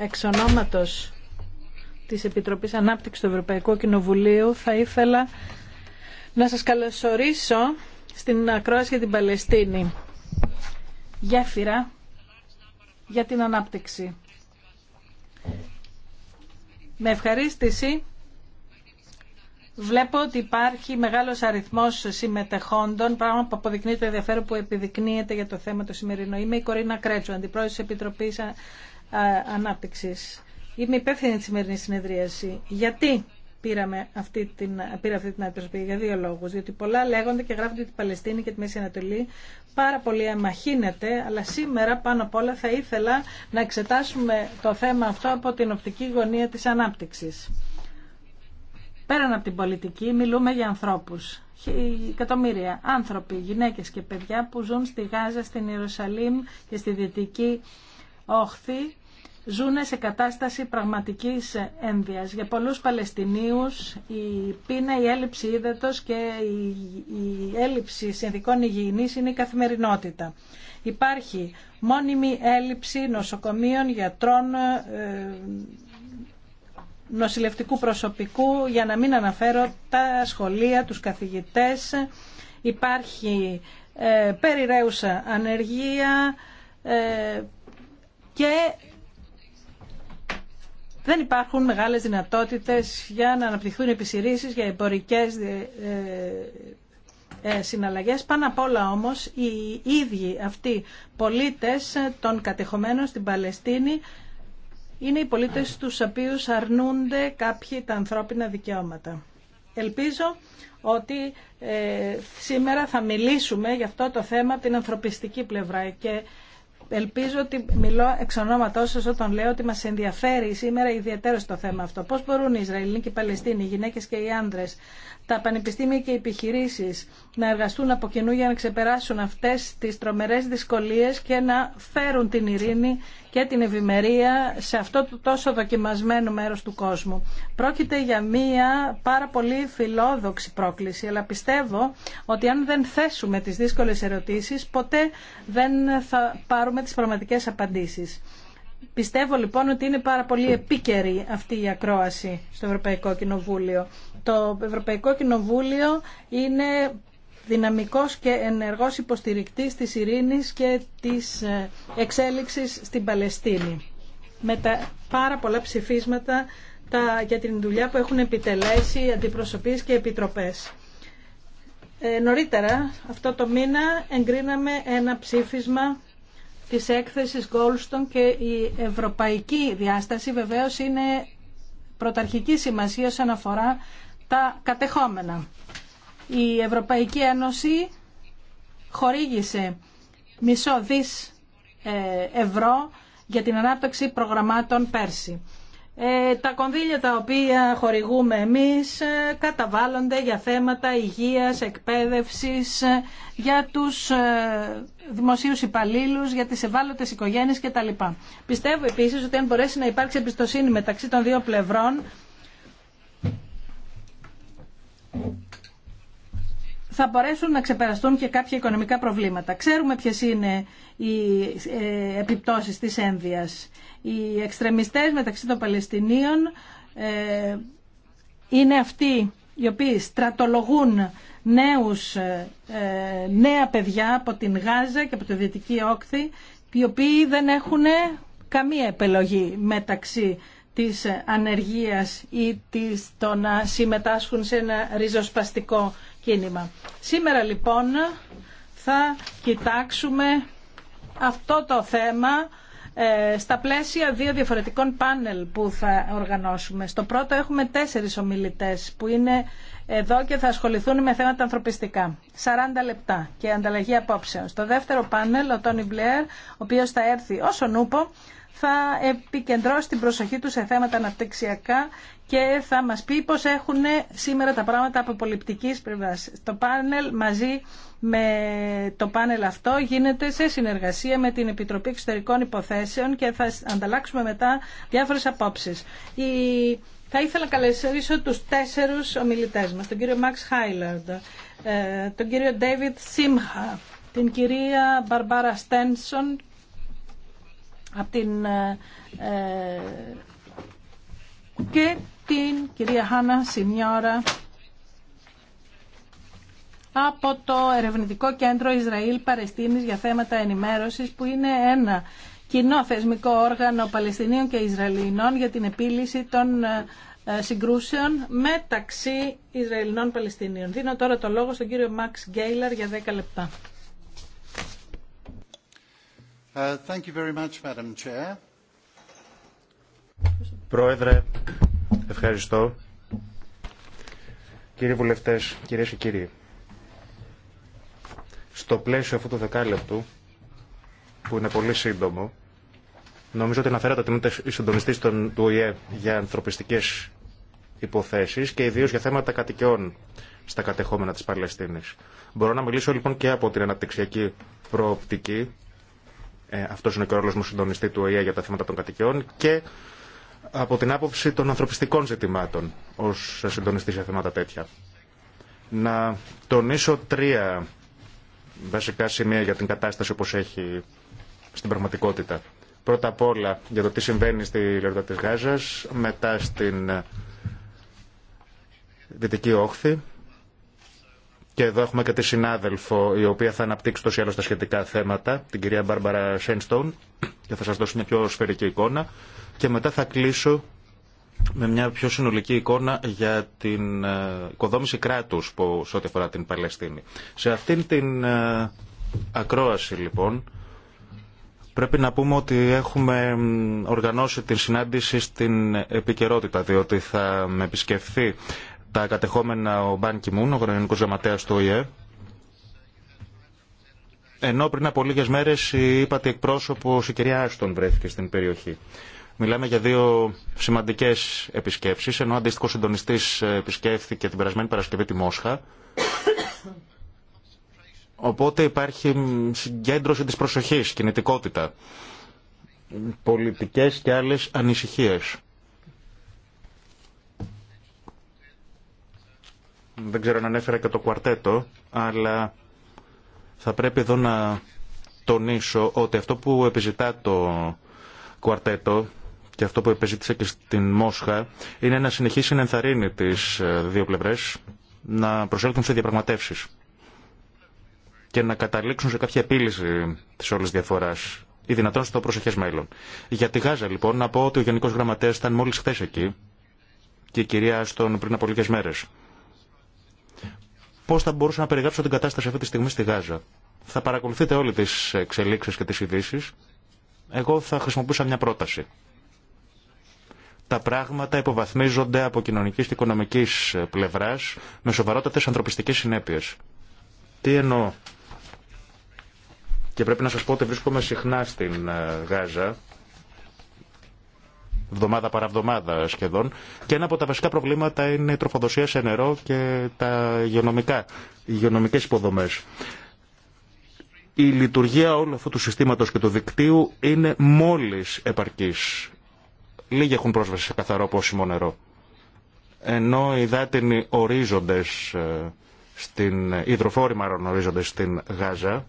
Εξ ονόματος της Επιτροπής Ανάπτυξης του Ευρωπαϊκού Κοινοβουλίου θα ήθελα να σας καλωσορίσω στην ακρόαση για την Παλαιστίνη. Γέφυρα για την ανάπτυξη. Με ευχαρίστηση Βλέπω ότι υπάρχει μεγάλος αριθμός συμμετεχόντων, πράγμα που αποδεικνύει το ενδιαφέρον που επιδεικνύεται για το θέμα το σημερινό. Είμαι η Κορίνα Κρέτσου, Αντιπρόεδρος της Επιτροπής Ανάπτυξης. Είμαι υπεύθυνη της σημερινής συνεδρίαση. Γιατί πήραμε αυτή την, πήρα αυτή την αντιπροσωπεία για δύο λόγους. Διότι πολλά λέγονται και γράφονται η Παλαιστίνη και τη Μέση Ανατολή. Πάρα πολύ αμαχύνεται, αλλά σήμερα πάνω απ' όλα θα ήθελα να εξετάσουμε το θέμα αυτό από την οπτική γωνία της ανάπτυξης. Πέραν από την πολιτική μιλούμε για ανθρώπους. Εκατομμύρια άνθρωποι, γυναίκες και παιδιά που ζουν στη Γάζα, στην Ιερουσαλήμ και στη Δυτική όχθη ζουν σε κατάσταση πραγματικής ένδυας. Για πολλούς Παλαιστινίους η πείνα, η έλλειψη ύδατος και η έλλειψη συνδικών υγιεινής είναι η καθημερινότητα. Υπάρχει μόνιμη έλλειψη νοσοκομείων, γιατρών, ε, νοσηλευτικού προσωπικού, για να μην αναφέρω τα σχολεία, τους καθηγητές. Υπάρχει ε, περιραίουσα ανεργία, ε, και δεν υπάρχουν μεγάλες δυνατότητες για να αναπτυχθούν επιχειρήσει για εμπορικές ε, ε, συναλλαγές. Πάνω απ' όλα όμως οι ίδιοι αυτοί πολίτες των κατεχομένων στην Παλαιστίνη είναι οι πολίτες τους οποίους αρνούνται κάποιοι τα ανθρώπινα δικαιώματα. Ελπίζω ότι ε, σήμερα θα μιλήσουμε για αυτό το θέμα από την ανθρωπιστική πλευρά και ελπίζω ότι μιλώ εξ ονόματό σα όταν λέω ότι μας ενδιαφέρει σήμερα ιδιαίτερο στο θέμα αυτό. Πώς μπορούν οι Ισραηλοί και οι Παλαιστίνοι, οι γυναίκες και οι άντρε, τα πανεπιστήμια και οι επιχειρήσει να εργαστούν από κοινού για να ξεπεράσουν αυτές τι τρομερέ δυσκολίε και να φέρουν την ειρήνη και την ευημερία σε αυτό το τόσο δοκιμασμένο μέρο του κόσμου. Πρόκειται για μία πάρα πολύ φιλόδοξη πρόκληση, αλλά πιστεύω ότι αν δεν θέσουμε τι δύσκολε ερωτήσει, ποτέ δεν θα πάρουμε τι πραγματικέ απαντήσει. Πιστεύω λοιπόν ότι είναι πάρα πολύ επίκαιρη αυτή η ακρόαση στο Ευρωπαϊκό Κοινοβούλιο το Ευρωπαϊκό Κοινοβούλιο είναι δυναμικός και ενεργός υποστηρικτής της ειρήνης και της ε, εξέλιξης στην Παλαιστίνη. Με τα πάρα πολλά ψηφίσματα τα, για την δουλειά που έχουν επιτελέσει αντιπροσωπείς και επιτροπές. Ε, νωρίτερα, αυτό το μήνα, εγκρίναμε ένα ψήφισμα της έκθεσης Goldstone και η ευρωπαϊκή διάσταση βεβαίως είναι πρωταρχική σημασία όσον αφορά τα κατεχόμενα. Η Ευρωπαϊκή Ένωση χορήγησε μισό δις ε, ευρώ για την ανάπτυξη προγραμμάτων πέρσι. Ε, τα κονδύλια τα οποία χορηγούμε εμείς ε, καταβάλλονται για θέματα υγείας, εκπαίδευσης, για τους δημοσίους υπαλλήλους, για τις ευάλωτες οικογένειες κτλ. Πιστεύω επίσης ότι αν μπορέσει να υπάρξει εμπιστοσύνη μεταξύ των δύο πλευρών, θα μπορέσουν να ξεπεραστούν και κάποια οικονομικά προβλήματα. Ξέρουμε ποιε είναι οι ε, επιπτώσεις της ένδυα. Οι εξτρεμιστές μεταξύ των Παλαιστινίων ε, είναι αυτοί οι οποίοι στρατολογούν νέους, ε, νέα παιδιά από την Γάζα και από το Δυτική Όκθη οι οποίοι δεν έχουν καμία επιλογή μεταξύ της ανεργίας ή της, το να συμμετάσχουν σε ένα ριζοσπαστικό κίνημα. Σήμερα λοιπόν θα κοιτάξουμε αυτό το θέμα ε, στα πλαίσια δύο διαφορετικών πάνελ που θα οργανώσουμε. Στο πρώτο έχουμε τέσσερις ομιλητές που είναι εδώ και θα ασχοληθούν με θέματα ανθρωπιστικά. 40 λεπτά και ανταλλαγή απόψεων. Στο δεύτερο πάνελ ο Τόνι Μπλερ, ο οποίος θα έρθει όσον ο θα επικεντρώσει την προσοχή του σε θέματα αναπτυξιακά και θα μας πει πώς έχουν σήμερα τα πράγματα από πολιτικής πλευράς. Το πάνελ μαζί με το πάνελ αυτό γίνεται σε συνεργασία με την Επιτροπή Εξωτερικών Υποθέσεων και θα ανταλλάξουμε μετά διάφορες απόψεις. Η... Θα ήθελα να καλεσορίσω τους τέσσερους ομιλητές μας, τον κύριο Μαξ Χάιλαρντ, ε, τον κύριο Ντέιβιτ Σίμχα, την κυρία Μπαρμπάρα Στένσον από ε, ε, και την κυρία Χάνα από το Ερευνητικό Κέντρο Ισραήλ Παρεστίνης για θέματα ενημέρωσης που είναι ένα κοινό θεσμικό όργανο Παλαιστινίων και Ισραηλινών για την επίλυση των ε, συγκρούσεων μεταξύ Ισραηλινών Παλαιστινίων. Δίνω τώρα το λόγο στον κύριο Μαξ Γκέιλαρ για 10 λεπτά. Uh, Πρόεδρε, ευχαριστώ. Κύριοι βουλευτές, κυρίες και κύριοι, στο πλαίσιο αυτού του δεκάλεπτου, που είναι πολύ σύντομο, νομίζω ότι αναφέρατε ότι είμαι συντονιστή του ΟΗΕ για ανθρωπιστικές υποθέσεις και ιδίως για θέματα κατοικιών στα κατεχόμενα της Παλαιστίνης. Μπορώ να μιλήσω λοιπόν και από την αναπτυξιακή προοπτική ε, αυτός είναι και ο ρόλος μου συντονιστή του ΟΗΕ για τα θέματα των κατοικιών και από την άποψη των ανθρωπιστικών ζητημάτων ως συντονιστή σε θέματα τέτοια. Να τονίσω τρία βασικά σημεία για την κατάσταση όπως έχει στην πραγματικότητα. Πρώτα απ' όλα για το τι συμβαίνει στη Λεωρίδα της Γάζας, μετά στην Δυτική Όχθη και εδώ έχουμε και τη συνάδελφο η οποία θα αναπτύξει τόσο ή στα σχετικά θέματα, την κυρία Μπάρμπαρα Σένστον και θα σας δώσει μια πιο σφαιρική εικόνα και μετά θα κλείσω με μια πιο συνολική εικόνα για την ε, οικοδόμηση κράτους που σε ό,τι αφορά την Παλαιστίνη. Σε αυτήν την ε, ακρόαση λοιπόν πρέπει να πούμε ότι έχουμε οργανώσει την συνάντηση στην επικαιρότητα διότι θα με επισκεφθεί τα κατεχόμενα ο Μπάν Κιμούν, ο γρονιονικό γραμματέα του ΟΗΕ, ενώ πριν από λίγε μέρε είπατε εκπρόσωπο, η κυρία Άστον, βρέθηκε στην περιοχή. Μιλάμε για δύο σημαντικέ επισκέψει, ενώ ο αντίστοιχο συντονιστή ε, επισκέφθηκε την περασμένη Παρασκευή τη Μόσχα. Οπότε υπάρχει συγκέντρωση της προσοχής, κινητικότητα, πολιτικές και άλλες ανησυχίες. Δεν ξέρω αν ανέφερα και το κουαρτέτο, αλλά θα πρέπει εδώ να τονίσω ότι αυτό που επιζητά το κουαρτέτο και αυτό που επιζήτησε και στην Μόσχα είναι να συνεχίσει να ενθαρρύνει τις ε, δύο πλευρές να προσέλθουν σε διαπραγματεύσεις και να καταλήξουν σε κάποια επίλυση της όλης διαφοράς ή δυνατόν στο προσεχές μέλλον. Για τη Γάζα λοιπόν να πω ότι ο Γενικός Γραμματέας ήταν μόλις χθε εκεί και η κυρία Άστον πριν από λίγες μέρες. Πώ θα μπορούσα να περιγράψω την κατάσταση αυτή τη στιγμή στη Γάζα. Θα παρακολουθείτε όλε τι εξελίξει και τι ειδήσει. Εγώ θα χρησιμοποιούσα μια πρόταση. Τα πράγματα υποβαθμίζονται από κοινωνική και οικονομική πλευρά με σοβαρότατε ανθρωπιστικέ συνέπειε. Τι εννοώ. Και πρέπει να σα πω ότι βρίσκομαι συχνά στην ε, Γάζα εβδομάδα παραβδομάδα σχεδόν. Και ένα από τα βασικά προβλήματα είναι η τροφοδοσία σε νερό και τα υγειονομικά, οι υγειονομικές υποδομές. Η λειτουργία όλου αυτού του συστήματος και του δικτύου είναι μόλις επαρκής. Λίγοι έχουν πρόσβαση σε καθαρό πόσιμο νερό. Ενώ οι δάτινοι ορίζοντες, ε, στην, οι υδροφόροι μάλλον στην Γάζα,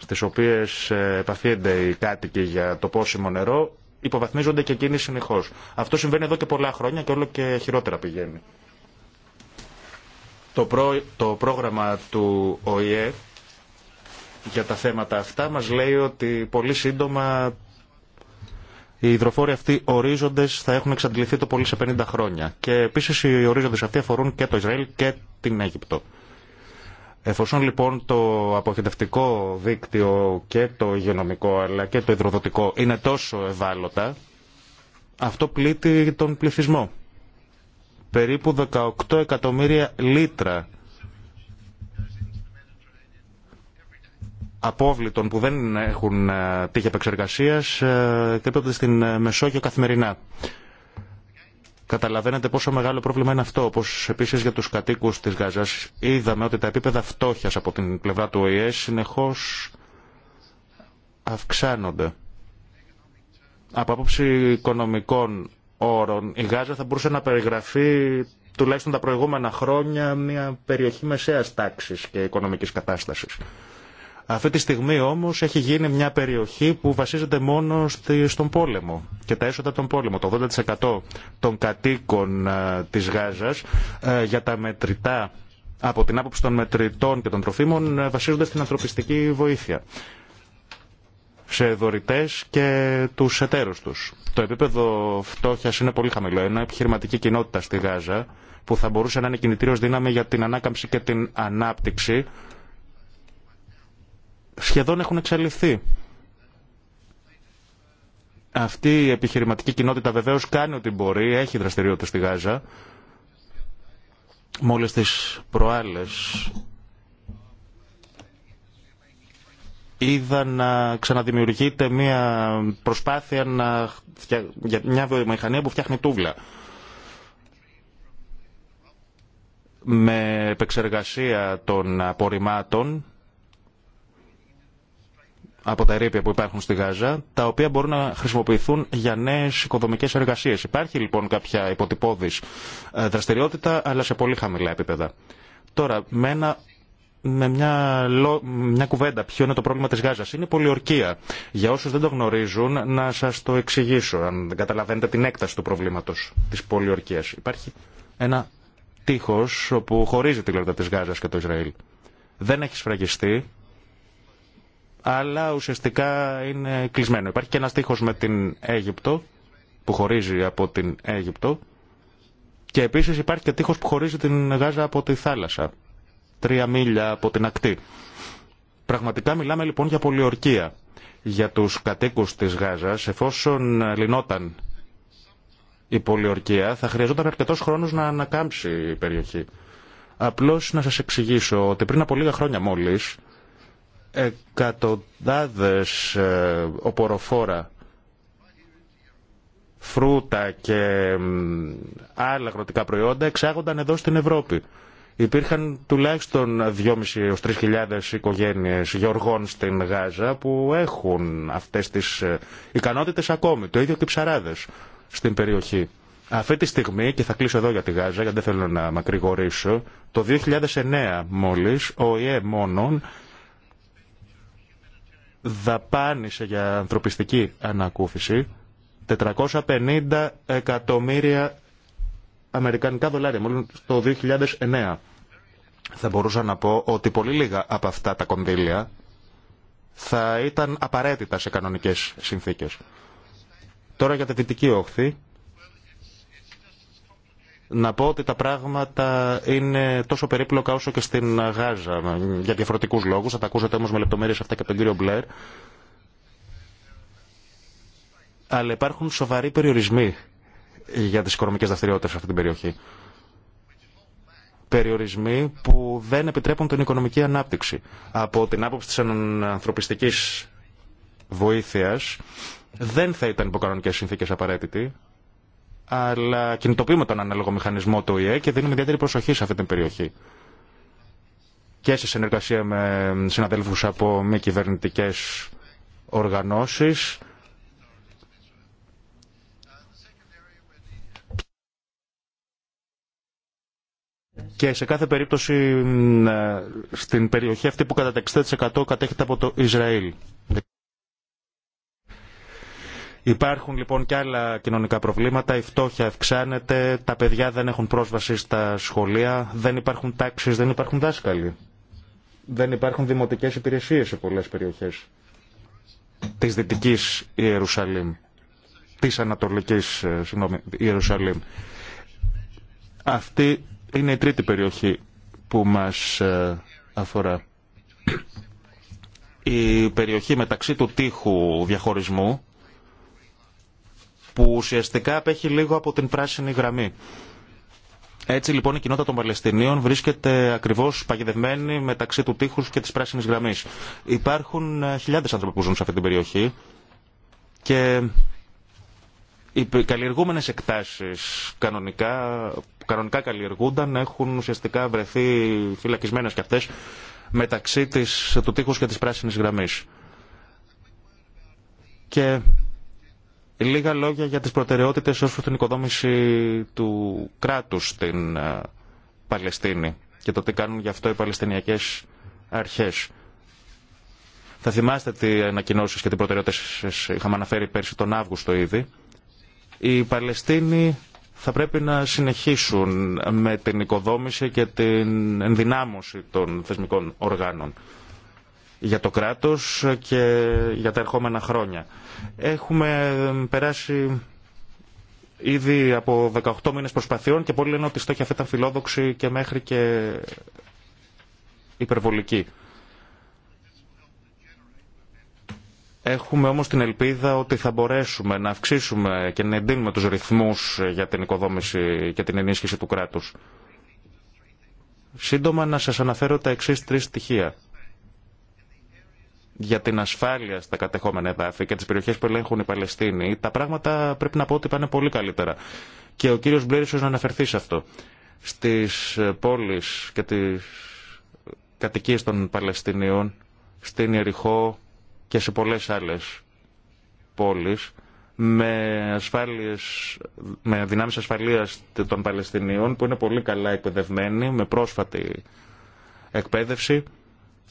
στις οποίες ε, επαφίενται οι κάτοικοι για το πόσιμο νερό, υποβαθμίζονται και εκείνοι συνεχώ. Αυτό συμβαίνει εδώ και πολλά χρόνια και όλο και χειρότερα πηγαίνει. Το, το πρόγραμμα του ΟΗΕ για τα θέματα αυτά μας λέει ότι πολύ σύντομα οι υδροφόροι αυτοί ορίζοντες θα έχουν εξαντληθεί το πολύ σε 50 χρόνια. Και επίση οι ορίζοντες αυτοί αφορούν και το Ισραήλ και την Αίγυπτο. Εφόσον λοιπόν το αποχετευτικό δίκτυο και το υγειονομικό αλλά και το υδροδοτικό είναι τόσο ευάλωτα, αυτό πλήττει τον πληθυσμό. Περίπου 18 εκατομμύρια λίτρα απόβλητων που δεν έχουν ε, τύχη επεξεργασίας ε, κρύπτονται στην ε, Μεσόγειο καθημερινά. Καταλαβαίνετε πόσο μεγάλο πρόβλημα είναι αυτό. Όπω επίση για του κατοίκου τη Γάζα, είδαμε ότι τα επίπεδα φτώχεια από την πλευρά του ΟΗΕ συνεχώ αυξάνονται. Από άποψη οικονομικών όρων, η Γάζα θα μπορούσε να περιγραφεί τουλάχιστον τα προηγούμενα χρόνια μια περιοχή μεσαία τάξη και οικονομική κατάσταση. Αυτή τη στιγμή όμως έχει γίνει μια περιοχή που βασίζεται μόνο στον πόλεμο και τα έσοδα των πόλεμων. Το 80% των κατοίκων ε, της Γάζας ε, για τα μετρητά, από την άποψη των μετρητών και των τροφίμων ε, βασίζονται στην ανθρωπιστική βοήθεια σε δωρητές και τους εταίρους τους. Το επίπεδο φτώχεια είναι πολύ χαμηλό. Ένα επιχειρηματική κοινότητα στη Γάζα που θα μπορούσε να είναι κινητήριος δύναμη για την ανάκαμψη και την ανάπτυξη σχεδόν έχουν εξαλειφθεί. Αυτή η επιχειρηματική κοινότητα βεβαίω κάνει ό,τι μπορεί, έχει δραστηριότητα στη Γάζα. Μόλις τις προάλλες είδα να ξαναδημιουργείται μια προσπάθεια να... για μια βιομηχανία που φτιάχνει τούβλα. Με επεξεργασία των απορριμμάτων από τα ερήπια που υπάρχουν στη Γάζα, τα οποία μπορούν να χρησιμοποιηθούν για νέε οικοδομικέ εργασίε. Υπάρχει λοιπόν κάποια υποτυπώδη ε, δραστηριότητα, αλλά σε πολύ χαμηλά επίπεδα. Τώρα, με, με μια, μια κουβέντα, ποιο είναι το πρόβλημα τη γάζα, Είναι πολιορκία. Για όσου δεν το γνωρίζουν, να σα το εξηγήσω, αν δεν καταλαβαίνετε την έκταση του προβλήματο τη πολιορκία. Υπάρχει ένα τείχο που χωρίζει τη λόρδα τη Γάζα και το Ισραήλ. Δεν έχει σφραγιστεί, αλλά ουσιαστικά είναι κλεισμένο. Υπάρχει και ένα τείχος με την Αίγυπτο, που χωρίζει από την Αίγυπτο, και επίσης υπάρχει και τείχος που χωρίζει την Γάζα από τη θάλασσα, τρία μίλια από την ακτή. Πραγματικά μιλάμε λοιπόν για πολιορκία για τους κατοίκους της Γάζας, εφόσον λυνόταν η πολιορκία, θα χρειαζόταν αρκετός χρόνος να ανακάμψει η περιοχή. Απλώς να σας εξηγήσω ότι πριν από λίγα χρόνια μόλις, εκατοντάδες ε, οποροφόρα φρούτα και άλλα αγροτικά προϊόντα εξάγονταν εδώ στην Ευρώπη. Υπήρχαν τουλάχιστον 2.500 3.000 οικογένειες γεωργών στην Γάζα που έχουν αυτές τις ε, ικανότητες ακόμη. Το ίδιο και οι ψαράδες στην περιοχή. Αυτή τη στιγμή, και θα κλείσω εδώ για τη Γάζα, γιατί δεν θέλω να μακρηγορήσω, το 2009 μόλις, ο ΙΕ μόνον δαπάνησε για ανθρωπιστική ανακούφιση 450 εκατομμύρια αμερικανικά δολάρια, μόλις το 2009. Θα μπορούσα να πω ότι πολύ λίγα από αυτά τα κονδύλια θα ήταν απαραίτητα σε κανονικές συνθήκες. Τώρα για τη δυτική όχθη να πω ότι τα πράγματα είναι τόσο περίπλοκα όσο και στην Γάζα για διαφορετικού λόγου, Θα τα ακούσετε όμως με λεπτομέρειε αυτά και από τον κύριο Μπλερ. Αλλά υπάρχουν σοβαροί περιορισμοί για τι οικονομικέ δραστηριότητε σε αυτή την περιοχή. Περιορισμοί που δεν επιτρέπουν την οικονομική ανάπτυξη. Από την άποψη τη ανθρωπιστική βοήθεια δεν θα ήταν υποκανονικέ συνθήκε απαραίτητη αλλά κινητοποιούμε τον ανάλογο μηχανισμό του ΟΗΕ και δίνουμε ιδιαίτερη προσοχή σε αυτή την περιοχή. Και σε συνεργασία με συναδέλφους από μη κυβερνητικέ οργανώσεις. Και σε κάθε περίπτωση ε, στην περιοχή αυτή που κατά 60% κατέχεται από το Ισραήλ. Υπάρχουν λοιπόν και άλλα κοινωνικά προβλήματα, η φτώχεια αυξάνεται, τα παιδιά δεν έχουν πρόσβαση στα σχολεία, δεν υπάρχουν τάξεις, δεν υπάρχουν δάσκαλοι. Δεν υπάρχουν δημοτικές υπηρεσίες σε πολλές περιοχές της Δυτικής Ιερουσαλήμ, της Ανατολικής ε, Ιερουσαλήμ. Αυτή είναι η τρίτη περιοχή που μας ε, αφορά. Η περιοχή μεταξύ του τείχου διαχωρισμού που ουσιαστικά απέχει λίγο από την πράσινη γραμμή. Έτσι λοιπόν η κοινότητα των Παλαιστινίων βρίσκεται ακριβώ παγιδευμένη μεταξύ του τείχου και τη πράσινη γραμμή. Υπάρχουν ε, χιλιάδε άνθρωποι που ζουν σε αυτή την περιοχή και οι καλλιεργούμενε εκτάσει κανονικά, που κανονικά καλλιεργούνταν έχουν ουσιαστικά βρεθεί φυλακισμένε κι αυτέ μεταξύ της, του τείχου και τη πράσινη γραμμή. Και Λίγα λόγια για τις προτεραιότητες ως προς την οικοδόμηση του κράτους στην ε, Παλαιστίνη και το τι κάνουν γι' αυτό οι Παλαιστινιακές αρχές. Θα θυμάστε τι ανακοινώσει και τι προτεραιότητες είχαμε αναφέρει πέρσι τον Αύγουστο ήδη. Οι Παλαιστίνοι θα πρέπει να συνεχίσουν με την οικοδόμηση και την ενδυνάμωση των θεσμικών οργάνων για το κράτος και για τα ερχόμενα χρόνια. Έχουμε περάσει ήδη από 18 μήνες προσπαθειών και πολλοί λένε ότι η στόχη αυτή ήταν φιλόδοξη και μέχρι και υπερβολική. Έχουμε όμως την ελπίδα ότι θα μπορέσουμε να αυξήσουμε και να εντείνουμε τους ρυθμούς για την οικοδόμηση και την ενίσχυση του κράτους. Σύντομα να σας αναφέρω τα εξής τρεις στοιχεία για την ασφάλεια στα κατεχόμενα εδάφη και τι περιοχέ που ελέγχουν οι Παλαιστίνοι, τα πράγματα πρέπει να πω ότι πάνε πολύ καλύτερα. Και ο κύριο Μπλέρη να αναφερθεί σε αυτό. Στι ε, πόλει και τι κατοικίε των Παλαιστινίων, στην Ιεριχώ και σε πολλέ άλλε πόλει, με, ασφάλειες, με δυνάμεις ασφαλείας των Παλαιστινίων που είναι πολύ καλά εκπαιδευμένοι, με πρόσφατη εκπαίδευση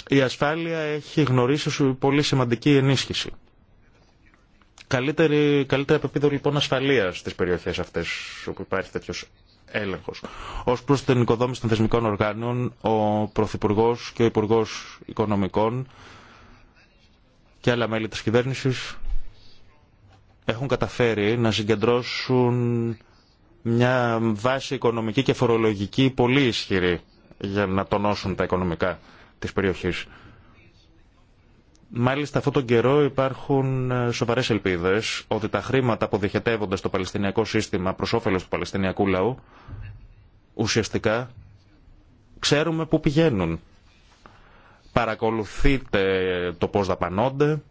η ασφάλεια έχει γνωρίσει πολύ σημαντική ενίσχυση. Καλύτερη, καλύτερη επίπεδο λοιπόν ασφαλεία στι περιοχέ αυτέ όπου υπάρχει τέτοιο έλεγχο. Ω προ την οικοδόμηση των θεσμικών οργάνων, ο Πρωθυπουργό και ο Υπουργό Οικονομικών και άλλα μέλη τη κυβέρνηση έχουν καταφέρει να συγκεντρώσουν μια βάση οικονομική και φορολογική πολύ ισχυρή για να τονώσουν τα οικονομικά της περιοχής. Μάλιστα αυτόν τον καιρό υπάρχουν ε, σοβαρές ελπίδες ότι τα χρήματα που διοχετεύονται στο Παλαιστινιακό σύστημα προς όφελος του Παλαιστινιακού λαού ουσιαστικά ξέρουμε πού πηγαίνουν. Παρακολουθείτε το πώς δαπανώνται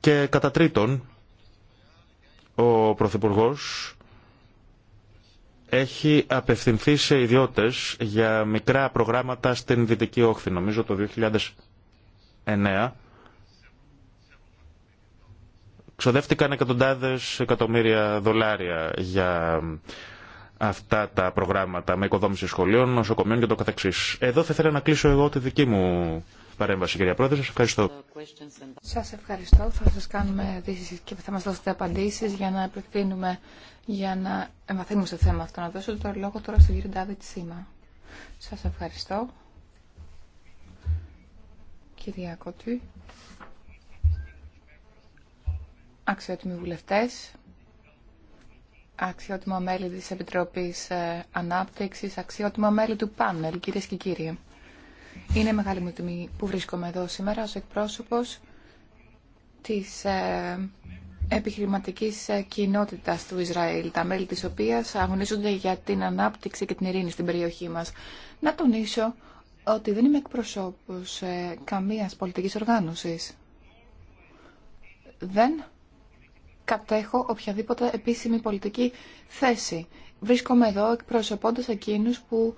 και κατά τρίτον ο Πρωθυπουργός έχει απευθυνθεί σε ιδιώτες για μικρά προγράμματα στην Δυτική Όχθη, νομίζω το 2009. Ξοδεύτηκαν εκατοντάδες εκατομμύρια δολάρια για αυτά τα προγράμματα με οικοδόμηση σχολείων, νοσοκομείων και το καθεξής. Εδώ θα ήθελα να κλείσω εγώ τη δική μου παρέμβαση, κυρία Πρόεδρε. Σας ευχαριστώ. Σας ευχαριστώ. Θα σας κάνουμε ερωτήσεις και θα μας δώσετε απαντήσεις για να επεκτείνουμε, για να εμβαθύνουμε στο θέμα αυτό. Να δώσω το λόγο τώρα στον κύριο Ντάβιτ Σίμα. Σας ευχαριστώ. Κυρία Κωτή. Αξιότιμοι βουλευτέ, αξιότιμα μέλη της Επιτροπής ε, Ανάπτυξης, αξιότιμα μέλη του πάνελ, κυρίες και κύριοι. Είναι μεγάλη μου τιμή που βρίσκομαι εδώ σήμερα ως εκπρόσωπος της ε, επιχειρηματικής ε, κοινότητας του Ισραήλ, τα μέλη της οποίας αγωνίζονται για την ανάπτυξη και την ειρήνη στην περιοχή μας. Να τονίσω ότι δεν είμαι εκπροσώπος ε, καμίας πολιτικής οργάνωσης. Δεν κατέχω οποιαδήποτε επίσημη πολιτική θέση. Βρίσκομαι εδώ εκπροσωπώντας εκείνους που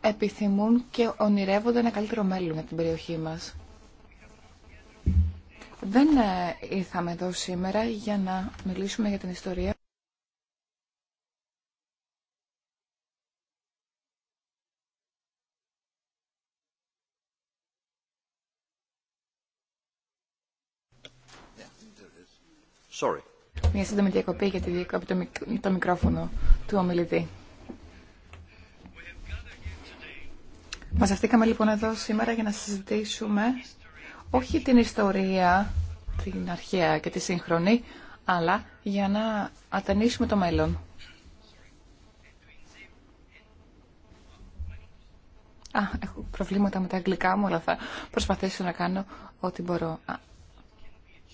επιθυμούν και ονειρεύονται ένα καλύτερο μέλλον για την περιοχή μας. Δεν ε, ήρθαμε εδώ σήμερα για να μιλήσουμε για την ιστορία. Sorry. Μια σύντομη διακοπή γιατί από το μικρόφωνο του ομιλητή. Μαζευτήκαμε λοιπόν εδώ σήμερα για να συζητήσουμε όχι την ιστορία, την αρχαία και τη σύγχρονη, αλλά για να ατενίσουμε το μέλλον. Α, έχω προβλήματα με τα αγγλικά μου, αλλά θα προσπαθήσω να κάνω ό,τι μπορώ.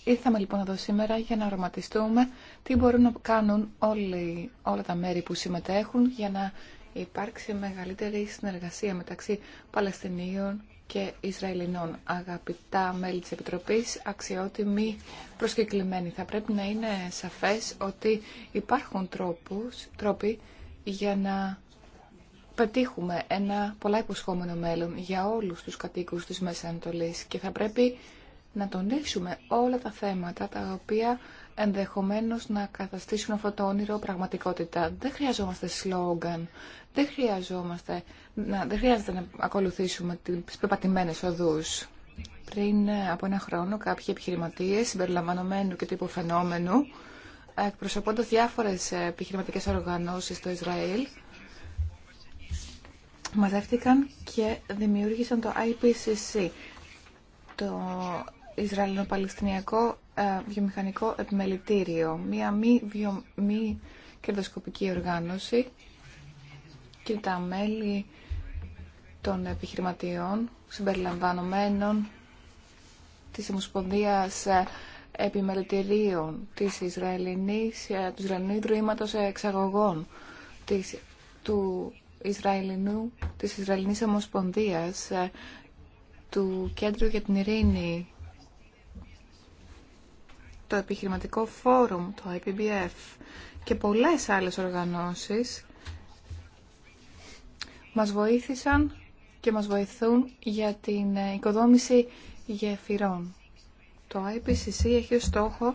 Ήρθαμε λοιπόν εδώ σήμερα για να οραματιστούμε τι μπορούν να κάνουν όλοι, όλα τα μέρη που συμμετέχουν για να υπάρξει μεγαλύτερη συνεργασία μεταξύ Παλαιστινίων και Ισραηλινών. Αγαπητά μέλη της Επιτροπής, αξιότιμοι προσκεκλημένοι. Θα πρέπει να είναι σαφές ότι υπάρχουν τρόπους, τρόποι για να πετύχουμε ένα πολλά υποσχόμενο μέλλον για όλους τους κατοίκους της Μέσης Ανατολής και θα πρέπει να τονίσουμε όλα τα θέματα τα οποία ενδεχομένως να καταστήσουν αυτό το όνειρο πραγματικότητα. Δεν χρειαζόμαστε σλόγγαν, δεν, χρειαζόμαστε, να, δεν χρειάζεται να ακολουθήσουμε τις πεπατημένες οδούς. Πριν ε, από ένα χρόνο κάποιοι επιχειρηματίες συμπεριλαμβανομένου και τύπου υποφαινόμενου εκπροσωπώντας διάφορες επιχειρηματικές οργανώσεις στο Ισραήλ μαζεύτηκαν και δημιούργησαν το IPCC, το Ισραηλο-Παλαιστινιακό ε, βιομηχανικό επιμελητήριο, μία μη, βιο, κερδοσκοπική οργάνωση και τα μέλη των επιχειρηματιών συμπεριλαμβανομένων της Ομοσπονδίας ε, Επιμελητηρίων της Ισραηλινής, ε, του Ισραηλινού Ιδρύματος Εξαγωγών, της, του Ισραηλινού, της Ισραηλινής Ομοσπονδίας, του Κέντρου για την Ειρήνη το Επιχειρηματικό Φόρουμ, το IPBF και πολλές άλλες οργανώσεις μας βοήθησαν και μας βοηθούν για την ε, οικοδόμηση γεφυρών. Το IPCC έχει ως στόχο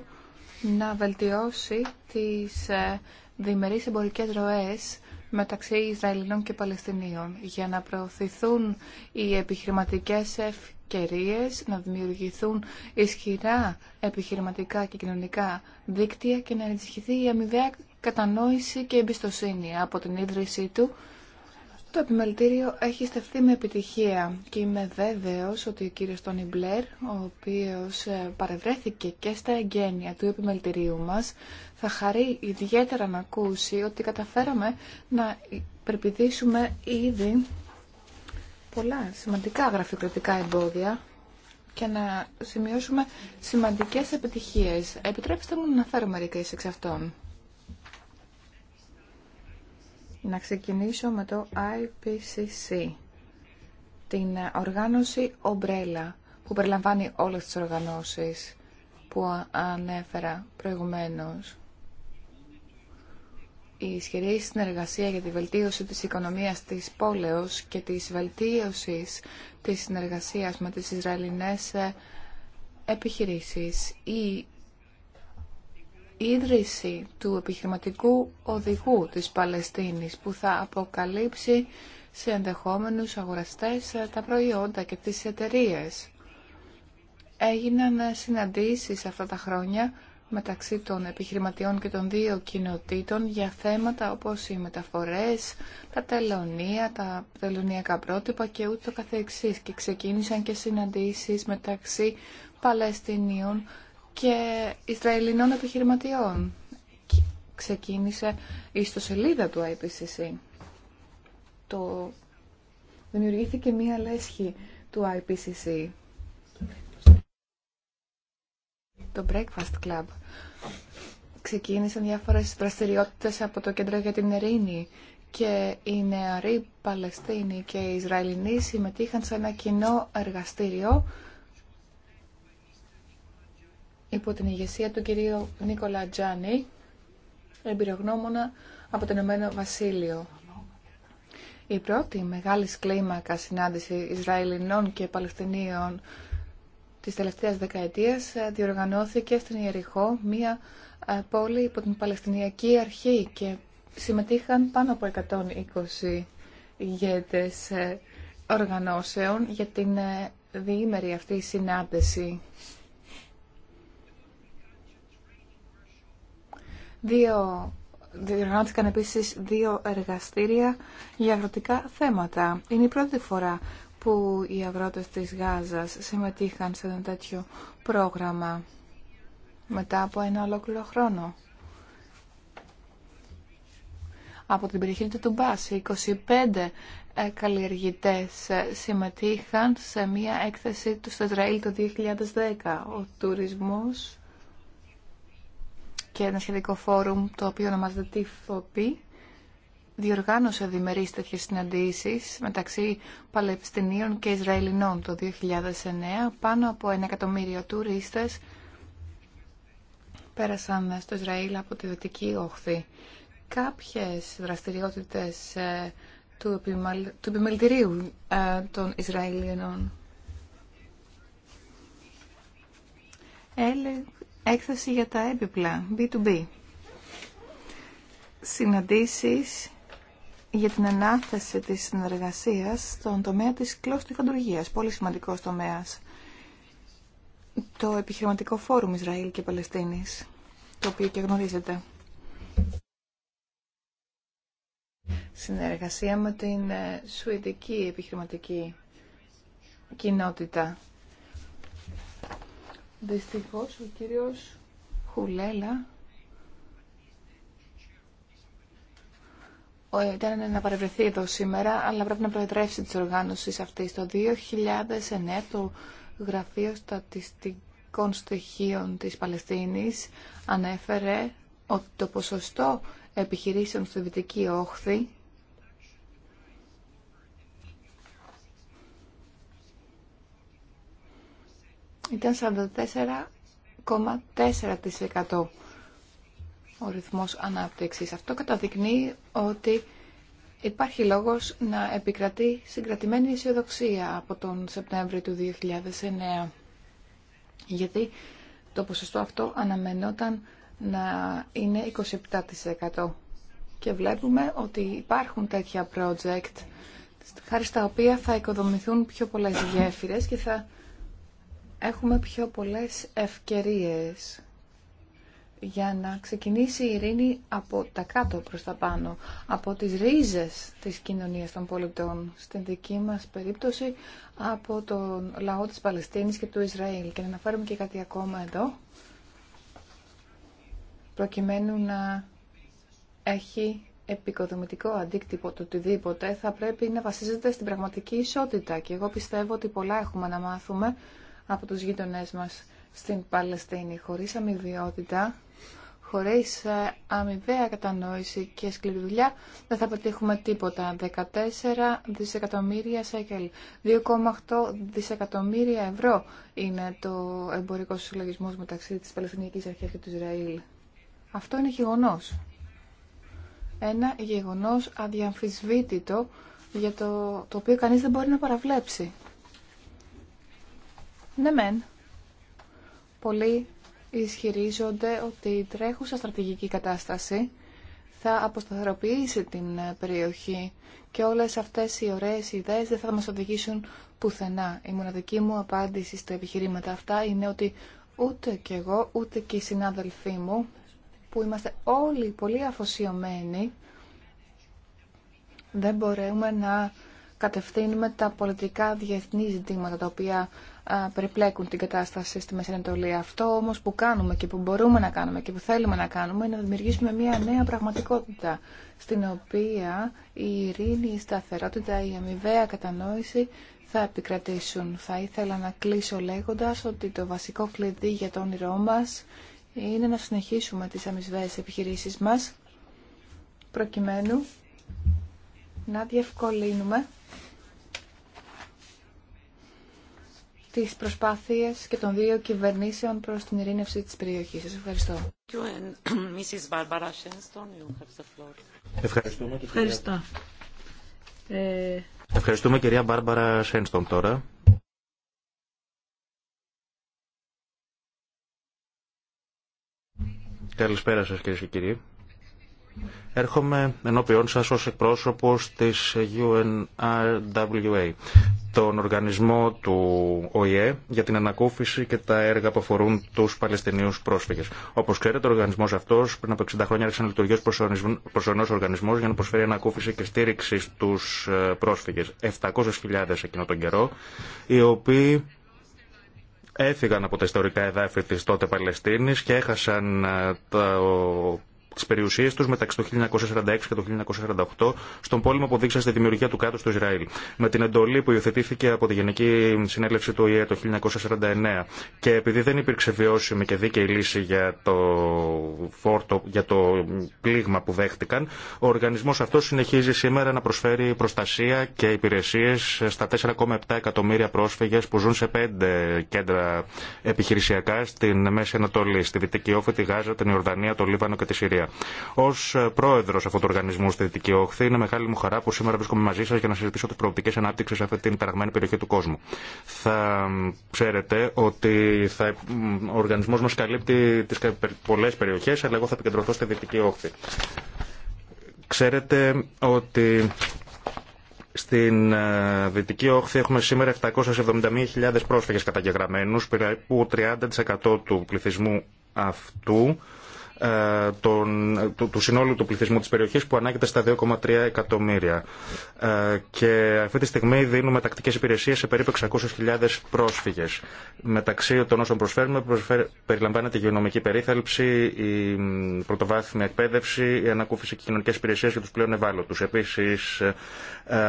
να βελτιώσει τις ε, διμερείς εμπορικές ροές μεταξύ Ισραηλινών και Παλαιστινίων για να προωθηθούν οι επιχειρηματικές να δημιουργηθούν ισχυρά επιχειρηματικά και κοινωνικά δίκτυα και να ενισχυθεί η αμοιβαία κατανόηση και εμπιστοσύνη από την ίδρυσή του. Το επιμελητήριο έχει στεφθεί με επιτυχία και είμαι βέβαιος ότι ο κύριος Τόνι Μπλερ, ο οποίος ε, παρευρέθηκε και στα εγγένεια του επιμελητηρίου μας, θα χαρεί ιδιαίτερα να ακούσει ότι καταφέραμε να περπηδήσουμε ήδη πολλά σημαντικά γραφειοκρατικά εμπόδια και να σημειώσουμε σημαντικές επιτυχίες. Επιτρέψτε μου να φέρω μερικές εξ αυτών. Να ξεκινήσω με το IPCC, την οργάνωση Ομπρέλα, που περιλαμβάνει όλες τις οργανώσεις που ανέφερα προηγουμένως η ισχυρή συνεργασία για τη βελτίωση της οικονομίας της πόλεως και της βελτίωσης της συνεργασίας με τις Ισραηλινές ε, επιχειρήσεις. Η ίδρυση του επιχειρηματικού οδηγού της Παλαιστίνης που θα αποκαλύψει σε ενδεχόμενους αγοραστές ε, τα προϊόντα και τις εταιρείες. Έγιναν ε, συναντήσεις αυτά τα χρόνια μεταξύ των επιχειρηματιών και των δύο κοινοτήτων για θέματα όπως οι μεταφορές, τα τελωνία, τα τελωνιακά πρότυπα και ούτω καθεξής. Και ξεκίνησαν και συναντήσεις μεταξύ Παλαιστινίων και Ισραηλινών επιχειρηματιών. Ξεκίνησε η ιστοσελίδα του IPCC. Το... Δημιουργήθηκε μία λέσχη του IPCC το Breakfast Club. Ξεκίνησαν διάφορες δραστηριότητες από το Κέντρο για την Ειρήνη και οι νεαροί Παλαιστίνοι και οι Ισραηλινοί συμμετείχαν σε ένα κοινό εργαστήριο υπό την ηγεσία του κυρίου Νίκολα Τζάνι, εμπειρογνώμονα από το Ηνωμένο Βασίλειο. Η πρώτη μεγάλη κλίμακα συνάντηση Ισραηλινών και Παλαιστινίων της τελευταίας δεκαετίας ε, διοργανώθηκε στην Ιεριχώ μία ε, πόλη υπό την Παλαιστινιακή Αρχή και συμμετείχαν πάνω από 120 ηγέτες ε, οργανώσεων για την διήμερη αυτή συνάντηση. Δύο διοργανώθηκαν επίσης δύο εργαστήρια για αγροτικά θέματα. Είναι η πρώτη φορά που οι αγρότες της Γάζας συμμετείχαν σε ένα τέτοιο πρόγραμμα μετά από ένα ολόκληρο χρόνο. Από την περιοχή του Τουμπάς, 25 καλλιεργητές συμμετείχαν σε μία έκθεση του στο Ισραήλ το 2010. Ο τουρισμός και ένα σχετικό φόρουμ το οποίο ονομάζεται TFOP διοργάνωσε διμερεί τέτοιε συναντήσεις μεταξύ Παλαιστινίων και Ισραηλινών το 2009. Πάνω από ένα εκατομμύριο τουρίστες πέρασαν στο Ισραήλ από τη Δυτική Όχθη. Κάποιες δραστηριότητες ε, του, επιμελητηρίου ε, των Ισραηλινών. Έκθεση για τα έπιπλα, B2B. Συναντήσεις για την ανάθεση της συνεργασία στον τομέα της κλωστιφαντουργία. πολύ σημαντικός τομέας. Το επιχειρηματικό φόρουμ Ισραήλ και Παλαιστίνης, το οποίο και γνωρίζετε. Συνεργασία με την ε, Σουηδική επιχειρηματική κοινότητα. Δυστυχώ, ο κύριος Χουλέλα ήταν να παρευρεθεί εδώ σήμερα, αλλά πρέπει να προετρέψει της οργάνωσης αυτή. Το 2009 το Γραφείο Στατιστικών Στοιχείων της Παλαιστίνης ανέφερε ότι το ποσοστό επιχειρήσεων στη Δυτική Όχθη ήταν 44,4% ο ρυθμός ανάπτυξης. Αυτό καταδεικνύει ότι υπάρχει λόγος να επικρατεί συγκρατημένη αισιοδοξία από τον Σεπτέμβριο του 2009. Γιατί το ποσοστό αυτό αναμενόταν να είναι 27% και βλέπουμε ότι υπάρχουν τέτοια project χάρη στα οποία θα οικοδομηθούν πιο πολλές γέφυρες και θα έχουμε πιο πολλές ευκαιρίες για να ξεκινήσει η ειρήνη από τα κάτω προς τα πάνω, από τις ρίζες της κοινωνίας των πολιτών, στην δική μας περίπτωση από τον λαό της Παλαιστίνης και του Ισραήλ. Και να αναφέρουμε και κάτι ακόμα εδώ, προκειμένου να έχει επικοδομητικό αντίκτυπο το οτιδήποτε, θα πρέπει να βασίζεται στην πραγματική ισότητα. Και εγώ πιστεύω ότι πολλά έχουμε να μάθουμε από τους γείτονές μας στην Παλαιστίνη χωρίς αμοιβιότητα, χωρίς ε, αμοιβαία κατανόηση και σκληρή δουλειά δεν θα πετύχουμε τίποτα. 14 δισεκατομμύρια σέκελ, 2,8 δισεκατομμύρια ευρώ είναι το εμπορικό συλλογισμό μεταξύ της Παλαιστινιακής Αρχής και του Ισραήλ. Αυτό είναι γεγονός. Ένα γεγονός αδιαμφισβήτητο για το, το οποίο κανείς δεν μπορεί να παραβλέψει. Ναι μεν, Πολλοί ισχυρίζονται ότι η τρέχουσα στρατηγική κατάσταση θα αποσταθεροποιήσει την ε, περιοχή και όλες αυτές οι ωραίες ιδέες δεν θα μας οδηγήσουν πουθενά. Η μοναδική μου απάντηση στα επιχειρήματα αυτά είναι ότι ούτε κι εγώ ούτε και οι συνάδελφοί μου που είμαστε όλοι πολύ αφοσιωμένοι δεν μπορούμε να κατευθύνουμε τα πολιτικά διεθνή ζητήματα τα οποία περιπλέκουν την κατάσταση στη Μέση Ανατολή. Αυτό όμως που κάνουμε και που μπορούμε να κάνουμε και που θέλουμε να κάνουμε είναι να δημιουργήσουμε μια νέα πραγματικότητα στην οποία η ειρήνη, η σταθερότητα, η αμοιβαία κατανόηση θα επικρατήσουν. Θα ήθελα να κλείσω λέγοντας ότι το βασικό κλειδί για το όνειρό μα είναι να συνεχίσουμε τις αμοιβαίες επιχειρήσεις μας προκειμένου να διευκολύνουμε τις προσπάθειες και των δύο κυβερνήσεων προς την ειρήνευση της περιοχής. Σας ευχαριστώ. Ε, Ευχαριστούμε, κυρία Μπάρμπαρα Σένστον τώρα. Καλησπέρα σας κύριε και κύριοι. Έρχομαι ενώπιον σας ως εκπρόσωπος της UNRWA, τον οργανισμό του ΟΗΕ για την ανακούφιση και τα έργα που αφορούν τους Παλαιστινίους πρόσφυγες. Όπως ξέρετε, ο οργανισμός αυτός πριν από 60 χρόνια άρχισε να λειτουργεί ως προσωρινός οργανισμός για να προσφέρει ανακούφιση και στήριξη στους ε, πρόσφυγες. 700.000 εκείνο τον καιρό, οι οποίοι έφυγαν από τα ιστορικά εδάφη της τότε Παλαιστίνης και έχασαν ε, το τι περιουσίε του μεταξύ του 1946 και του 1948 στον πόλεμο που δείξαν στη δημιουργία του κάτω στο Ισραήλ. Με την εντολή που υιοθετήθηκε από τη Γενική Συνέλευση του ΟΗΕ το 1949 και επειδή δεν υπήρξε βιώσιμη και δίκαιη λύση για το, φόρτο, για το πλήγμα που δέχτηκαν, ο οργανισμό αυτό συνεχίζει σήμερα να προσφέρει προστασία και υπηρεσίε στα 4,7 εκατομμύρια πρόσφυγε που ζουν σε πέντε κέντρα επιχειρησιακά στην Μέση Ανατολή, στη Δυτική Όφη, τη Γάζα, την Ιορδανία, το Λίβανο και τη Συρία. Ως Ω ε, πρόεδρο αυτού του οργανισμού στη Δυτική Όχθη, είναι μεγάλη μου χαρά που σήμερα βρίσκομαι μαζί σα για να συζητήσω τι προοπτικέ ανάπτυξη σε αυτή την ταραγμένη περιοχή του κόσμου. Θα ξέρετε ότι θα, ο οργανισμό μα καλύπτει τι πολλέ περιοχέ, αλλά εγώ θα επικεντρωθώ στη Δυτική Όχθη. Ξέρετε ότι στην ε, Δυτική Όχθη έχουμε σήμερα 771.000 πρόσφυγες καταγεγραμμένους, περίπου 30% του πληθυσμού αυτού ε, τον, του, του συνόλου του πληθυσμού της περιοχής που ανάγεται στα 2,3 εκατομμύρια. Ε, και αυτή τη στιγμή δίνουμε τακτικές υπηρεσίες σε περίπου 600.000 πρόσφυγες. Μεταξύ των όσων προσφέρουμε περιλαμβάνεται η υγειονομική περίθαλψη, η πρωτοβάθμια εκπαίδευση, η ανακούφιση και κοινωνικές υπηρεσίες για τους πλέον ευάλωτους. Επίσης ε,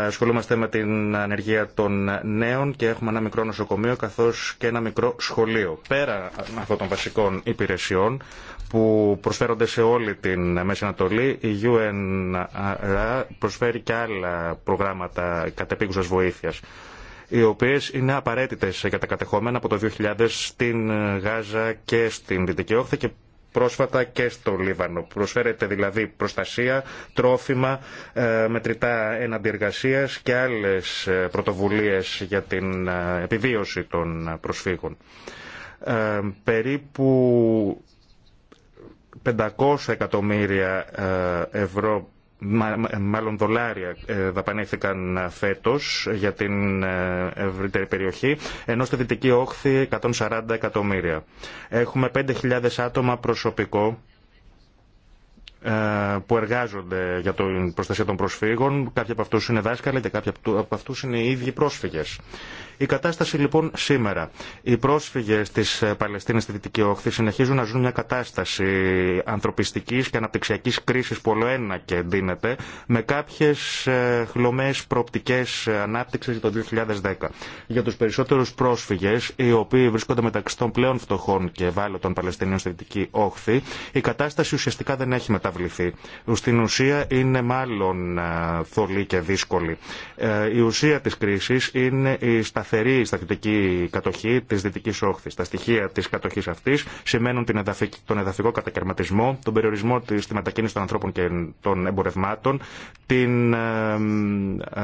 ασχολούμαστε με την ανεργία των νέων και έχουμε ένα μικρό νοσοκομείο καθώς και ένα μικρό σχολείο. Πέρα αυτών των βασικών υπηρεσιών που προσφέρονται σε όλη την Μέση Ανατολή. Η UNRWA προσφέρει και άλλα προγράμματα κατεπίγουσας βοήθειας οι οποίε είναι απαραίτητε για τα κατεχόμενα από το 2000 στην Γάζα και στην Δυτική Όχθη και πρόσφατα και στο Λίβανο. Προσφέρεται δηλαδή προστασία, τρόφιμα, ε, μετρητά εναντιεργασίας και άλλες ε, πρωτοβουλίε για την ε, επιβίωση των προσφύγων. περίπου 500 εκατομμύρια ε, ευρώ μάλλον δολάρια ε, δαπανήθηκαν ε, φέτος για την ευρύτερη περιοχή, ενώ στη Δυτική Όχθη 140 εκατομμύρια. Έχουμε 5.000 άτομα προσωπικό που εργάζονται για την προστασία των προσφύγων. Κάποιοι από αυτούς είναι δάσκαλοι και κάποιοι από αυτούς είναι οι ίδιοι πρόσφυγες. Η κατάσταση λοιπόν σήμερα. Οι πρόσφυγε τη ε, Παλαιστίνη στη Δυτική Όχθη συνεχίζουν να ζουν μια κατάσταση ανθρωπιστική και αναπτυξιακή κρίση που ολοένα και εντείνεται, με κάποιε χλωμέ προοπτικέ ε, ανάπτυξη το 2010. Για του περισσότερου πρόσφυγε, οι οποίοι βρίσκονται μεταξύ των πλέον φτωχών και ευάλωτων Παλαιστινίων στη Δυτική Όχθη, η κατάσταση ουσιαστικά δεν έχει μεταβληθεί. Στην ουσία είναι μάλλον ε, θολή και δύσκολη. Η ουσία τη κρίση είναι η σταθερή σταθερή στρατιωτική κατοχή τη Δυτική Όχθη. Τα στοιχεία τη κατοχή αυτή σημαίνουν την εδαφική, τον εδαφικό κατακαιρματισμό, τον περιορισμό τη στη μετακίνηση των ανθρώπων και των εμπορευμάτων, την ε, ε,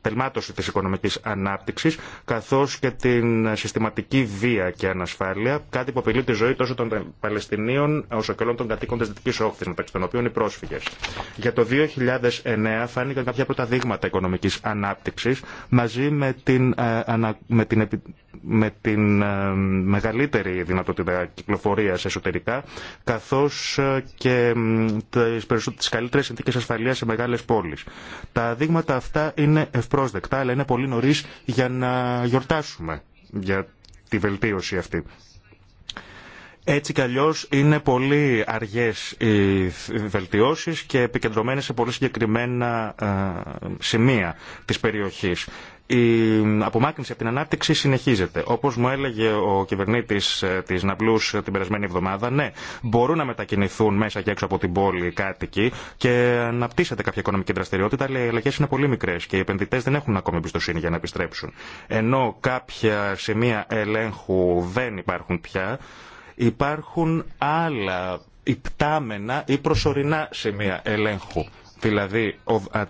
τελμάτωση τη οικονομική ανάπτυξη, καθώ και την συστηματική βία και ανασφάλεια, κάτι που απειλεί τη ζωή τόσο των Παλαιστινίων όσο και όλων των κατοίκων τη Δυτική Όχθη, μεταξύ των οποίων οι πρόσφυγε. Για το 2009 φάνηκαν κάποια πρώτα δείγματα οικονομική ανάπτυξη μαζί με την ε, με την, με την ε, μεγαλύτερη δυνατότητα κυκλοφορίας εσωτερικά, καθώς ε, και τις, καλύτερε τις καλύτερες συνθήκες σε μεγάλες πόλεις. Τα δείγματα αυτά είναι ευπρόσδεκτα, αλλά είναι πολύ νωρίς για να γιορτάσουμε για τη βελτίωση αυτή. Έτσι κι αλλιώ είναι πολύ αργέ οι βελτιώσει και επικεντρωμένε σε πολύ συγκεκριμένα ε, σημεία τη περιοχή η απομάκρυνση από την ανάπτυξη συνεχίζεται. Όπως μου έλεγε ο κυβερνήτης ε, της Ναπλού ε, την περασμένη εβδομάδα, ναι, μπορούν να μετακινηθούν μέσα και έξω από την πόλη οι κάτοικοι και αναπτύσσεται κάποια οικονομική δραστηριότητα, αλλά οι αλλαγέ είναι πολύ μικρές και οι επενδυτές δεν έχουν ακόμη εμπιστοσύνη για να επιστρέψουν. Ενώ κάποια σημεία ελέγχου δεν υπάρχουν πια, υπάρχουν άλλα υπτάμενα ή προσωρινά σημεία ελέγχου δηλαδή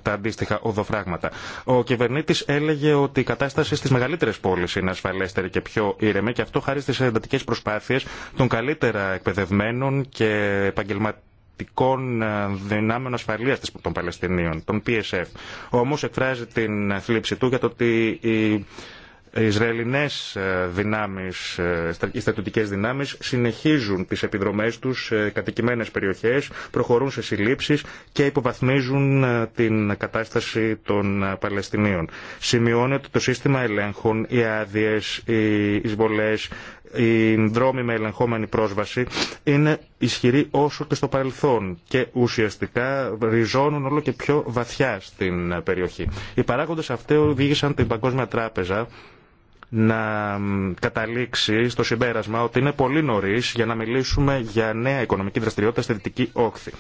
τα αντίστοιχα οδοφράγματα. Ο κυβερνήτη έλεγε ότι η κατάσταση στι μεγαλύτερε πόλει είναι ασφαλέστερη και πιο ήρεμη και αυτό χάρη στι εντατικέ προσπάθειε των καλύτερα εκπαιδευμένων και επαγγελματικών δυνάμεων ασφαλεία των Παλαιστινίων, των PSF. Όμω εκφράζει την θλίψη του για το ότι η Ισραηλινές ε, δυνάμεις, οι ε, στρατιωτικές δυνάμεις συνεχίζουν τις επιδρομές τους σε κατοικημένες περιοχές, προχωρούν σε συλλήψεις και υποβαθμίζουν ε, την κατάσταση των Παλαιστινίων. Σημειώνεται το σύστημα ελέγχων, οι άδειε, οι εισβολές, οι δρόμοι με ελεγχόμενη πρόσβαση είναι ισχυροί όσο και στο παρελθόν και ουσιαστικά ριζώνουν όλο και πιο βαθιά στην περιοχή. Οι παράγοντε αυτοί οδήγησαν την Παγκόσμια Τράπεζα να καταλήξει στο συμπέρασμα ότι είναι πολύ νωρί για να μιλήσουμε για νέα οικονομική δραστηριότητα στη Δυτική Όχθη.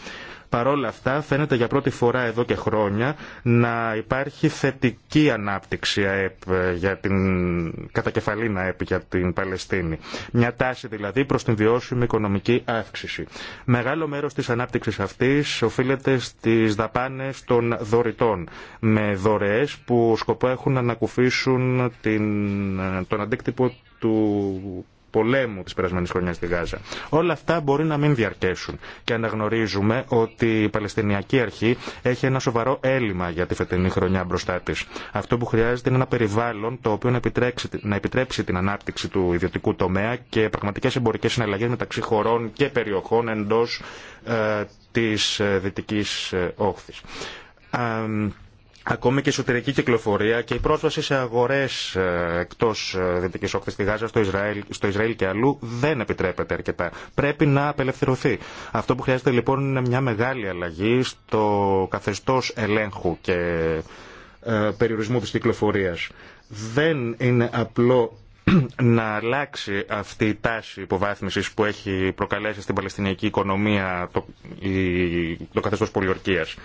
Παρόλα αυτά φαίνεται για πρώτη φορά εδώ και χρόνια να υπάρχει θετική ανάπτυξη ΑΕΠ ε, για την ΑΕΠ για την Παλαιστίνη. Μια τάση δηλαδή προς την βιώσιμη οικονομική αύξηση. Μεγάλο μέρος της ανάπτυξης αυτής οφείλεται στις δαπάνες των δωρητών με δωρεές που σκοπό έχουν να ανακουφίσουν την, ε, τον αντίκτυπο του πολέμου τη περασμένη χρονιά στη Γάζα. Όλα αυτά μπορεί να μην διαρκέσουν. Και αναγνωρίζουμε ότι η Παλαιστινιακή Αρχή έχει ένα σοβαρό έλλειμμα για τη φετινή χρονιά μπροστά τη. Αυτό που χρειάζεται είναι ένα περιβάλλον το οποίο να επιτρέψει, να επιτρέψει την ανάπτυξη του ιδιωτικού τομέα και πραγματικέ εμπορικέ συναλλαγέ μεταξύ χωρών και περιοχών εντό ε, τη ε, δυτική ε, όχθη. Ε, Ακόμη και η εσωτερική κυκλοφορία και η πρόσβαση σε αγορέ ε, εκτό ε, Δυτική Όχθη στη Γάζα, στο Ισραήλ, στο Ισραήλ και αλλού δεν επιτρέπεται αρκετά. Πρέπει να απελευθερωθεί. Αυτό που χρειάζεται λοιπόν είναι μια μεγάλη αλλαγή στο καθεστώ ελέγχου και ε, περιορισμού της κυκλοφορία. Δεν είναι απλό να αλλάξει αυτή η τάση υποβάθμισης που έχει προκαλέσει στην Παλαιστινιακή οικονομία το, το καθεστώς πολιορκίας.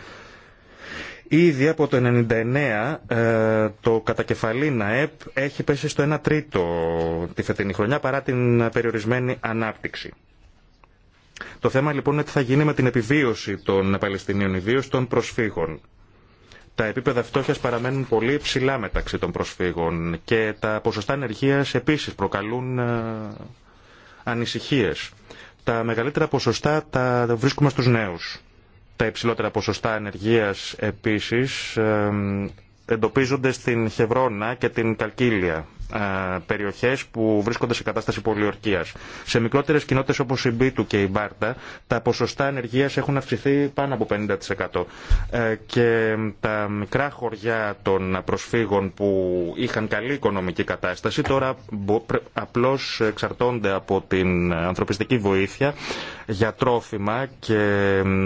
Ήδη από το 1999 ε, το κατακεφαλήν ΑΕΠ έχει πέσει στο 1 τρίτο τη φετινή χρονιά παρά την περιορισμένη ανάπτυξη. Το θέμα λοιπόν είναι τι θα γίνει με την επιβίωση των Παλαιστινίων, ιδίω των προσφύγων. Τα επίπεδα φτώχεια παραμένουν πολύ ψηλά μεταξύ των προσφύγων και τα ποσοστά ανεργία επίση προκαλούν ε, ανησυχίε. Τα μεγαλύτερα ποσοστά τα βρίσκουμε στους νέους τα υψηλότερα ποσοστά ενεργείας επίσης εντοπίζονται στην Χευρώνα και την Καλκίλια ε, περιοχές που βρίσκονται σε κατάσταση πολιορκίας. Σε μικρότερες κοινότητες όπως η Μπίτου και η Μπάρτα τα ποσοστά ενεργείας έχουν αυξηθεί πάνω από 50% ε, και τα μικρά χωριά των προσφύγων που είχαν καλή οικονομική κατάσταση τώρα απλώς εξαρτώνται από την ανθρωπιστική βοήθεια για τρόφιμα και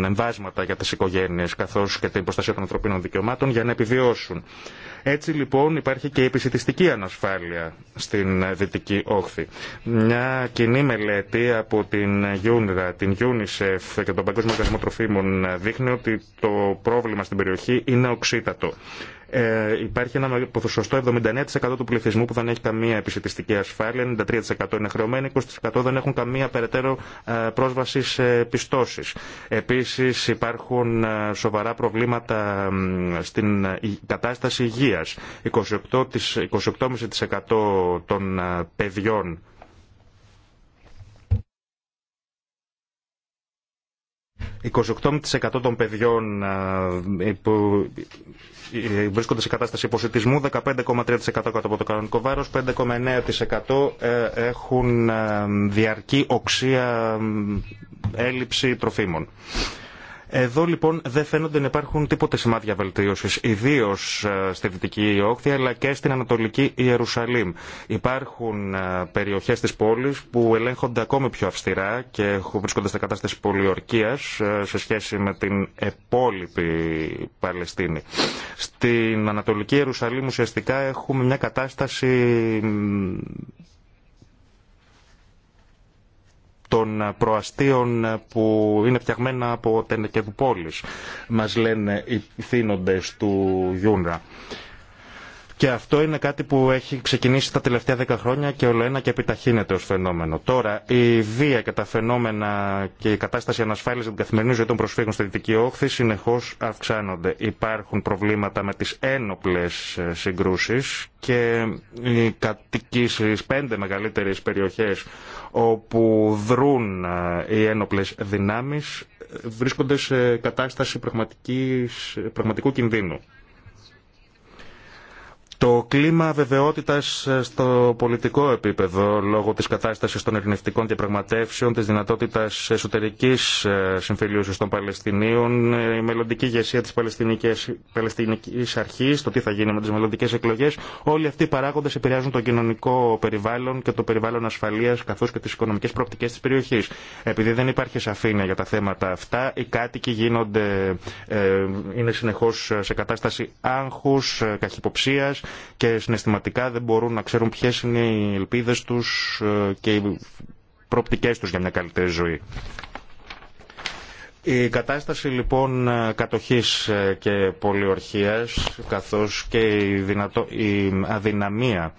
εμβάσματα για τι οικογένειε καθώ και την προστασία των ανθρωπίνων δικαιωμάτων για να επιβιώσουν. Έτσι λοιπόν υπάρχει και η επισητιστική ανασφάλεια στην Δυτική Όχθη. Μια κοινή μελέτη από την UNRWA, την UNICEF και τον Παγκόσμιο Οργανισμό Τροφίμων ε, δείχνει ότι το πρόβλημα στην περιοχή είναι οξύτατο. Ε, υπάρχει ένα ποσοστό 79% του πληθυσμού που δεν έχει καμία επισητιστική ασφάλεια, 93% είναι χρεωμένοι, 20% δεν έχουν καμία περαιτέρω ε, πρόσβαση σε πιστώσει. Επίση υπάρχουν ε, σοβαρά προβλήματα στην ε, κατάσταση υγεία. 28,5% των παιδιών ...28% των παιδιών που ε, βρίσκονται σε κατάσταση υποσυτισμού, 15,3% κάτω από το κανονικό βάρο, 5,9% ε, έχουν ε, διαρκή οξία έλλειψη τροφίμων. Εδώ λοιπόν δεν φαίνονται να υπάρχουν τίποτε σημάδια βελτίωση, ιδίως ε, στη Δυτική Όχθη αλλά και στην Ανατολική Ιερουσαλήμ. Υπάρχουν ε, περιοχές της πόλης που ελέγχονται ακόμη πιο αυστηρά και βρίσκονται στα κατάσταση πολιορκίας ε, σε σχέση με την υπόλοιπη Παλαιστίνη. Στην Ανατολική Ιερουσαλήμ ουσιαστικά έχουμε μια κατάσταση των προαστίων που είναι φτιαγμένα από τενεκεδουπόλεις, μας λένε οι θύνοντες του Γιούνρα. Και αυτό είναι κάτι που έχει ξεκινήσει τα τελευταία δέκα χρόνια και ολοένα και επιταχύνεται ω φαινόμενο. Τώρα, η βία και τα φαινόμενα και η κατάσταση ανασφάλεια για την καθημερινή ζωή των προσφύγων στη Δυτική Όχθη συνεχώ αυξάνονται. Υπάρχουν προβλήματα με τι ένοπλε συγκρούσει και οι κατοικοί στι πέντε μεγαλύτερε περιοχέ όπου δρούν ε, οι ένοπλε δυνάμει ε, βρίσκονται σε κατάσταση πραγματικού κινδύνου. Το κλίμα βεβαιότητα ε, στο πολιτικό επίπεδο λόγω της κατάστασης των ειρηνευτικών διαπραγματεύσεων, της δυνατότητας εσωτερικής ε, συμφιλίωσης των Παλαιστινίων, ε, η μελλοντική ηγεσία της Παλαιστινικής, αρχή, Αρχής, το τι θα γίνει με τις μελλοντικές εκλογές, όλοι αυτοί οι παράγοντες επηρεάζουν το κοινωνικό περιβάλλον και το περιβάλλον ασφαλείας καθώς και τις οικονομικές προοπτικές της περιοχής. Επειδή δεν υπάρχει σαφήνεια για τα θέματα αυτά, οι κάτοικοι γίνονται, είναι συνεχώς σε κατάσταση άγχους, καχυποψίας, και συναισθηματικά δεν μπορούν να ξέρουν ποιε είναι οι ελπίδε του ε, και οι προοπτικέ του για μια καλύτερη ζωή. Η κατάσταση λοιπόν ε, κατοχής ε, και πολιορχίας καθώς και δυνατο... η αδυναμία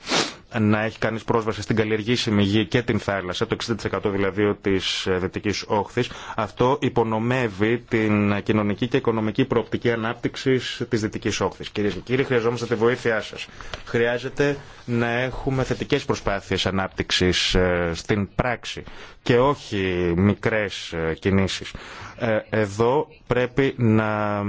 να έχει κάνει πρόσβαση στην καλλιεργήσιμη γη και την θάλασσα, το 60% δηλαδή τη ε, δυτική όχθη. αυτό υπονομεύει την κοινωνική και οικονομική προοπτική ανάπτυξης της δυτικής όχθης. Κυρίε και κύριοι, χρειαζόμαστε τη βοήθειά σα. Χρειάζεται να έχουμε θετικές προσπάθειες ανάπτυξης ε, στην πράξη και όχι μικρέ ε, κινήσει. Ε, εδώ πρέπει να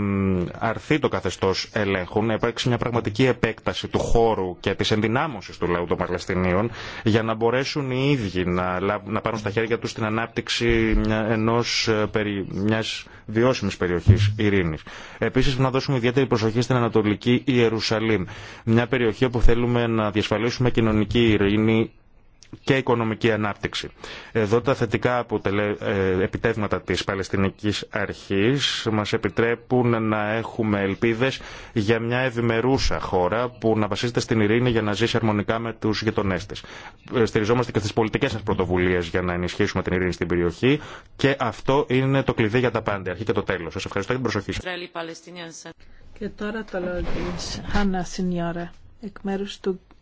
αρθεί το καθεστώς ελέγχου, να υπάρξει μια πραγματική επέκταση του χώρου και της ενδυνάμωσης του λαού των Παλαιστινίων για να μπορέσουν οι ίδιοι να, να πάρουν στα χέρια τους την ανάπτυξη ενός, ε, μιας βιώσιμης περιοχής ειρήνης. Επίσης να δώσουμε ιδιαίτερη προσοχή στην Ανατολική Ιερουσαλήμ, μια περιοχή όπου θέλουμε να διασφαλίσουμε κοινωνική ειρήνη και οικονομική ανάπτυξη. Εδώ τα θετικά αποτελε... Ε, επιτεύγματα της Παλαιστινικής Αρχής μας επιτρέπουν να έχουμε ελπίδες για μια ευημερούσα χώρα που να βασίζεται στην ειρήνη για να ζήσει αρμονικά με τους γειτονές της. Ε, στηριζόμαστε και στις πολιτικές σας πρωτοβουλίες για να ενισχύσουμε την ειρήνη στην περιοχή και αυτό είναι το κλειδί για τα πάντα, αρχή και το τέλος. Σας ευχαριστώ για την προσοχή σας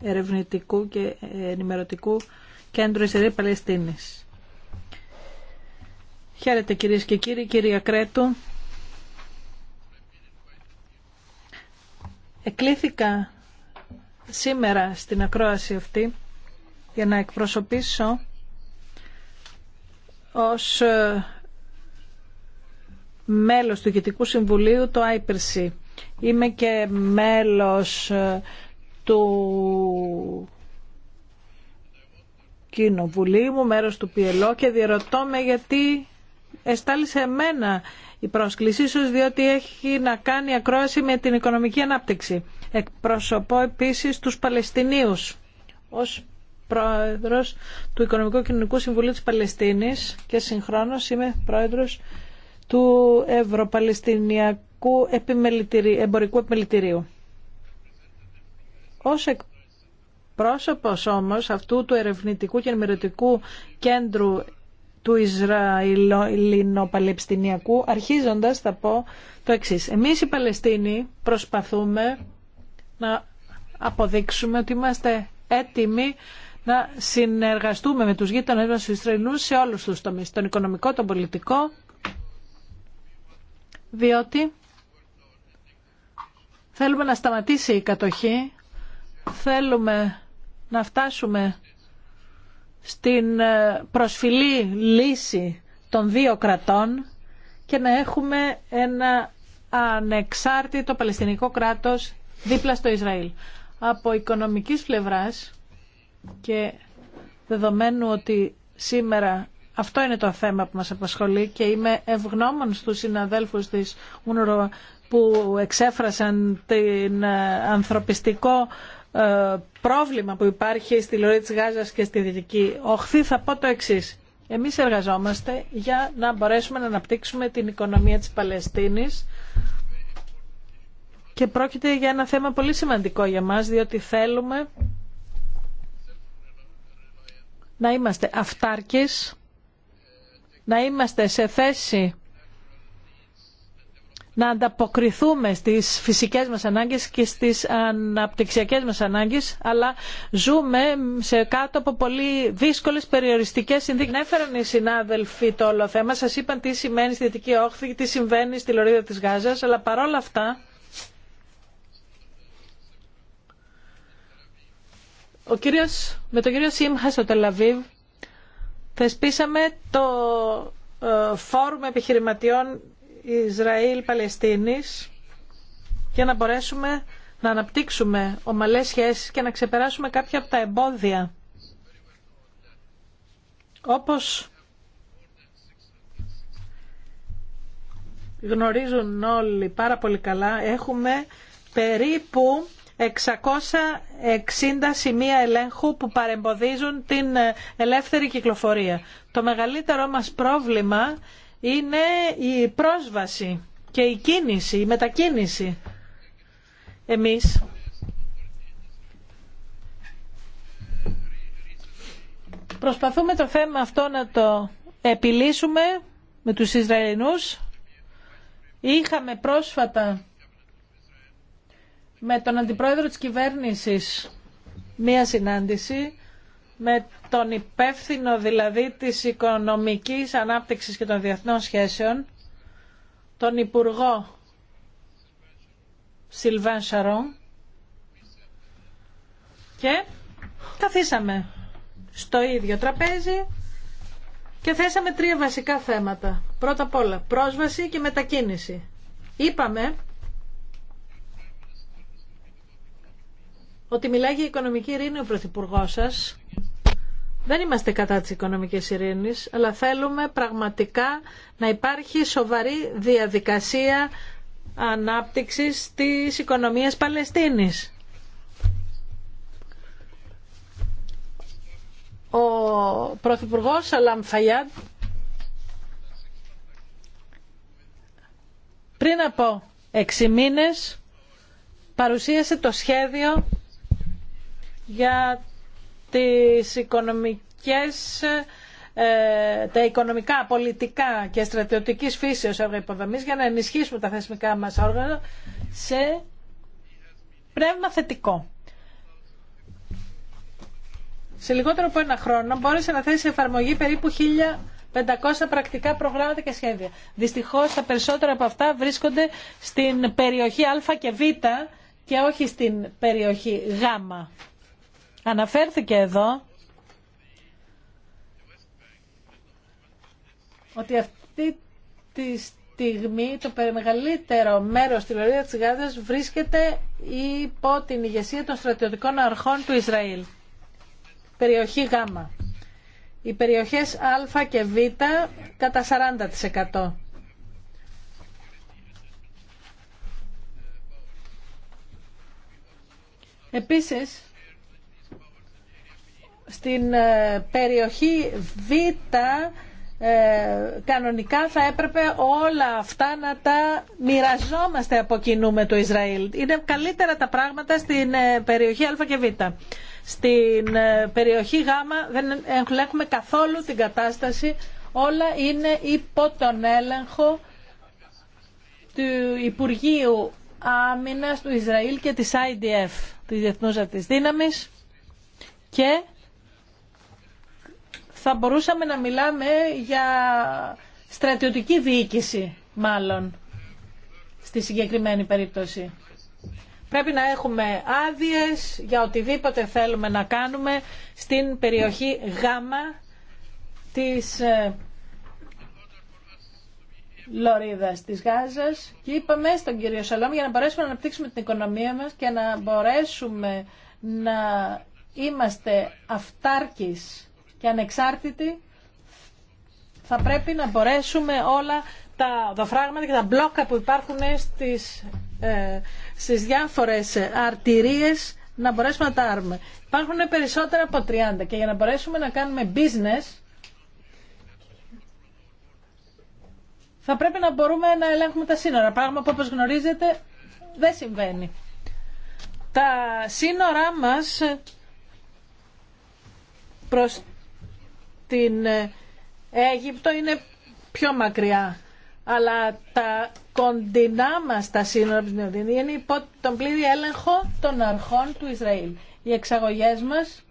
ερευνητικού και ενημερωτικού κέντρου Ισραήλ Παλαιστίνης. Χαίρετε κυρίες και κύριοι, κυρία Κρέτου. Εκλήθηκα σήμερα στην ακρόαση αυτή για να εκπροσωπήσω ως ε, μέλος του Γητικού Συμβουλίου το IPRC. Είμαι και μέλος ε, του κοινοβουλίου μου, μέρος του ΠΙΕΛΟ και διερωτώ με γιατί εστάλησε εμένα η πρόσκληση, ίσως διότι έχει να κάνει ακρόαση με την οικονομική ανάπτυξη. Εκπροσωπώ επίσης τους Παλαιστινίους ως πρόεδρος του Οικονομικού Κοινωνικού Συμβουλίου της Παλαιστίνης και συγχρόνως είμαι πρόεδρος του Ευρωπαλαιστινιακού Εμπορικού Επιμελητηρίου. Ως πρόσωπος όμως αυτού του ερευνητικού και ενημερωτικού κέντρου του Ισραηλινο-Παλαιστινιακού, αρχίζοντας θα πω το εξής. Εμείς οι Παλαιστίνοι προσπαθούμε να αποδείξουμε ότι είμαστε έτοιμοι να συνεργαστούμε με τους γείτονες μας Ισραηλινούς Ισραηλούς σε όλους τους τομείς, τον οικονομικό, τον πολιτικό, διότι θέλουμε να σταματήσει η κατοχή θέλουμε να φτάσουμε στην ε, προσφυλή λύση των δύο κρατών και να έχουμε ένα ανεξάρτητο Παλαιστινικό κράτος δίπλα στο Ισραήλ. Από οικονομικής πλευράς και δεδομένου ότι σήμερα αυτό είναι το θέμα που μας απασχολεί και είμαι ευγνώμων στους συναδέλφους της UNRWA που εξέφρασαν την ε, ανθρωπιστικό ε, πρόβλημα που υπάρχει στη Λωρή της Γάζας και στη Δυτική Οχθή θα πω το εξή. Εμείς εργαζόμαστε για να μπορέσουμε να αναπτύξουμε την οικονομία της Παλαιστίνης και πρόκειται για ένα θέμα πολύ σημαντικό για μας διότι θέλουμε να είμαστε αυτάρκεις, να είμαστε σε θέση να ανταποκριθούμε στις φυσικές μας ανάγκες και στις αναπτυξιακές μας ανάγκες, αλλά ζούμε σε κάτω από πολύ δύσκολες περιοριστικές συνθήκες. Έφεραν οι συνάδελφοι το όλο θέμα, σας είπαν τι σημαίνει στη Δυτική Όχθη, τι συμβαίνει στη Λωρίδα της Γάζας, αλλά παρόλα αυτά ο κύριος, με τον κύριο Σίμχα στο Τελαβίβ θεσπίσαμε το ε, φόρουμ επιχειρηματιών Ισραήλ-Παλαιστίνης για να μπορέσουμε να αναπτύξουμε ομαλές σχέσεις και να ξεπεράσουμε κάποια από τα εμπόδια. Όπως γνωρίζουν όλοι πάρα πολύ καλά, έχουμε περίπου 660 σημεία ελέγχου που παρεμποδίζουν την ελεύθερη κυκλοφορία. Το μεγαλύτερό μας πρόβλημα είναι η πρόσβαση και η κίνηση, η μετακίνηση. Εμείς προσπαθούμε το θέμα αυτό να το επιλύσουμε με τους Ισραηλινούς. Είχαμε πρόσφατα με τον αντιπρόεδρο της κυβέρνησης μία συνάντηση με τον υπεύθυνο δηλαδή της οικονομικής ανάπτυξης και των διεθνών σχέσεων, τον Υπουργό Σιλβάν Σαρόν και καθίσαμε στο ίδιο τραπέζι και θέσαμε τρία βασικά θέματα. Πρώτα απ' όλα, πρόσβαση και μετακίνηση. Είπαμε ότι μιλάει για οικονομική ειρήνη ο Πρωθυπουργός σας δεν είμαστε κατά της οικονομικής ειρήνης, αλλά θέλουμε πραγματικά να υπάρχει σοβαρή διαδικασία ανάπτυξης της οικονομίας Παλαιστίνης. Ο Πρωθυπουργός Σαλάμ Φαγιάντ πριν από έξι μήνες παρουσίασε το σχέδιο για τις οικονομικές ε, τα οικονομικά, πολιτικά και στρατιωτικής φύσεως υποδομής για να ενισχύσουμε τα θεσμικά μας όργανα σε πνεύμα θετικό. Σε λιγότερο από ένα χρόνο μπόρεσε να θέσει εφαρμογή περίπου 1.500 πρακτικά προγράμματα και σχέδια. Δυστυχώς τα περισσότερα από αυτά βρίσκονται στην περιοχή Α και Β και όχι στην περιοχή Γ. Αναφέρθηκε εδώ ότι αυτή τη στιγμή το μεγαλύτερο μέρος της Λωρίδα της Γάδας βρίσκεται υπό την ηγεσία των στρατιωτικών αρχών του Ισραήλ. Περιοχή Γ. Οι περιοχές Α και Β κατά 40%. Επίσης, στην ε, περιοχή Β ε, κανονικά θα έπρεπε όλα αυτά να τα μοιραζόμαστε από κοινού με το Ισραήλ. Είναι καλύτερα τα πράγματα στην ε, περιοχή Α και Β. Στην περιοχή Γ δεν έχουμε καθόλου την κατάσταση. Όλα είναι υπό τον έλεγχο του Υπουργείου Άμυνας του Ισραήλ και της IDF, της Διεθνούς Αυτής Δύναμης και θα μπορούσαμε να μιλάμε για στρατιωτική διοίκηση μάλλον στη συγκεκριμένη περίπτωση. Πρέπει να έχουμε άδειες για οτιδήποτε θέλουμε να κάνουμε στην περιοχή γάμα της ε, Λωρίδας της Γάζας και είπαμε στον κύριο Σαλόμ για να μπορέσουμε να αναπτύξουμε την οικονομία μας και να μπορέσουμε να είμαστε αυτάρκης και ανεξάρτητοι θα πρέπει να μπορέσουμε όλα τα, τα και τα μπλόκα που υπάρχουν στις, ε, στις διάφορες αρτηρίες να μπορέσουμε να τα άρουμε. Υπάρχουν περισσότερα από 30 και για να μπορέσουμε να κάνουμε business θα πρέπει να μπορούμε να ελέγχουμε τα σύνορα. Πράγμα που όπως γνωρίζετε δεν συμβαίνει. Τα σύνορά μας προς την ε, Αίγυπτο είναι πιο μακριά. Αλλά τα κοντινά μας τα σύνορα είναι υπό τον πλήρη έλεγχο των αρχών του Ισραήλ. Οι εξαγωγές μας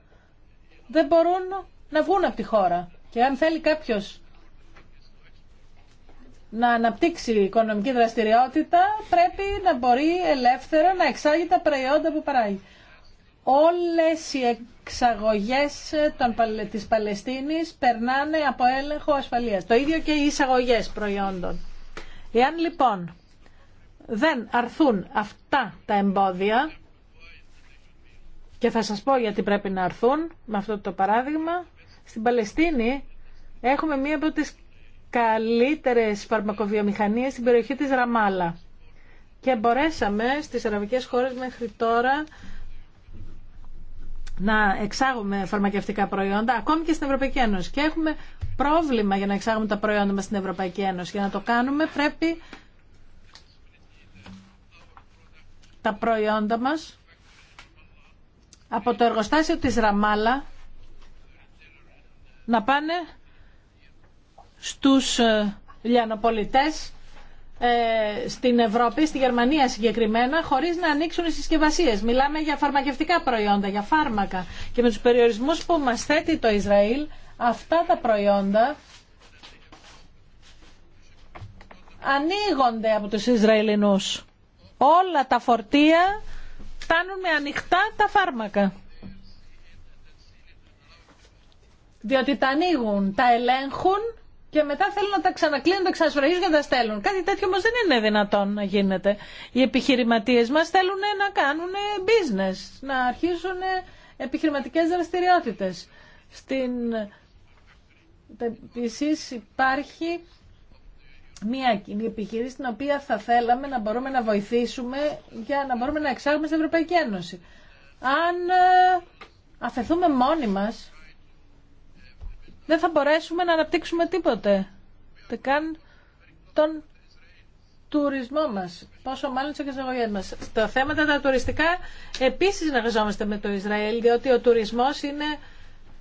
δεν μπορούν να βγουν από τη χώρα. Και αν θέλει κάποιος να αναπτύξει οικονομική δραστηριότητα, πρέπει να μπορεί ελεύθερα να εξάγει τα προϊόντα που παράγει. Όλες οι εξαγωγές ε, τη Παλαιστίνη περνάνε από έλεγχο ασφαλεία. Το ίδιο και οι εισαγωγέ προϊόντων. Εάν λοιπόν δεν αρθούν αυτά τα εμπόδια, και θα σας πω γιατί πρέπει να αρθούν με αυτό το παράδειγμα, στην Παλαιστίνη έχουμε μία από τις καλύτερες φαρμακοβιομηχανίες στην περιοχή της Ραμάλα. Και μπορέσαμε στις αραβικές χώρες μέχρι τώρα να εξάγουμε φαρμακευτικά προϊόντα, ακόμη και στην Ευρωπαϊκή Ένωση. Και έχουμε πρόβλημα για να εξάγουμε τα προϊόντα μας στην Ευρωπαϊκή Ένωση. Για να το κάνουμε πρέπει τα προϊόντα μας από το εργοστάσιο της Ραμάλα να πάνε στους ε, λιανοπολιτές ε, στην Ευρώπη, στη Γερμανία συγκεκριμένα, χωρί να ανοίξουν οι συσκευασίε. Μιλάμε για φαρμακευτικά προϊόντα, για φάρμακα. Και με του περιορισμού που μας θέτει το Ισραήλ, αυτά τα προϊόντα ανοίγονται από τους Ισραηλινούς. Όλα τα φορτία φτάνουν με ανοιχτά τα φάρμακα. Διότι τα ανοίγουν, τα ελέγχουν και μετά θέλουν να τα ξανακλίνουν, τα ξανασφραγίζουν και τα στέλνουν. Κάτι τέτοιο όμω δεν είναι δυνατόν να γίνεται. Οι επιχειρηματίε μα θέλουν να κάνουν business, να αρχίσουν επιχειρηματικέ δραστηριότητε. Στην... Επίση υπάρχει μια κοινή επιχείρηση στην οποία θα θέλαμε να μπορούμε να βοηθήσουμε για να μπορούμε να εξάγουμε στην Ευρωπαϊκή Ένωση. Αν ε, αφαιθούμε μόνοι μας δεν θα μπορέσουμε να αναπτύξουμε τίποτε. Δεν καν τον τουρισμό μας, πόσο μάλλον τις εξαγωγές μας. Στα θέματα τα τουριστικά επίσης συνεργαζόμαστε με το Ισραήλ, διότι ο τουρισμός είναι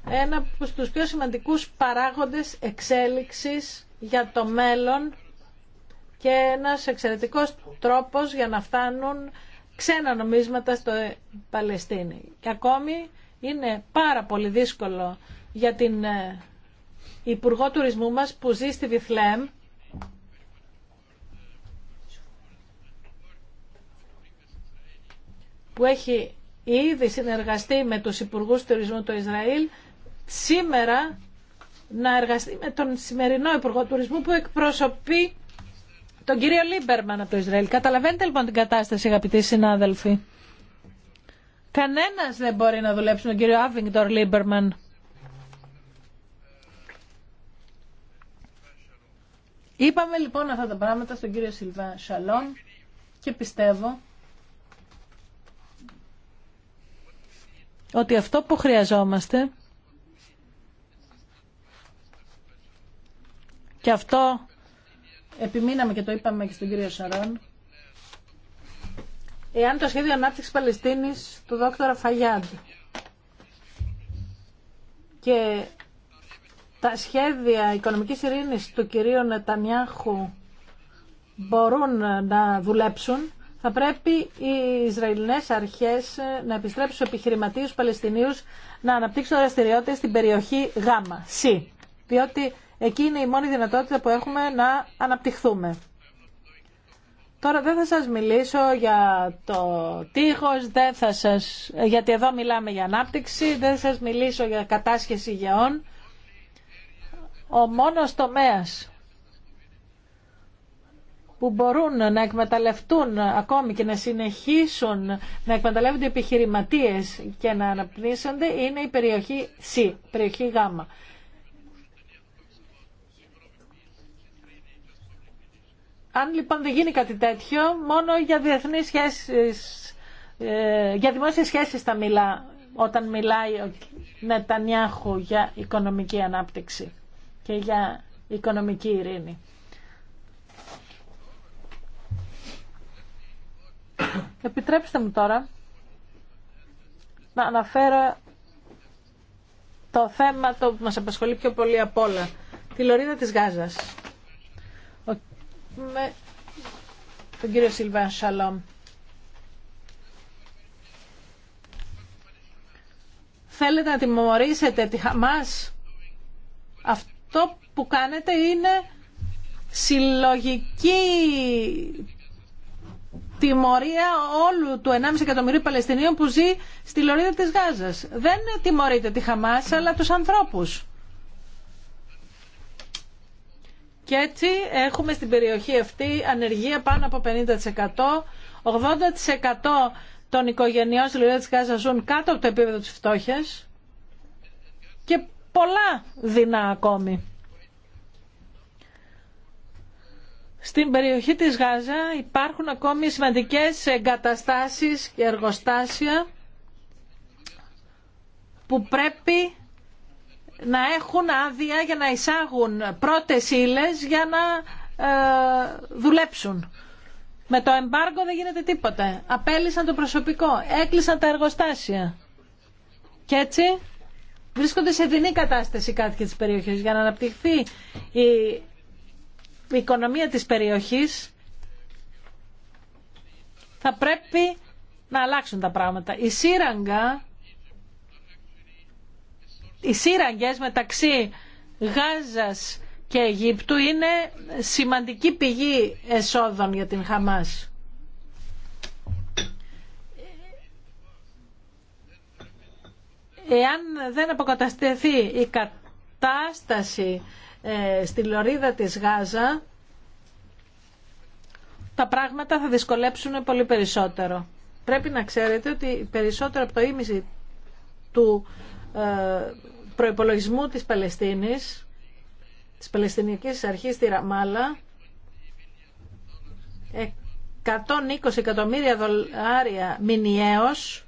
ένα από τους πιο σημαντικούς παράγοντες εξέλιξης για το μέλλον και ένας εξαιρετικός τρόπος για να φτάνουν ξένα νομίσματα στο Παλαιστίνη. Και ακόμη είναι πάρα πολύ δύσκολο για την ε, υπουργό τουρισμού μας που ζει στη Βιθλέμ που έχει ήδη συνεργαστεί με τους υπουργούς τουρισμού του Ισραήλ σήμερα να εργαστεί με τον σημερινό υπουργό τουρισμού που εκπροσωπεί τον κύριο Λίμπερμαν από το Ισραήλ. Καταλαβαίνετε λοιπόν την κατάσταση αγαπητοί συνάδελφοι. Κανένας δεν μπορεί να δουλέψει τον κύριο Άβιγκτορ Λίμπερμαν Είπαμε λοιπόν αυτά τα πράγματα στον κύριο Σιλβά Σαλόν και πιστεύω ότι αυτό που χρειαζόμαστε και αυτό επιμείναμε και το είπαμε και στον κύριο Σαρόν. εάν το σχέδιο ανάπτυξης Παλαιστίνης του δόκτωρα Φαγιάντ και τα σχέδια οικονομικής ειρήνης του κυρίου Νετανιάχου μπορούν να δουλέψουν, θα πρέπει οι Ισραηλινές αρχές να επιστρέψουν στους επιχειρηματίους Παλαιστινίους να αναπτύξουν δραστηριότητες στην περιοχή Γάμα, ΣΥ, διότι εκεί είναι η μόνη δυνατότητα που έχουμε να αναπτυχθούμε. Τώρα δεν θα σας μιλήσω για το τείχος, δεν θα σας... γιατί εδώ μιλάμε για ανάπτυξη, δεν θα σας μιλήσω για κατάσχεση γεών ο μόνος τομέας που μπορούν να εκμεταλλευτούν ακόμη και να συνεχίσουν να εκμεταλλεύονται επιχειρηματίες και να αναπτύσσονται είναι η περιοχή C, περιοχή Γ. Αν λοιπόν δεν γίνει κάτι τέτοιο, μόνο για διεθνείς σχέσεις, ε, για δημόσιες σχέσεις θα μιλά όταν μιλάει ο Νετανιάχου για οικονομική ανάπτυξη και για οικονομική ειρήνη. Επιτρέψτε μου τώρα να αναφέρω το θέμα το που μας απασχολεί πιο πολύ απ' όλα. Τη λωρίδα της Γάζας. Ο... Με... Τον κύριο Σιλβάν Σαλόμ. Θέλετε να τιμωρήσετε τη Χαμάς το που κάνετε είναι συλλογική τιμωρία όλου του 1,5 εκατομμυρίου Παλαιστινίων που ζει στη λωρίδα της Γάζας. Δεν τιμωρείτε τη Χαμάς, αλλά τους ανθρώπους. Και έτσι έχουμε στην περιοχή αυτή ανεργία πάνω από 50%, 80% των οικογενειών στη λωρίδα της Γάζας ζουν κάτω από το επίπεδο της φτώχειας και πολλά δεινά ακόμη. Στην περιοχή της Γάζα υπάρχουν ακόμη σημαντικές εγκαταστάσεις και εργοστάσια που πρέπει να έχουν άδεια για να εισάγουν πρώτες ύλες για να ε, δουλέψουν. Με το εμπάργκο δεν γίνεται τίποτα. Απέλησαν το προσωπικό, έκλεισαν τα εργοστάσια. Και έτσι βρίσκονται σε δινή κατάσταση οι κάτοικοι της περιοχής. Για να αναπτυχθεί η οικονομία της περιοχής θα πρέπει να αλλάξουν τα πράγματα. Η σύραγγα, οι σύραγγες μεταξύ Γάζας και Αιγύπτου είναι σημαντική πηγή εσόδων για την Χαμάς. εάν δεν αποκατασταθεί η κατάσταση ε, στη λωρίδα της Γάζα, τα πράγματα θα δυσκολέψουν πολύ περισσότερο. Πρέπει να ξέρετε ότι περισσότερο από το ίμιση του ε, προϋπολογισμού της Παλαιστίνης, της Παλαιστινικής Αρχής στη Ραμάλα, 120 εκατομμύρια δολάρια μηνιαίως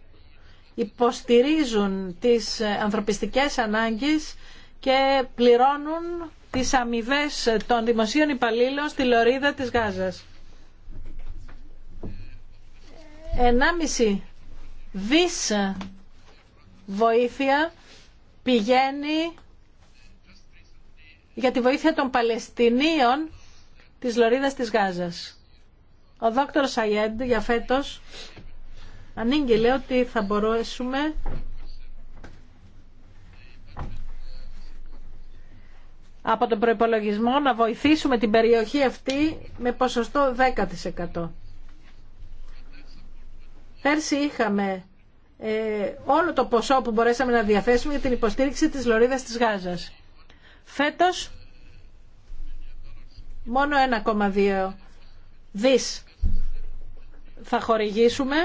υποστηρίζουν τις ανθρωπιστικές ανάγκες και πληρώνουν τις αμοιβέ των δημοσίων υπαλλήλων στη Λωρίδα της Γάζας. 1,5 δις βοήθεια πηγαίνει για τη βοήθεια των Παλαιστινίων της Λωρίδας της Γάζας. Ο δόκτωρ Σαγέντ για φέτος ανήγγειλε ότι θα μπορέσουμε από τον προϋπολογισμό να βοηθήσουμε την περιοχή αυτή με ποσοστό 10%. Πέρσι είχαμε ε, όλο το ποσό που μπορέσαμε να διαθέσουμε για την υποστήριξη της Λωρίδας της Γάζας. Φέτος μόνο 1,2 δις θα χορηγήσουμε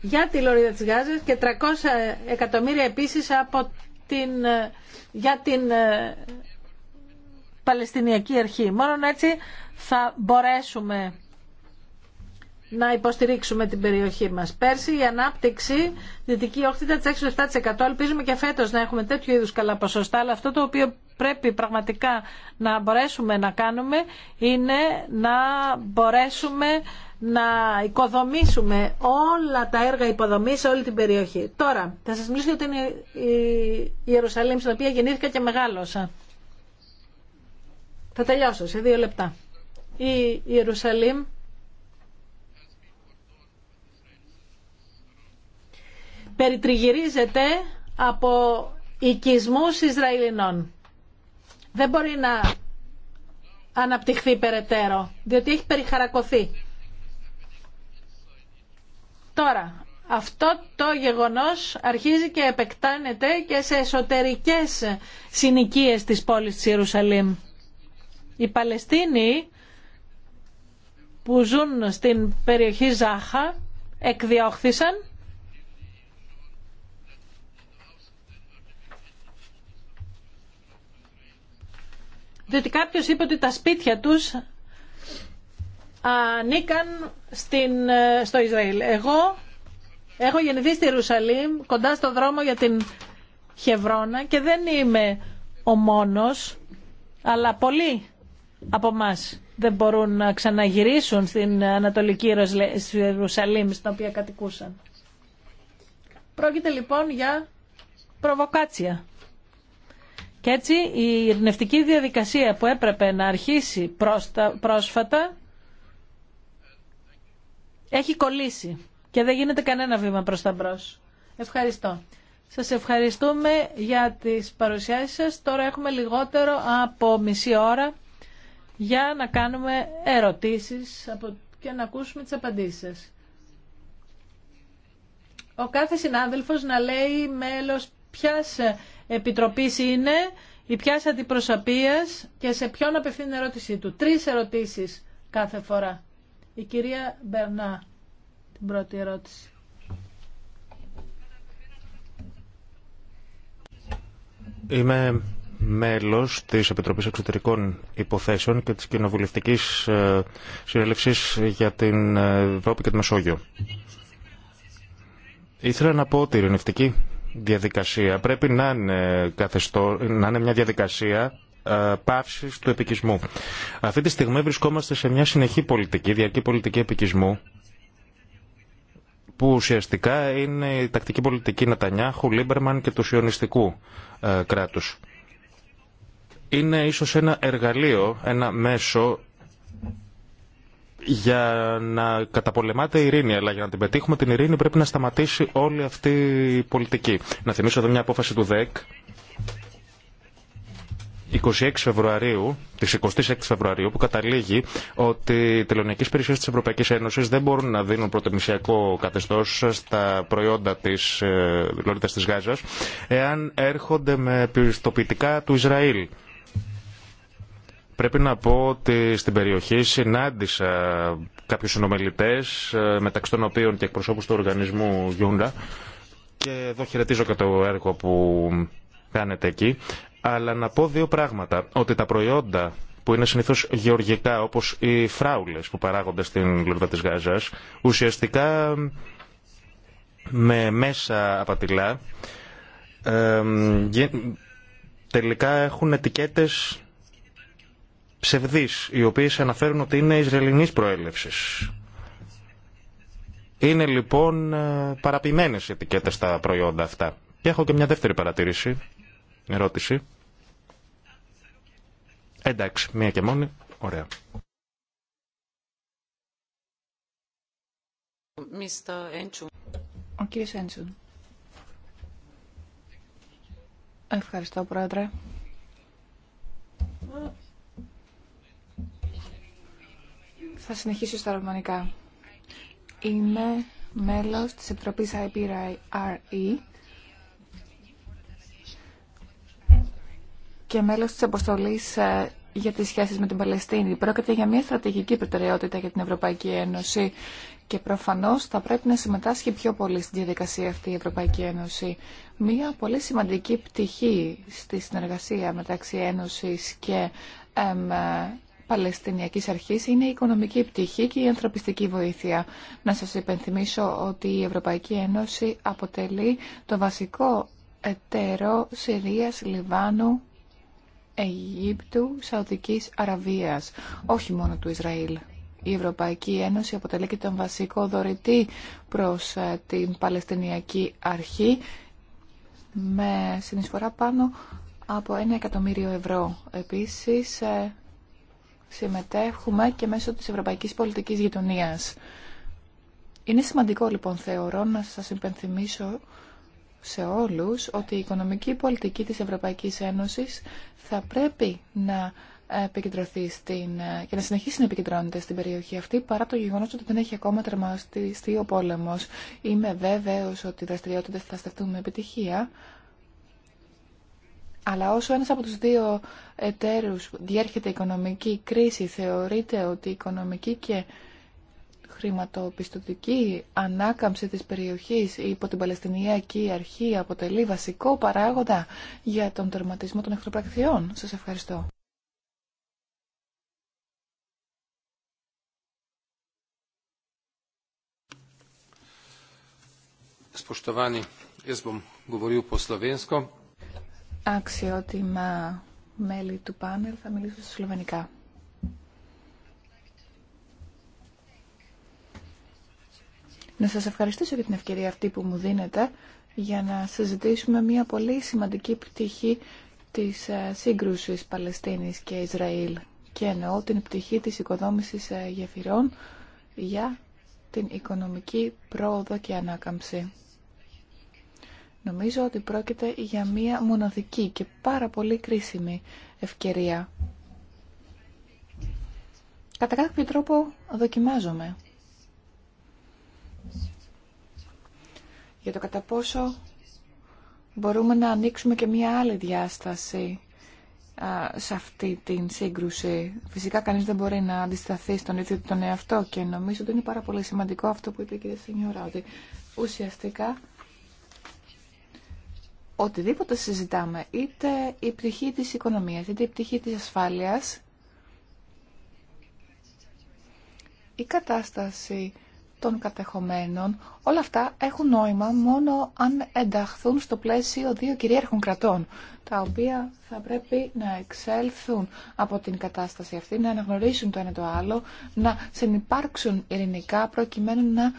για τη Λωρίδα της Γάζας και 300 εκατομμύρια επίσης από την, ε, για την ε, Παλαιστινιακή Αρχή. Μόνο έτσι θα μπορέσουμε να υποστηρίξουμε την περιοχή μα. Πέρσι η ανάπτυξη όχθητα τη ήταν 6-7%. Ελπίζουμε και φέτο να έχουμε τέτοιου είδου καλά ποσοστά, αλλά αυτό το οποίο πρέπει πραγματικά να μπορέσουμε να κάνουμε είναι να μπορέσουμε να οικοδομήσουμε όλα τα έργα υποδομή σε όλη την περιοχή. Τώρα, θα σα μιλήσω για την Ιερουσαλήμ, στην οποία γεννήθηκα και μεγάλωσα. Θα τελειώσω σε δύο λεπτά. Η Ιερουσαλήμ περιτριγυρίζεται από οικισμούς Ισραηλινών. Δεν μπορεί να αναπτυχθεί περαιτέρω, διότι έχει περιχαρακωθεί. Τώρα, αυτό το γεγονός αρχίζει και επεκτάνεται και σε εσωτερικές συνοικίες της πόλης της Ιερουσαλήμ. Οι Παλαιστίνοι που ζουν στην περιοχή Ζάχα εκδιώχθησαν διότι κάποιος είπε ότι τα σπίτια τους ανήκαν στην, ε, στο Ισραήλ. Εγώ έχω γεννηθεί στη Ιερουσαλήμ, κοντά στο δρόμο για την Χευρώνα και δεν είμαι ο μόνος, αλλά πολλοί από εμά δεν μπορούν να ξαναγυρίσουν στην Ανατολική Ιερουσαλήμ, στην οποία κατοικούσαν. Πρόκειται λοιπόν για προβοκάτσια. Και έτσι η ειρηνευτική διαδικασία που έπρεπε να αρχίσει πρόσφατα έχει κολλήσει και δεν γίνεται κανένα βήμα προς τα μπρος. Ευχαριστώ. Σας ευχαριστούμε για τις παρουσιάσεις σας. Τώρα έχουμε λιγότερο από μισή ώρα για να κάνουμε ερωτήσεις και να ακούσουμε τις απαντήσεις σας. Ο κάθε συνάδελφος να λέει μέλος ποιας Επιτροπής είναι η ποια αντιπροσωπείας και σε ποιον απευθύνει την ερώτησή του. Τρεις ερωτήσεις κάθε φορά. Η κυρία Μπερνά, την πρώτη ερώτηση. Είμαι μέλος της Επιτροπής Εξωτερικών Υποθέσεων και της Κοινοβουλευτικής ε, Συνέλευσης για την ε, Ευρώπη και το Μεσόγειο. Ήθελα να πω ότι η ειρηνευτική διαδικασία πρέπει να είναι, καθεστώ, να είναι μια διαδικασία ε, παύση του επικισμού. Αυτή τη στιγμή βρισκόμαστε σε μια συνεχή πολιτική, διαρκή πολιτική επικισμού, που ουσιαστικά είναι η τακτική πολιτική Νατανιάχου, Λίμπερμαν και του σιωνιστικού ε, κράτους. Είναι ίσως ένα εργαλείο, ένα μέσο για να καταπολεμάται η ειρήνη, αλλά για να την πετύχουμε την ειρήνη πρέπει να σταματήσει όλη αυτή η πολιτική. Να θυμίσω εδώ μια απόφαση του ΔΕΚ 26 Φεβρουαρίου, της 26 Φεβρουαρίου που καταλήγει ότι οι τελωνιακέ υπηρεσίε τη Ευρωπαϊκής Ένωση δεν μπορούν να δίνουν πρωτομησιακό καθεστώ στα προϊόντα τη ε, της εάν έρχονται με πιστοποιητικά του Ισραήλ. Πρέπει να πω ότι στην περιοχή συνάντησα κάποιους συνομιλητές, ε, μεταξύ των οποίων και εκπροσώπους του οργανισμού Γιούντα, και εδώ χαιρετίζω και το έργο που κάνετε εκεί, αλλά να πω δύο πράγματα. Ότι τα προϊόντα που είναι συνήθως γεωργικά, όπως οι φράουλες που παράγονται στην γλώσσα της Γάζας ουσιαστικά με μέσα απατηλά ε, τελικά έχουν ετικέτες ψευδείς, οι οποίες αναφέρουν ότι είναι Ισραηλινής προέλευσης. Είναι λοιπόν ε, παραπημένες οι ετικέτες τα προϊόντα αυτά. Και έχω και μια δεύτερη παρατήρηση, ερώτηση. Εντάξει, μία και μόνη. Ωραία. Ο κύριος Ευχαριστώ, Πρόεδρε. Ε, Θα συνεχίσω στα ρωμανικά. Είμαι μέλος της Επιτροπής IPRE και μέλος της αποστολής ε, για τις σχέσεις με την Παλαιστίνη. Πρόκειται για μια στρατηγική προτεραιότητα για την Ευρωπαϊκή Ένωση και προφανώς θα πρέπει να συμμετάσχει πιο πολύ στην διαδικασία αυτή η Ευρωπαϊκή Ένωση. Μια πολύ σημαντική πτυχή στη συνεργασία μεταξύ Ένωσης και Παλαιστινιακής Αρχής είναι η οικονομική πτυχή και η ανθρωπιστική βοήθεια. Να σας υπενθυμίσω ότι η Ευρωπαϊκή Ένωση αποτελεί το βασικό εταίρο Συρίας, Λιβάνου, Αιγύπτου, Σαουδικής Αραβίας, όχι μόνο του Ισραήλ. Η Ευρωπαϊκή Ένωση αποτελεί και τον βασικό δωρητή προς ε, την Παλαιστινιακή Αρχή με συνεισφορά πάνω από ένα εκατομμύριο ευρώ. Επίσης, ε, συμμετέχουμε και μέσω της Ευρωπαϊκής Πολιτικής Γειτονίας. Είναι σημαντικό λοιπόν θεωρώ να σας υπενθυμίσω σε όλους ότι η οικονομική πολιτική της Ευρωπαϊκής Ένωσης θα πρέπει να επικεντρωθεί στην, και να συνεχίσει να επικεντρώνεται στην περιοχή αυτή παρά το γεγονός ότι δεν έχει ακόμα τερμαστεί ο πόλεμος. Είμαι βέβαιος ότι οι δραστηριότητες θα στεφτούν με επιτυχία αλλά όσο ένας από τους δύο εταίρους διέρχεται οικονομική κρίση, θεωρείται ότι η οικονομική και χρηματοπιστωτική ανάκαμψη της περιοχής υπό την Παλαιστινιακή Αρχή αποτελεί βασικό παράγοντα για τον τερματισμό των εχθροπρακτιών. Σας ευχαριστώ. Αξιότιμα μέλη του πάνελ, θα μιλήσω στα σλοβενικά. Να σας ευχαριστήσω για την ευκαιρία αυτή που μου δίνετε για να συζητήσουμε μια πολύ σημαντική πτυχή της ε, σύγκρουσης Παλαιστίνης και Ισραήλ και εννοώ την πτυχή της οικοδόμησης ε, γεφυρών για την οικονομική πρόοδο και ανάκαμψη. Νομίζω ότι πρόκειται για μία μοναδική και πάρα πολύ κρίσιμη ευκαιρία. Κατά κάποιο τρόπο δοκιμάζομαι για το κατά πόσο μπορούμε να ανοίξουμε και μία άλλη διάσταση σε αυτή την σύγκρουση. Φυσικά κανείς δεν μπορεί να αντισταθεί στον ίδιο τον εαυτό και νομίζω ότι είναι πάρα πολύ σημαντικό αυτό που είπε η κυρία Σινιώρα, ότι ουσιαστικά οτιδήποτε συζητάμε, είτε η πτυχή της οικονομίας, είτε η πτυχή της ασφάλειας, η κατάσταση των κατεχομένων, όλα αυτά έχουν νόημα μόνο αν ενταχθούν στο πλαίσιο δύο κυρίαρχων κρατών, τα οποία θα πρέπει να εξέλθουν από την κατάσταση αυτή, να αναγνωρίσουν το ένα το άλλο, να συνεπάρξουν ειρηνικά προκειμένου να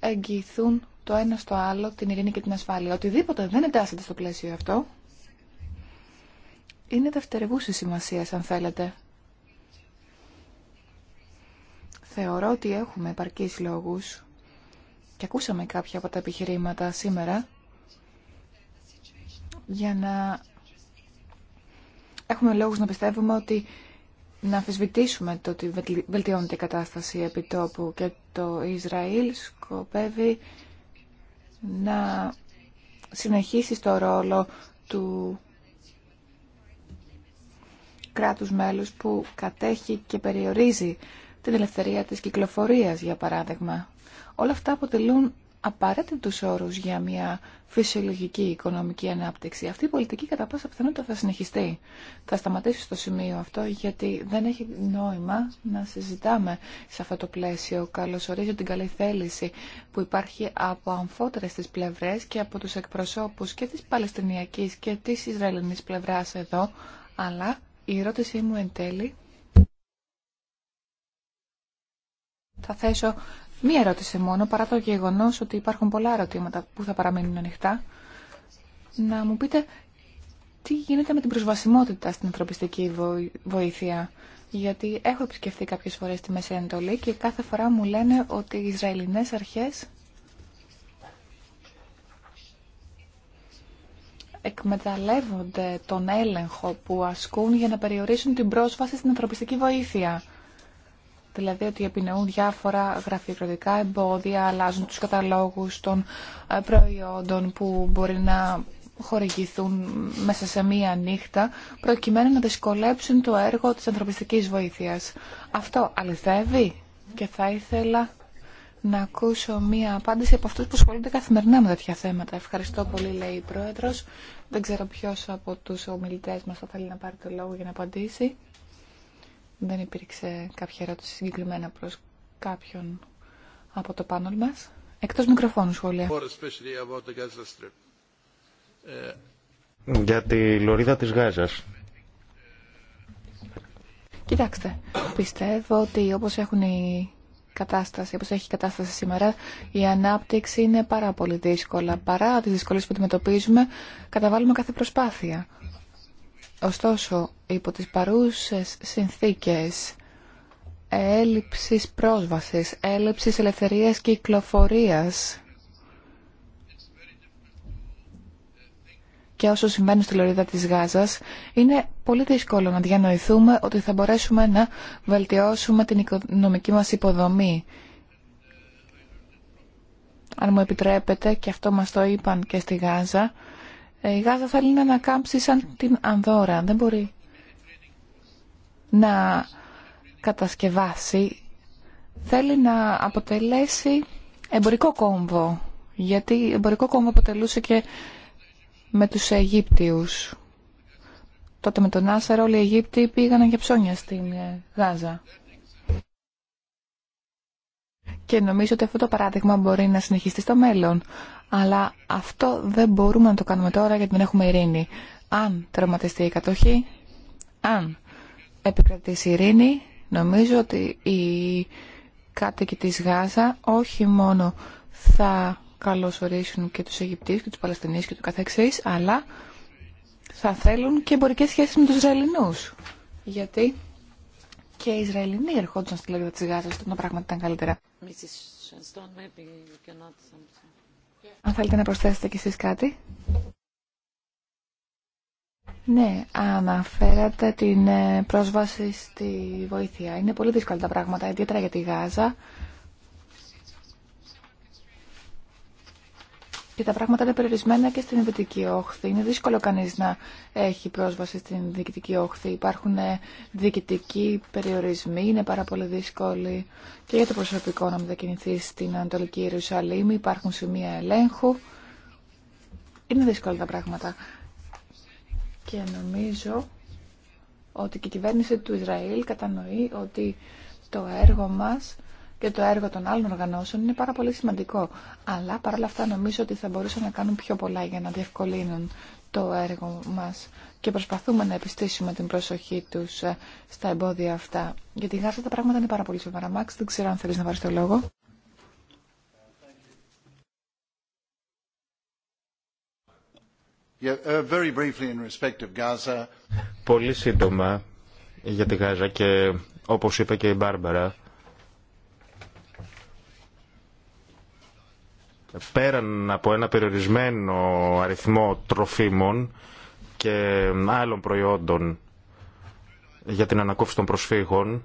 εγγυηθούν το ένα στο άλλο την ειρήνη και την ασφάλεια. Οτιδήποτε δεν εντάσσεται στο πλαίσιο αυτό είναι δευτερευούση σημασία, αν θέλετε. Θεωρώ ότι έχουμε επαρκείς λόγους και ακούσαμε κάποια από τα επιχειρήματα σήμερα για να έχουμε λόγους να πιστεύουμε ότι να αμφισβητήσουμε το ότι βελτιώνεται η κατάσταση επί τόπου και το Ισραήλ σκοπεύει να συνεχίσει στο ρόλο του κράτους μέλους που κατέχει και περιορίζει την ελευθερία της κυκλοφορίας, για παράδειγμα. Όλα αυτά αποτελούν απαραίτητους όρους για μια φυσιολογική οικονομική ανάπτυξη. Αυτή η πολιτική κατά πάσα πιθανότητα θα συνεχιστεί. Θα σταματήσω στο σημείο αυτό γιατί δεν έχει νόημα να συζητάμε σε αυτό το πλαίσιο. Καλωσορίζω την καλή θέληση που υπάρχει από αμφότερες τις πλευρές και από τους εκπροσώπους και της Παλαιστινιακής και της Ισραηλινής πλευράς εδώ. Αλλά η ερώτησή μου εν τέλει θα θέσω Μία ερώτηση μόνο, παρά το γεγονός ότι υπάρχουν πολλά ερωτήματα που θα παραμείνουν ανοιχτά. Να μου πείτε τι γίνεται με την προσβασιμότητα στην ανθρωπιστική βοήθεια. Γιατί έχω επισκεφθεί κάποιες φορές τη Μέση Ανατολή και κάθε φορά μου λένε ότι οι Ισραηλινές αρχές εκμεταλλεύονται τον έλεγχο που ασκούν για να περιορίσουν την πρόσβαση στην ανθρωπιστική βοήθεια. Δηλαδή ότι επινοούν διάφορα γραφειοκρατικά εμπόδια, αλλάζουν τους καταλόγους των ε, προϊόντων που μπορεί να χορηγηθούν μέσα σε μία νύχτα, προκειμένου να δυσκολέψουν το έργο της ανθρωπιστικής βοήθειας. Αυτό αληθεύει και θα ήθελα να ακούσω μία απάντηση από αυτούς που ασχολούνται καθημερινά με τέτοια θέματα. Ευχαριστώ πολύ, λέει η Πρόεδρος. Δεν ξέρω ποιος από τους ομιλητές μας θα θέλει να πάρει το λόγο για να απαντήσει. Δεν υπήρξε κάποια ερώτηση συγκεκριμένα προς κάποιον από το πάνελ μας. Εκτός μικροφώνου σχόλια. Ε, Για τη λωρίδα της Γάζας. Κοιτάξτε, πιστεύω ότι όπως έχουν η κατάσταση, όπως έχει η κατάσταση σήμερα, η ανάπτυξη είναι πάρα πολύ δύσκολα. Παρά τις δυσκολίες που αντιμετωπίζουμε, καταβάλουμε κάθε προσπάθεια. Ωστόσο, υπό τις παρούσες συνθήκες έλλειψης πρόσβασης, έλλειψης ελευθερίας κυκλοφορίας και όσο συμβαίνει στη λωρίδα της Γάζας, είναι πολύ δύσκολο να διανοηθούμε ότι θα μπορέσουμε να βελτιώσουμε την οικονομική μας υποδομή. Αν μου επιτρέπετε, και αυτό μας το είπαν και στη Γάζα, ε, η Γάζα θέλει να ανακάμψει σαν την Ανδώρα. Δεν μπορεί να κατασκευάσει. Θέλει να αποτελέσει εμπορικό κόμβο. Γιατί εμπορικό κόμβο αποτελούσε και με τους Αιγύπτιους. Τότε με τον Άσαρ όλοι οι Αιγύπτιοι πήγαν για ψώνια στην ε, Γάζα. Και νομίζω ότι αυτό το παράδειγμα μπορεί να συνεχιστεί στο μέλλον αλλά αυτό δεν μπορούμε να το κάνουμε τώρα γιατί δεν έχουμε ειρήνη. Αν τραυματιστεί η κατοχή, αν επικρατήσει η ειρήνη, νομίζω ότι οι κάτοικοι της Γάζα όχι μόνο θα καλωσορίσουν και τους Αιγυπτίους και τους Παλαιστινίους και του καθεξής, αλλά θα θέλουν και εμπορικές σχέσεις με τους Ισραηλινούς. Γιατί και οι Ισραηλινοί ερχόντουσαν στη λόγια της Γάζας, όταν τα πράγματα ήταν καλύτερα. Αν θέλετε να προσθέσετε κι εσείς κάτι. Ναι, αναφέρατε την ε, πρόσβαση στη βοήθεια. Είναι πολύ δύσκολα τα πράγματα, ιδιαίτερα για τη Γάζα. και τα πράγματα είναι περιορισμένα και στην δυτική όχθη. Είναι δύσκολο κανεί να έχει πρόσβαση στην διοικητική όχθη. Υπάρχουν διοικητικοί περιορισμοί, είναι πάρα πολύ δύσκολοι και για το προσωπικό να μετακινηθεί στην Ανατολική Ιερουσαλήμ. Υπάρχουν σημεία ελέγχου. Είναι δύσκολα τα πράγματα. Και νομίζω ότι και η κυβέρνηση του Ισραήλ κατανοεί ότι το έργο μας και το έργο των άλλων οργανώσεων είναι πάρα πολύ σημαντικό. Αλλά παρόλα αυτά νομίζω ότι θα μπορούσαν να κάνουν πιο πολλά για να διευκολύνουν το έργο μας και προσπαθούμε να επιστήσουμε την προσοχή τους ε, στα εμπόδια αυτά. Γιατί Γάζα τα πράγματα είναι πάρα πολύ σοβαρά. Μάξ, δεν ξέρω αν θέλεις να πάρεις το λόγο. Uh, πολύ σύντομα για τη Γάζα και όπως είπε και η Μπάρμπαρα, πέραν από ένα περιορισμένο αριθμό τροφίμων και άλλων προϊόντων για την ανακόφιση των προσφύγων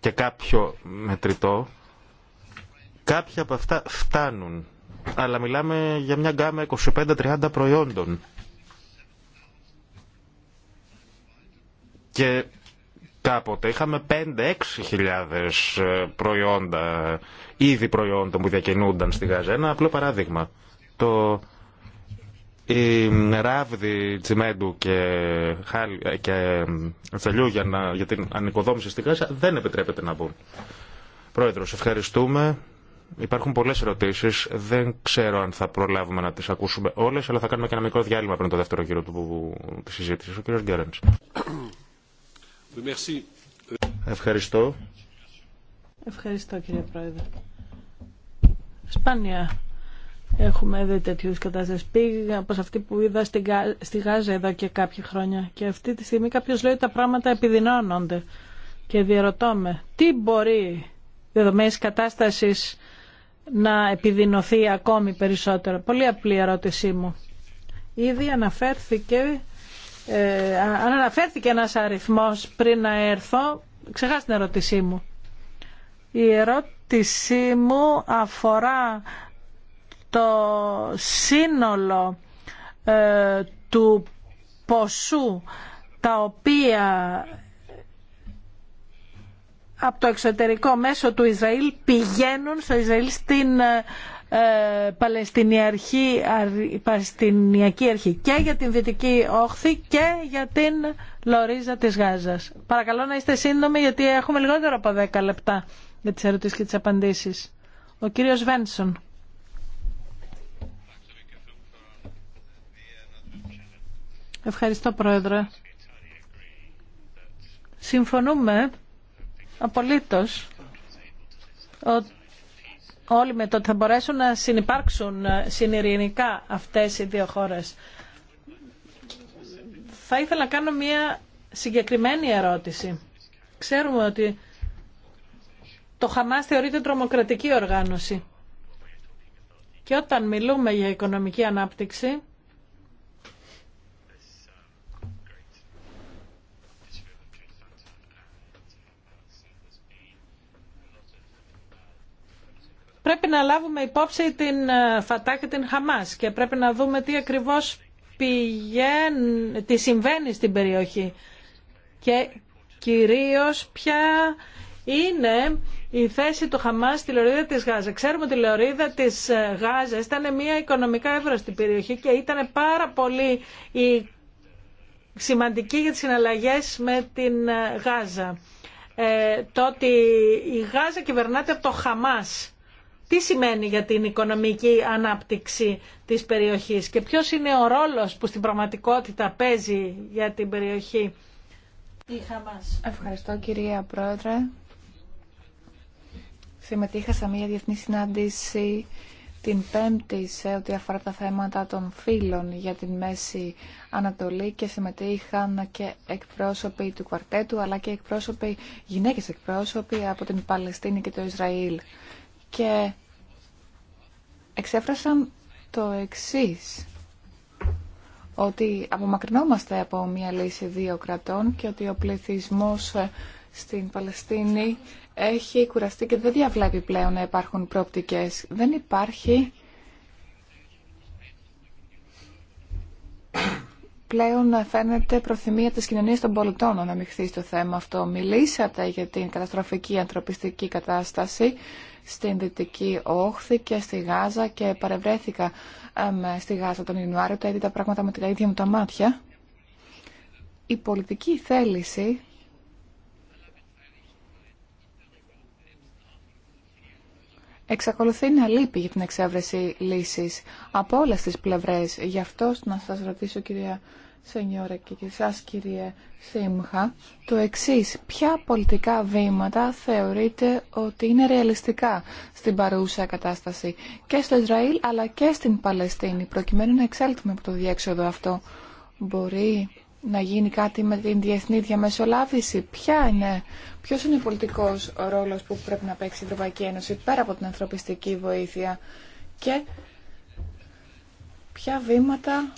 και κάποιο μετρητό, κάποια από αυτά φτάνουν. Αλλά μιλάμε για μια γκάμα 25-30 προϊόντων. Και κάποτε είχαμε 5-6 χιλιάδες ε, προϊόντα, είδη προϊόντων που διακινούνταν στη Γάζα. Ένα απλό παράδειγμα. Το, η ράβδη τσιμέντου και, και τσαλιού για, να, την ανοικοδόμηση στη Γάζα δεν επιτρέπεται να μπουν. Πρόεδρος, ευχαριστούμε. Υπάρχουν πολλές ερωτήσεις. Δεν ξέρω αν θα προλάβουμε να τις ακούσουμε όλες, αλλά θα κάνουμε και ένα μικρό διάλειμμα πριν το δεύτερο γύρο του, της συζήτησης. Ο κύριος Γκέρενς. Ευχαριστώ. Ευχαριστώ κύριε Πρόεδρε. Σπάνια έχουμε δει τέτοιου κατάσταση. Πήγα από αυτή που είδα στη, Γάζα εδώ και κάποια χρόνια και αυτή τη στιγμή κάποιος λέει ότι τα πράγματα επιδεινώνονται και διαρωτώ τι μπορεί δεδομένης κατάστασης να επιδεινωθεί ακόμη περισσότερο. Πολύ απλή ερώτησή μου. Ήδη αναφέρθηκε ε, αν αναφέρθηκε ένας αριθμός πριν να έρθω, ξεχάσει την ερώτησή μου. Η ερώτησή μου αφορά το σύνολο ε, του ποσού τα οποία από το εξωτερικό μέσο του Ισραήλ πηγαίνουν στο Ισραήλ στην ε, ε, Παλαιστινιακή, Αρχή και για την Δυτική Όχθη και για την Λωρίζα της Γάζας. Παρακαλώ να είστε σύντομοι γιατί έχουμε λιγότερο από 10 λεπτά για τις ερωτήσεις και τις απαντήσεις. Ο κύριος Βένσον. Ευχαριστώ Πρόεδρε. Συμφωνούμε απολύτως ότι όλοι με το ότι θα μπορέσουν να συνεπάρξουν ε, συνειρηνικά αυτές οι δύο χώρες. Θα ήθελα να κάνω μια συγκεκριμένη ερώτηση. Ξέρουμε ότι το Χαμάς θεωρείται τρομοκρατική οργάνωση. Και όταν μιλούμε για οικονομική ανάπτυξη, πρέπει να λάβουμε υπόψη την ε, Φατά και την Χαμάς και πρέπει να δούμε τι ακριβώς πηγαίνει, τι συμβαίνει στην περιοχή και κυρίως ποια είναι η θέση του Χαμάς στη λωρίδα της Γάζα. Ξέρουμε ότι η λωρίδα της ε, Γάζα ήταν μια οικονομικά εύρωστη περιοχή και ήταν πάρα πολύ η σημαντική για τις συναλλαγές με την ε, Γάζα. το ότι η Γάζα κυβερνάται από το Χαμάς τι σημαίνει για την οικονομική ανάπτυξη της περιοχής και ποιος είναι ο ρόλος που στην πραγματικότητα παίζει για την περιοχή. Ευχαριστώ κυρία Πρόεδρε. Συμμετείχα σε μια διεθνή συνάντηση την Πέμπτη σε ό,τι αφορά τα θέματα των φίλων για την Μέση Ανατολή και συμμετείχαν και εκπρόσωποι του Κουαρτέτου αλλά και εκπρόσωποι, γυναίκες εκπρόσωποι από την Παλαιστίνη και το Ισραήλ και εξέφρασαν το εξής ότι απομακρυνόμαστε από μια λύση δύο κρατών και ότι ο πληθυσμός ε, στην Παλαιστίνη έχει κουραστεί και δεν διαβλέπει πλέον να υπάρχουν πρόπτικες. Δεν υπάρχει πλέον να ε, φαίνεται προθυμία της κοινωνίας των πολιτών να μειχθεί στο θέμα αυτό. Μιλήσατε για την καταστροφική ανθρωπιστική κατάσταση στην Δυτική Όχθη και στη Γάζα και παρευρέθηκα στη Γάζα τον Ιανουάριο, τα είδα πράγματα με τα ίδια μου τα μάτια. Η πολιτική θέληση εξακολουθεί να λείπει για την εξέβρεση λύσης από όλες τις πλευρές. Γι' αυτό να σας ρωτήσω κυρία Σενιόρε και και εσάς κύριε Σίμχα, το εξής. Ποια πολιτικά βήματα θεωρείτε ότι είναι ρεαλιστικά στην παρούσα κατάσταση και στο Ισραήλ αλλά και στην Παλαιστίνη προκειμένου να εξέλθουμε από το διέξοδο αυτό. Μπορεί να γίνει κάτι με την διεθνή διαμεσολάβηση. Ποια είναι, ποιος είναι ο πολιτικός ρόλος που πρέπει να παίξει η Ευρωπαϊκή Ένωση πέρα από την ανθρωπιστική βοήθεια και ποια βήματα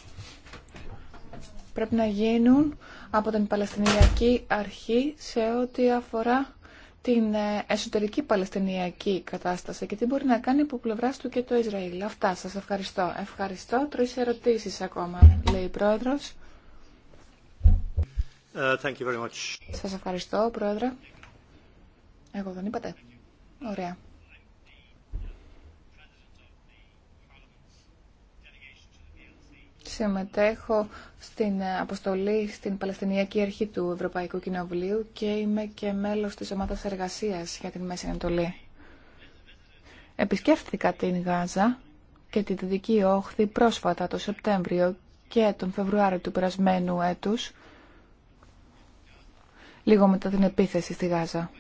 πρέπει να γίνουν από την Παλαιστινιακή Αρχή σε ό,τι αφορά την ε, εσωτερική Παλαιστινιακή κατάσταση και τι μπορεί να κάνει από πλευρά του και το Ισραήλ. Αυτά σας ευχαριστώ. Ευχαριστώ. Τρεις ερωτήσεις ακόμα, λέει η Πρόεδρος. Ε, thank you very much. Σας ευχαριστώ, Πρόεδρε. Εγώ δεν είπατε. Ωραία. συμμετέχω στην αποστολή στην Παλαιστινιακή Αρχή του Ευρωπαϊκού Κοινοβουλίου και είμαι και μέλος της ομάδας εργασίας για την Μέση Ανατολή. Επισκέφθηκα την Γάζα και τη Δυτική Όχθη πρόσφατα το Σεπτέμβριο και τον Φεβρουάριο του περασμένου έτους, λίγο μετά την επίθεση στη Γάζα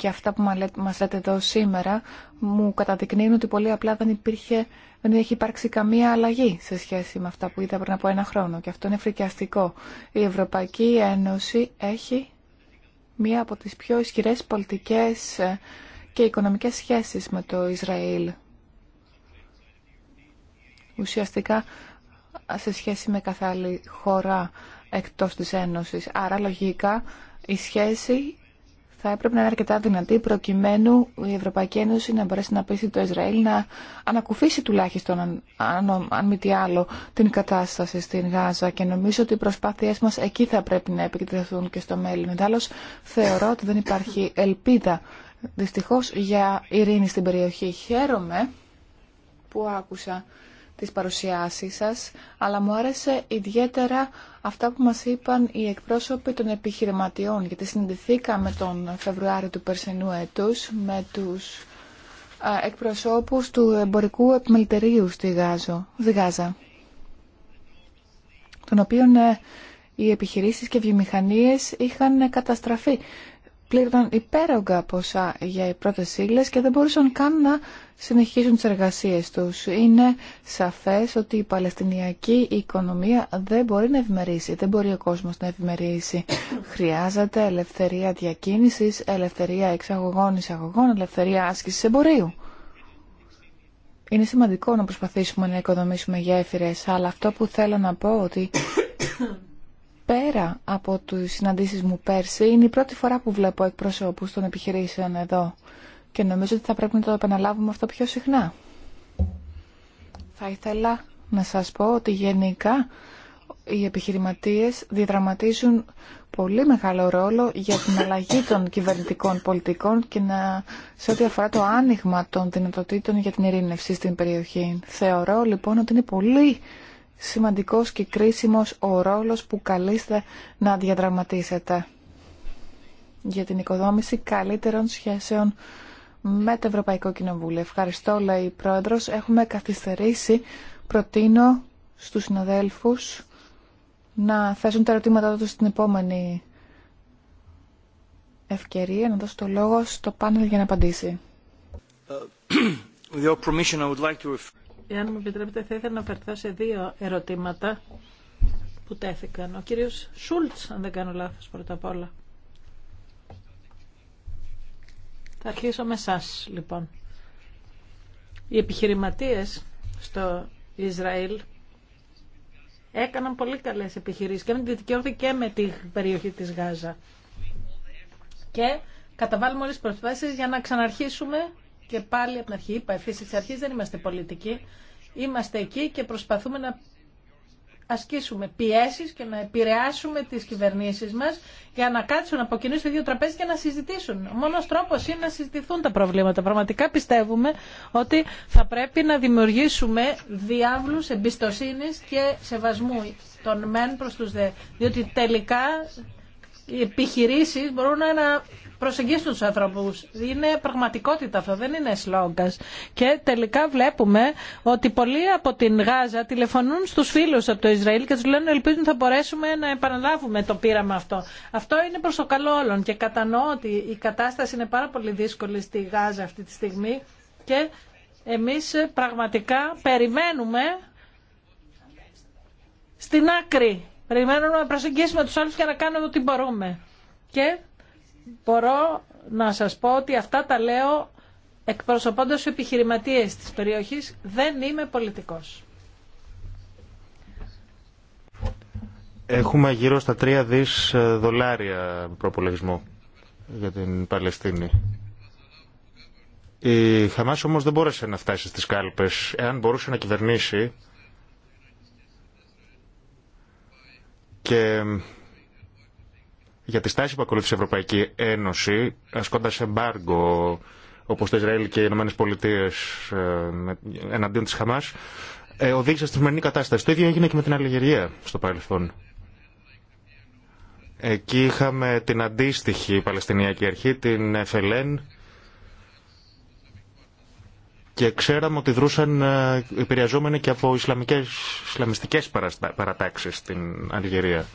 και αυτά που μας λέτε εδώ σήμερα μου καταδεικνύουν ότι πολύ απλά δεν, υπήρχε, δεν έχει υπάρξει καμία αλλαγή σε σχέση με αυτά που είδα πριν από ένα χρόνο και αυτό είναι φρικιαστικό. Η Ευρωπαϊκή Ένωση έχει μία από τις πιο ισχυρές πολιτικές ε, και οικονομικές σχέσεις με το Ισραήλ. Ουσιαστικά σε σχέση με καθ' άλλη χώρα εκτός της Ένωσης. Άρα λογικά η σχέση θα έπρεπε να είναι αρκετά δυνατή προκειμένου η Ευρωπαϊκή Ένωση να μπορέσει να πείσει το Ισραήλ να ανακουφίσει τουλάχιστον, αν, αν, μη τι άλλο, την κατάσταση στην Γάζα. Και νομίζω ότι οι προσπάθειές μας εκεί θα πρέπει να επικεντρωθούν και στο μέλλον. Εντάλλως, θεωρώ ότι δεν υπάρχει ελπίδα, δυστυχώς, για ειρήνη στην περιοχή. Χαίρομαι που άκουσα τις παρουσιάσεις σας, αλλά μου άρεσε ιδιαίτερα αυτά που μας είπαν οι εκπρόσωποι των επιχειρηματιών, γιατί συνδεθήκαμε τον Φεβρουάριο του περσινού έτους με τους εκπροσώπους του εμπορικού επιμελητηρίου στη, Γάζο, στη Γάζα, των οποίων ε, οι επιχειρήσεις και βιομηχανίες είχαν καταστραφεί πλήρωναν υπέρογκα ποσά για οι πρώτε ύλε και δεν μπορούσαν καν να συνεχίσουν τις εργασίες τους. Είναι σαφές ότι η Παλαιστινιακή οικονομία δεν μπορεί να ευημερήσει, δεν μπορεί ο κόσμος να ευημερήσει. Χρειάζεται ελευθερία διακίνησης, ελευθερία εξαγωγών-εισαγωγών, ελευθερία άσκησης εμπορίου. Είναι σημαντικό να προσπαθήσουμε να οικοδομήσουμε γέφυρε, αλλά αυτό που θέλω να πω ότι πέρα από τις συναντήσεις μου πέρσι, είναι η πρώτη φορά που βλέπω εκπρόσωπους των επιχειρήσεων εδώ και νομίζω ότι θα πρέπει να το επαναλάβουμε αυτό πιο συχνά. Θα ήθελα να σας πω ότι γενικά οι επιχειρηματίες διαδραματίζουν πολύ μεγάλο ρόλο για την αλλαγή των κυβερνητικών πολιτικών και να, σε ό,τι αφορά το άνοιγμα των δυνατοτήτων για την ειρήνευση στην περιοχή. Θεωρώ λοιπόν ότι είναι πολύ σημαντικός και κρίσιμος ο ρόλος που καλείστε να διαδραματίσετε για την οικοδόμηση καλύτερων σχέσεων με το Ευρωπαϊκό Κοινοβούλιο. Ευχαριστώ, λέει η Πρόεδρος. Έχουμε καθυστερήσει. Προτείνω στους συναδέλφους να θέσουν τα ερωτήματά του στην επόμενη ευκαιρία να δώσω το λόγο στο πάνελ για να απαντήσει. Uh, Εάν μου επιτρέπετε, θα ήθελα να αφαιρθώ σε δύο ερωτήματα που τέθηκαν. Ο κύριος Σούλτς, αν δεν κάνω λάθος πρώτα απ' όλα. Θα αρχίσω με εσά, λοιπόν. Οι επιχειρηματίες στο Ισραήλ έκαναν πολύ καλές επιχειρήσεις και με τη Δυτική και με την περιοχή της Γάζα. Και καταβάλουμε όλες τις προσπάθειες για να ξαναρχίσουμε και πάλι από την αρχή είπα, ευθύ εξ αρχής δεν είμαστε πολιτικοί. Είμαστε εκεί και προσπαθούμε να ασκήσουμε πιέσεις και να επηρεάσουμε τις κυβερνήσεις μας για να κάτσουν από κοινού δύο τραπέζι και να συζητήσουν. Ο μόνος τρόπος είναι να συζητηθούν τα προβλήματα. Πραγματικά πιστεύουμε ότι θα πρέπει να δημιουργήσουμε διάβλους εμπιστοσύνης και σεβασμού των μεν προς τους δε. Διότι τελικά οι επιχειρήσεις μπορούν να προσεγγίσουν του ανθρώπου. Είναι πραγματικότητα αυτό, δεν είναι σλόγγα. Και τελικά βλέπουμε ότι πολλοί από την Γάζα τηλεφωνούν στους φίλου από το Ισραήλ και του λένε ελπίζουν θα μπορέσουμε να επαναλάβουμε το πείραμα αυτό. Αυτό είναι προ το καλό όλων και κατανοώ ότι η κατάσταση είναι πάρα πολύ δύσκολη στη Γάζα αυτή τη στιγμή και εμείς πραγματικά περιμένουμε στην άκρη. Περιμένουμε να προσεγγίσουμε τους άλλους και να κάνουμε ό,τι μπορούμε. Και μπορώ να σας πω ότι αυτά τα λέω εκπροσωπώντας επιχειρηματίες της περιοχής. Δεν είμαι πολιτικός. Έχουμε γύρω στα 3 δις ε, δολάρια προπολογισμό για την Παλαιστίνη. Η Χαμάς όμως δεν μπόρεσε να φτάσει στις κάλπες. Εάν μπορούσε να κυβερνήσει και για τη στάση που ακολούθησε η Ευρωπαϊκή Ένωση, ασκώντα εμπάργκο όπω το Ισραήλ και οι Ηνωμένε Πολιτείε ε, εναντίον τη Χαμά, ε, οδήγησε στη σημερινή κατάσταση. Το ίδιο έγινε και με την Αλγερία στο παρελθόν. Εκεί είχαμε την αντίστοιχη Παλαιστινιακή Αρχή, την Εφελέν, και ξέραμε ότι δρούσαν ε, επηρεαζόμενοι και από ισλαμικές, ισλαμιστικές παρατάξεις στην Αλγερία.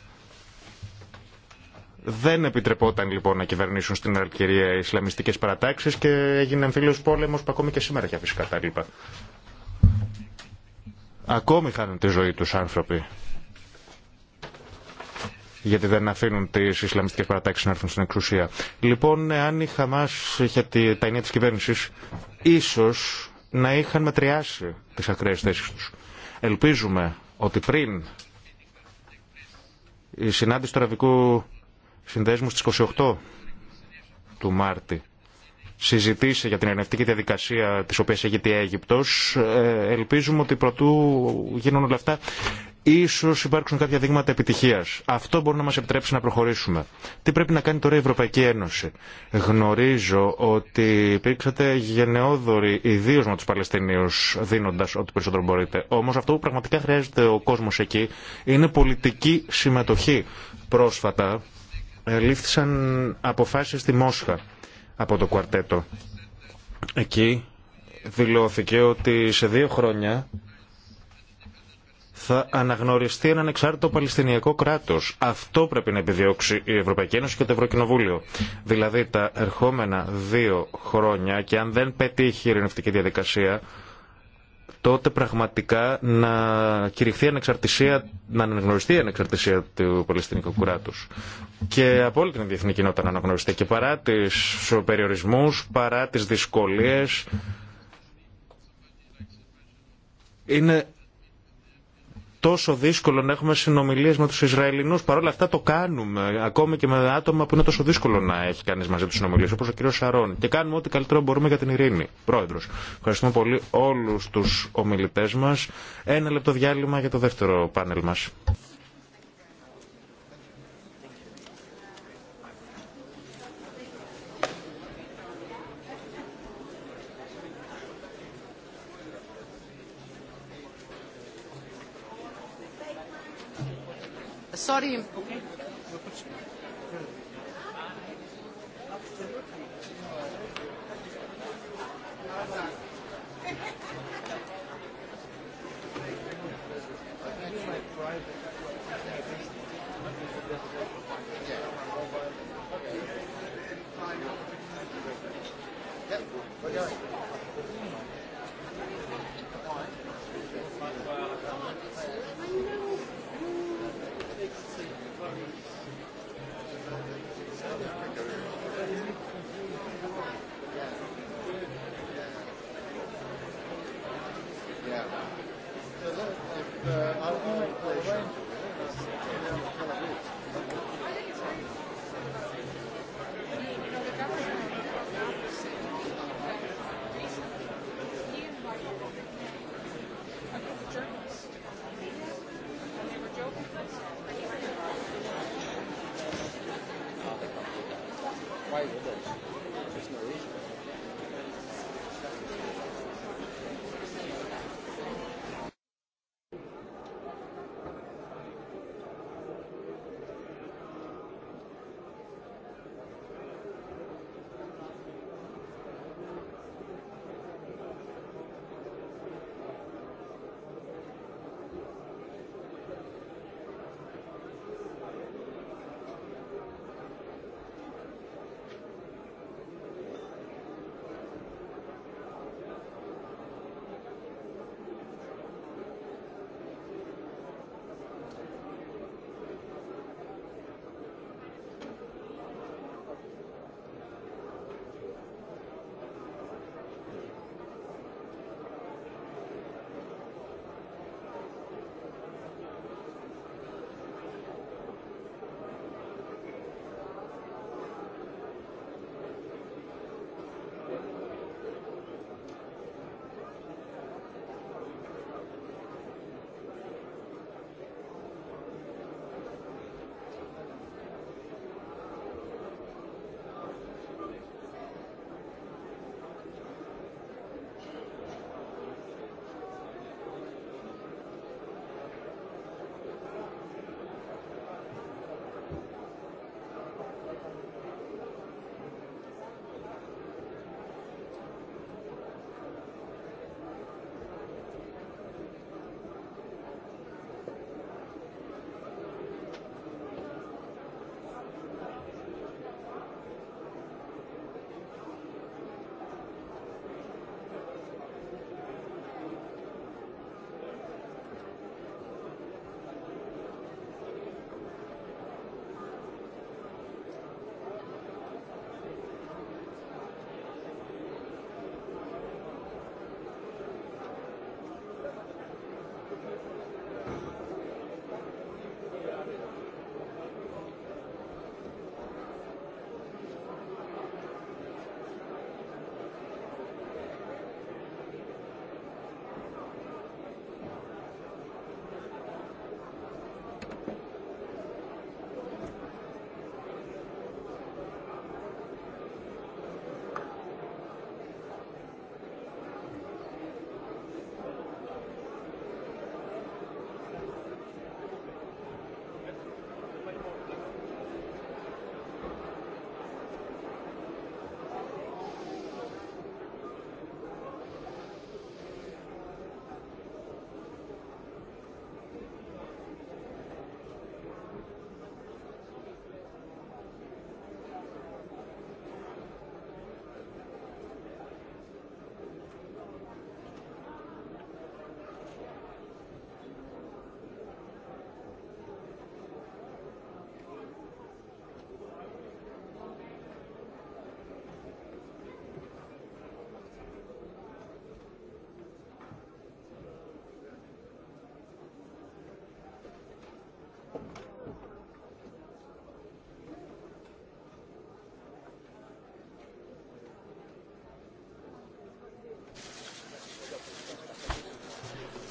Δεν επιτρεπόταν λοιπόν να κυβερνήσουν στην Αλκυρία οι Ισλαμιστικέ παρατάξει και έγινε εμφύλιο πόλεμο που ακόμη και σήμερα έχει φυσικά τα Ακόμη χάνουν τη ζωή του άνθρωποι. Γιατί δεν αφήνουν τι Ισλαμιστικέ παρατάξει να έρθουν στην εξουσία. Λοιπόν, αν η Χαμά είχε τα ενία τη κυβέρνηση, ίσω να είχαν μετριάσει τι ακραίε θέσει του. Ελπίζουμε ότι πριν η συνάντηση του Αραβικού συνδέσμου στις 28 του Μάρτη συζητήσει για την ερευνητική διαδικασία της οποίας έγινε η Αίγυπτος. Ε, ελπίζουμε ότι πρωτού γίνουν όλα αυτά ίσως υπάρξουν κάποια δείγματα επιτυχίας. Αυτό μπορεί να μας επιτρέψει να προχωρήσουμε. Τι πρέπει να κάνει τώρα η Ευρωπαϊκή Ένωση. Γνωρίζω ότι υπήρξατε γενναιόδοροι ιδίω με τους Παλαιστινίου δίνοντας ό,τι περισσότερο μπορείτε. Όμως αυτό που πραγματικά χρειάζεται ο κόσμος εκεί είναι πολιτική συμμετοχή. Πρόσφατα λήφθησαν αποφάσεις στη Μόσχα από το κουαρτέτο. Εκεί δηλώθηκε ότι σε δύο χρόνια θα αναγνωριστεί έναν εξάρτητο Παλαιστινιακό κράτο. Αυτό πρέπει να επιδιώξει η Ευρωπαϊκή Ένωση και το Ευρωκοινοβούλιο. Δηλαδή τα ερχόμενα δύο χρόνια και αν δεν πετύχει η ειρηνευτική διαδικασία, τότε πραγματικά να κηρυχθεί ανεξαρτησία, να αναγνωριστεί η ανεξαρτησία του Παλαιστινικού κράτου. Και από όλη την διεθνή κοινότητα να αναγνωριστεί. Και παρά του περιορισμού, παρά τι δυσκολίε. Είναι τόσο δύσκολο να έχουμε συνομιλίε με του Ισραηλινού. Παρ' όλα αυτά το κάνουμε. Ακόμη και με άτομα που είναι τόσο δύσκολο να έχει κανεί μαζί του συνομιλίε, όπω ο κ. Σαρών. Και κάνουμε ό,τι καλύτερο μπορούμε για την ειρήνη. Πρόεδρο. Ευχαριστούμε πολύ όλου του ομιλητέ μα. Ένα λεπτό διάλειμμα για το δεύτερο πάνελ μα. sorry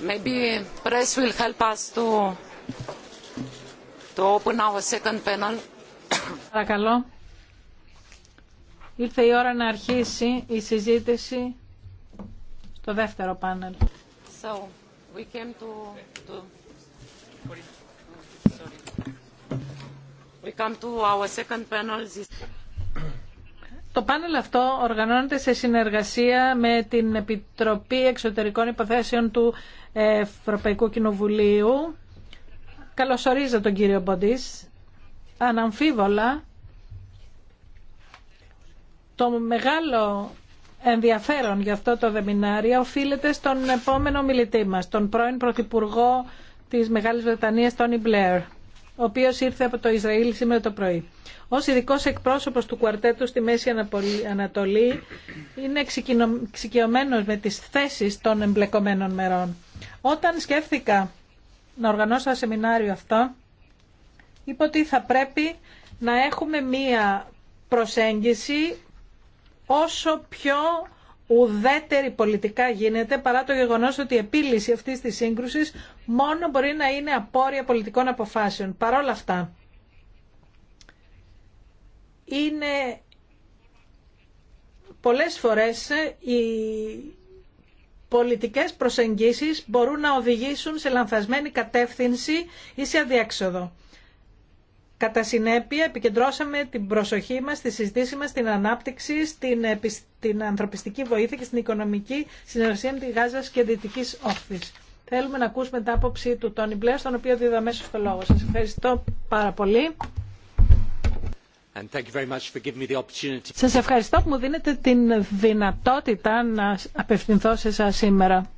Maybe press will help us Παρακαλώ. Ήρθε η ώρα να αρχίσει η συζήτηση στο δεύτερο πάνελ. So, we came to, πάνελ αυτό οργανώνεται σε συνεργασία με την Επιτροπή Εξωτερικών Υποθέσεων του Ευρωπαϊκού Κοινοβουλίου. Καλωσορίζω τον κύριο Μποντής. Αναμφίβολα, το μεγάλο ενδιαφέρον για αυτό το δεμινάριο οφείλεται στον επόμενο μιλητή μας, τον πρώην Πρωθυπουργό της Μεγάλης Βρετανίας, τον Μπλερ ο οποίο ήρθε από το Ισραήλ σήμερα το πρωί. Ω ειδικό εκπρόσωπος του κουαρτέτου στη Μέση Ανατολή είναι εξοικειωμένο με τις θέσεις των εμπλεκομένων μερών. Όταν σκέφτηκα να οργανώσω ένα σεμινάριο αυτό, είπα ότι θα πρέπει να έχουμε μία προσέγγιση όσο πιο ουδέτερη πολιτικά γίνεται παρά το γεγονός ότι η επίλυση αυτή της σύγκρουση μόνο μπορεί να είναι απόρρια πολιτικών αποφάσεων. Παρ' όλα αυτά, είναι πολλές φορές οι πολιτικές προσεγγίσεις μπορούν να οδηγήσουν σε λανθασμένη κατεύθυνση ή σε αδιέξοδο. Κατά συνέπεια, επικεντρώσαμε την προσοχή μας, τη συζήτηση μας, την ανάπτυξη, την ανθρωπιστική βοήθεια και στην οικονομική συνεργασία με τη Γάζα και Δυτική Όχθη. Θέλουμε να ακούσουμε την άποψη του Τόνι Μπλε, στον οποίο δίδω αμέσω το λόγο. Σα ευχαριστώ πάρα πολύ. Σας ευχαριστώ που μου δίνετε την δυνατότητα να απευθυνθώ σε εσάς σήμερα.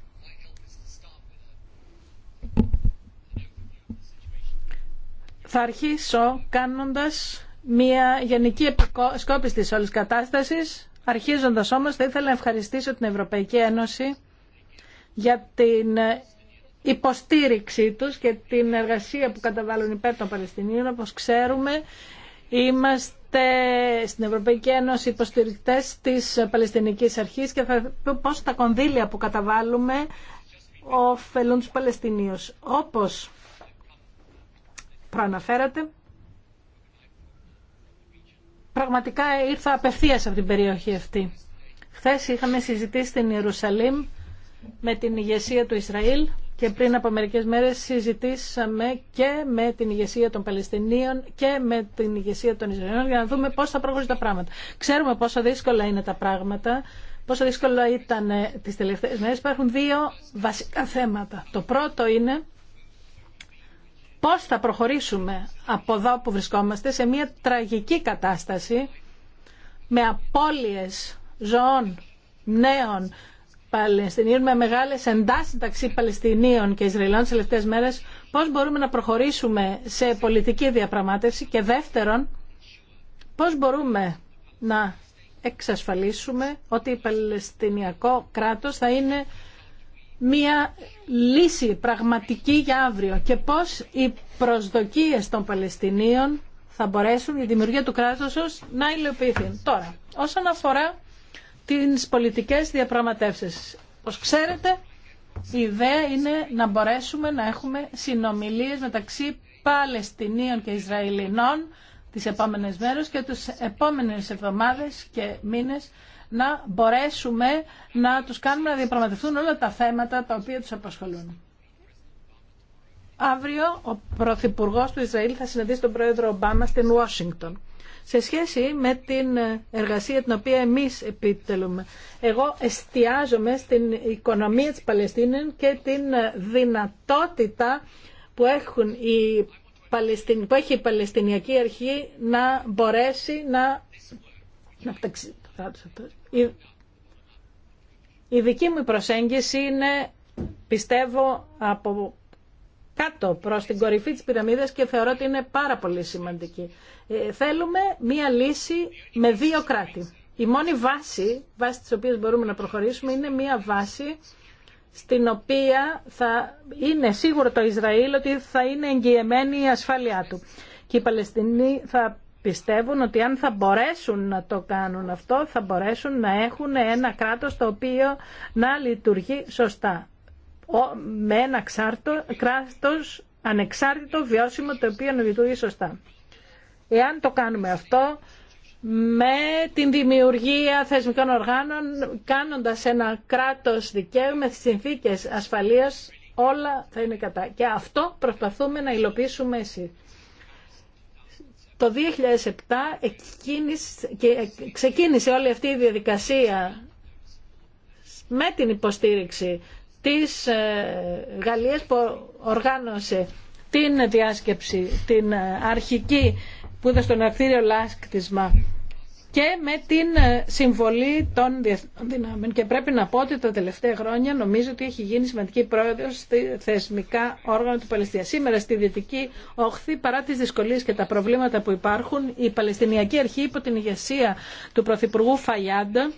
Θα αρχίσω κάνοντας μια γενική επισκόπηση της όλης κατάστασης. Αρχίζοντας όμως θα ήθελα να ευχαριστήσω την Ευρωπαϊκή Ένωση για την υποστήριξή τους και την εργασία που καταβάλουν υπέρ των Παλαιστινίων. Όπως ξέρουμε είμαστε στην Ευρωπαϊκή Ένωση υποστηρικτές της Παλαιστινικής Αρχής και θα πω πώς τα κονδύλια που καταβάλουμε ωφελούν τους Παλαιστινίους. Όπως προαναφέρατε. Πραγματικά ήρθα απευθείας από την περιοχή αυτή. Χθες είχαμε συζητήσει στην Ιερουσαλήμ με την ηγεσία του Ισραήλ και πριν από μερικές μέρες συζητήσαμε και με την ηγεσία των Παλαιστινίων και με την ηγεσία των Ισραηλινών για να δούμε πώς θα προχωρήσουν τα πράγματα. Ξέρουμε πόσο δύσκολα είναι τα πράγματα, πόσο δύσκολα ήταν τις τελευταίες μέρες. Υπάρχουν δύο βασικά θέματα. Το πρώτο είναι πώς θα προχωρήσουμε από εδώ που βρισκόμαστε σε μια τραγική κατάσταση με απώλειες ζώων, νέων Παλαιστινίων, με μεγάλες εντάσεις μεταξύ Παλαιστινίων και Ισραηλών τις τελευταίες μέρες, πώς μπορούμε να προχωρήσουμε σε πολιτική διαπραγμάτευση και δεύτερον, πώς μπορούμε να εξασφαλίσουμε ότι η Παλαιστινιακό κράτος θα είναι μία λύση πραγματική για αύριο και πώς οι προσδοκίες των Παλαιστινίων θα μπορέσουν η δημιουργία του κράτους να υλοποιηθεί. Τώρα, όσον αφορά τις πολιτικές διαπραγματεύσεις, όπως ξέρετε, η ιδέα είναι να μπορέσουμε να έχουμε συνομιλίες μεταξύ Παλαιστινίων και Ισραηλινών τις επόμενες μέρες και τις επόμενες εβδομάδες και μήνες να μπορέσουμε να τους κάνουμε να διαπραγματευτούν όλα τα θέματα τα οποία τους απασχολούν. Αύριο ο Πρωθυπουργό του Ισραήλ θα συναντήσει τον Πρόεδρο Ομπάμα στην Ουάσιγκτον. Σε σχέση με την εργασία την οποία εμείς επιτελούμε, εγώ εστιάζομαι στην οικονομία της Παλαιστίνης και την δυνατότητα που, έχουν έχει η Παλαιστινιακή Αρχή να μπορέσει να, να η, η δική μου προσέγγιση είναι, πιστεύω, από κάτω προς την κορυφή της πυραμίδας και θεωρώ ότι είναι πάρα πολύ σημαντική. Ε, θέλουμε μία λύση με δύο κράτη. Η μόνη βάση, βάση της οποίας μπορούμε να προχωρήσουμε, είναι μία βάση στην οποία θα είναι σίγουρο το Ισραήλ ότι θα είναι εγγυημένη η ασφάλειά του. Και οι Παλαιστινοί θα πιστεύουν ότι αν θα μπορέσουν να το κάνουν αυτό, θα μπορέσουν να έχουν ένα κράτος το οποίο να λειτουργεί σωστά. με ένα ξάρτο, κράτος ανεξάρτητο, βιώσιμο, το οποίο να λειτουργεί σωστά. Εάν το κάνουμε αυτό, με την δημιουργία θεσμικών οργάνων, κάνοντας ένα κράτος δικαίου με συνθήκες ασφαλείας, όλα θα είναι κατά. Και αυτό προσπαθούμε να υλοποιήσουμε εσύ. Το 2007 ξεκίνησε όλη αυτή η διαδικασία με την υποστήριξη της ε, Γαλλίας που οργάνωσε την διάσκεψη, την ε, αρχική που είδε στον Ακτήριο λάσκτισμα και με την ε, συμβολή των διεθνών δυνάμεων. Και πρέπει να πω ότι τα τελευταία χρόνια νομίζω ότι έχει γίνει σημαντική πρόοδος στη θεσμικά όργανα του Παλαιστία. Σήμερα στη Δυτική Όχθη, παρά τι δυσκολίε και τα προβλήματα που υπάρχουν, η Παλαιστινιακή Αρχή υπό την ηγεσία του Πρωθυπουργού Φαγιάντα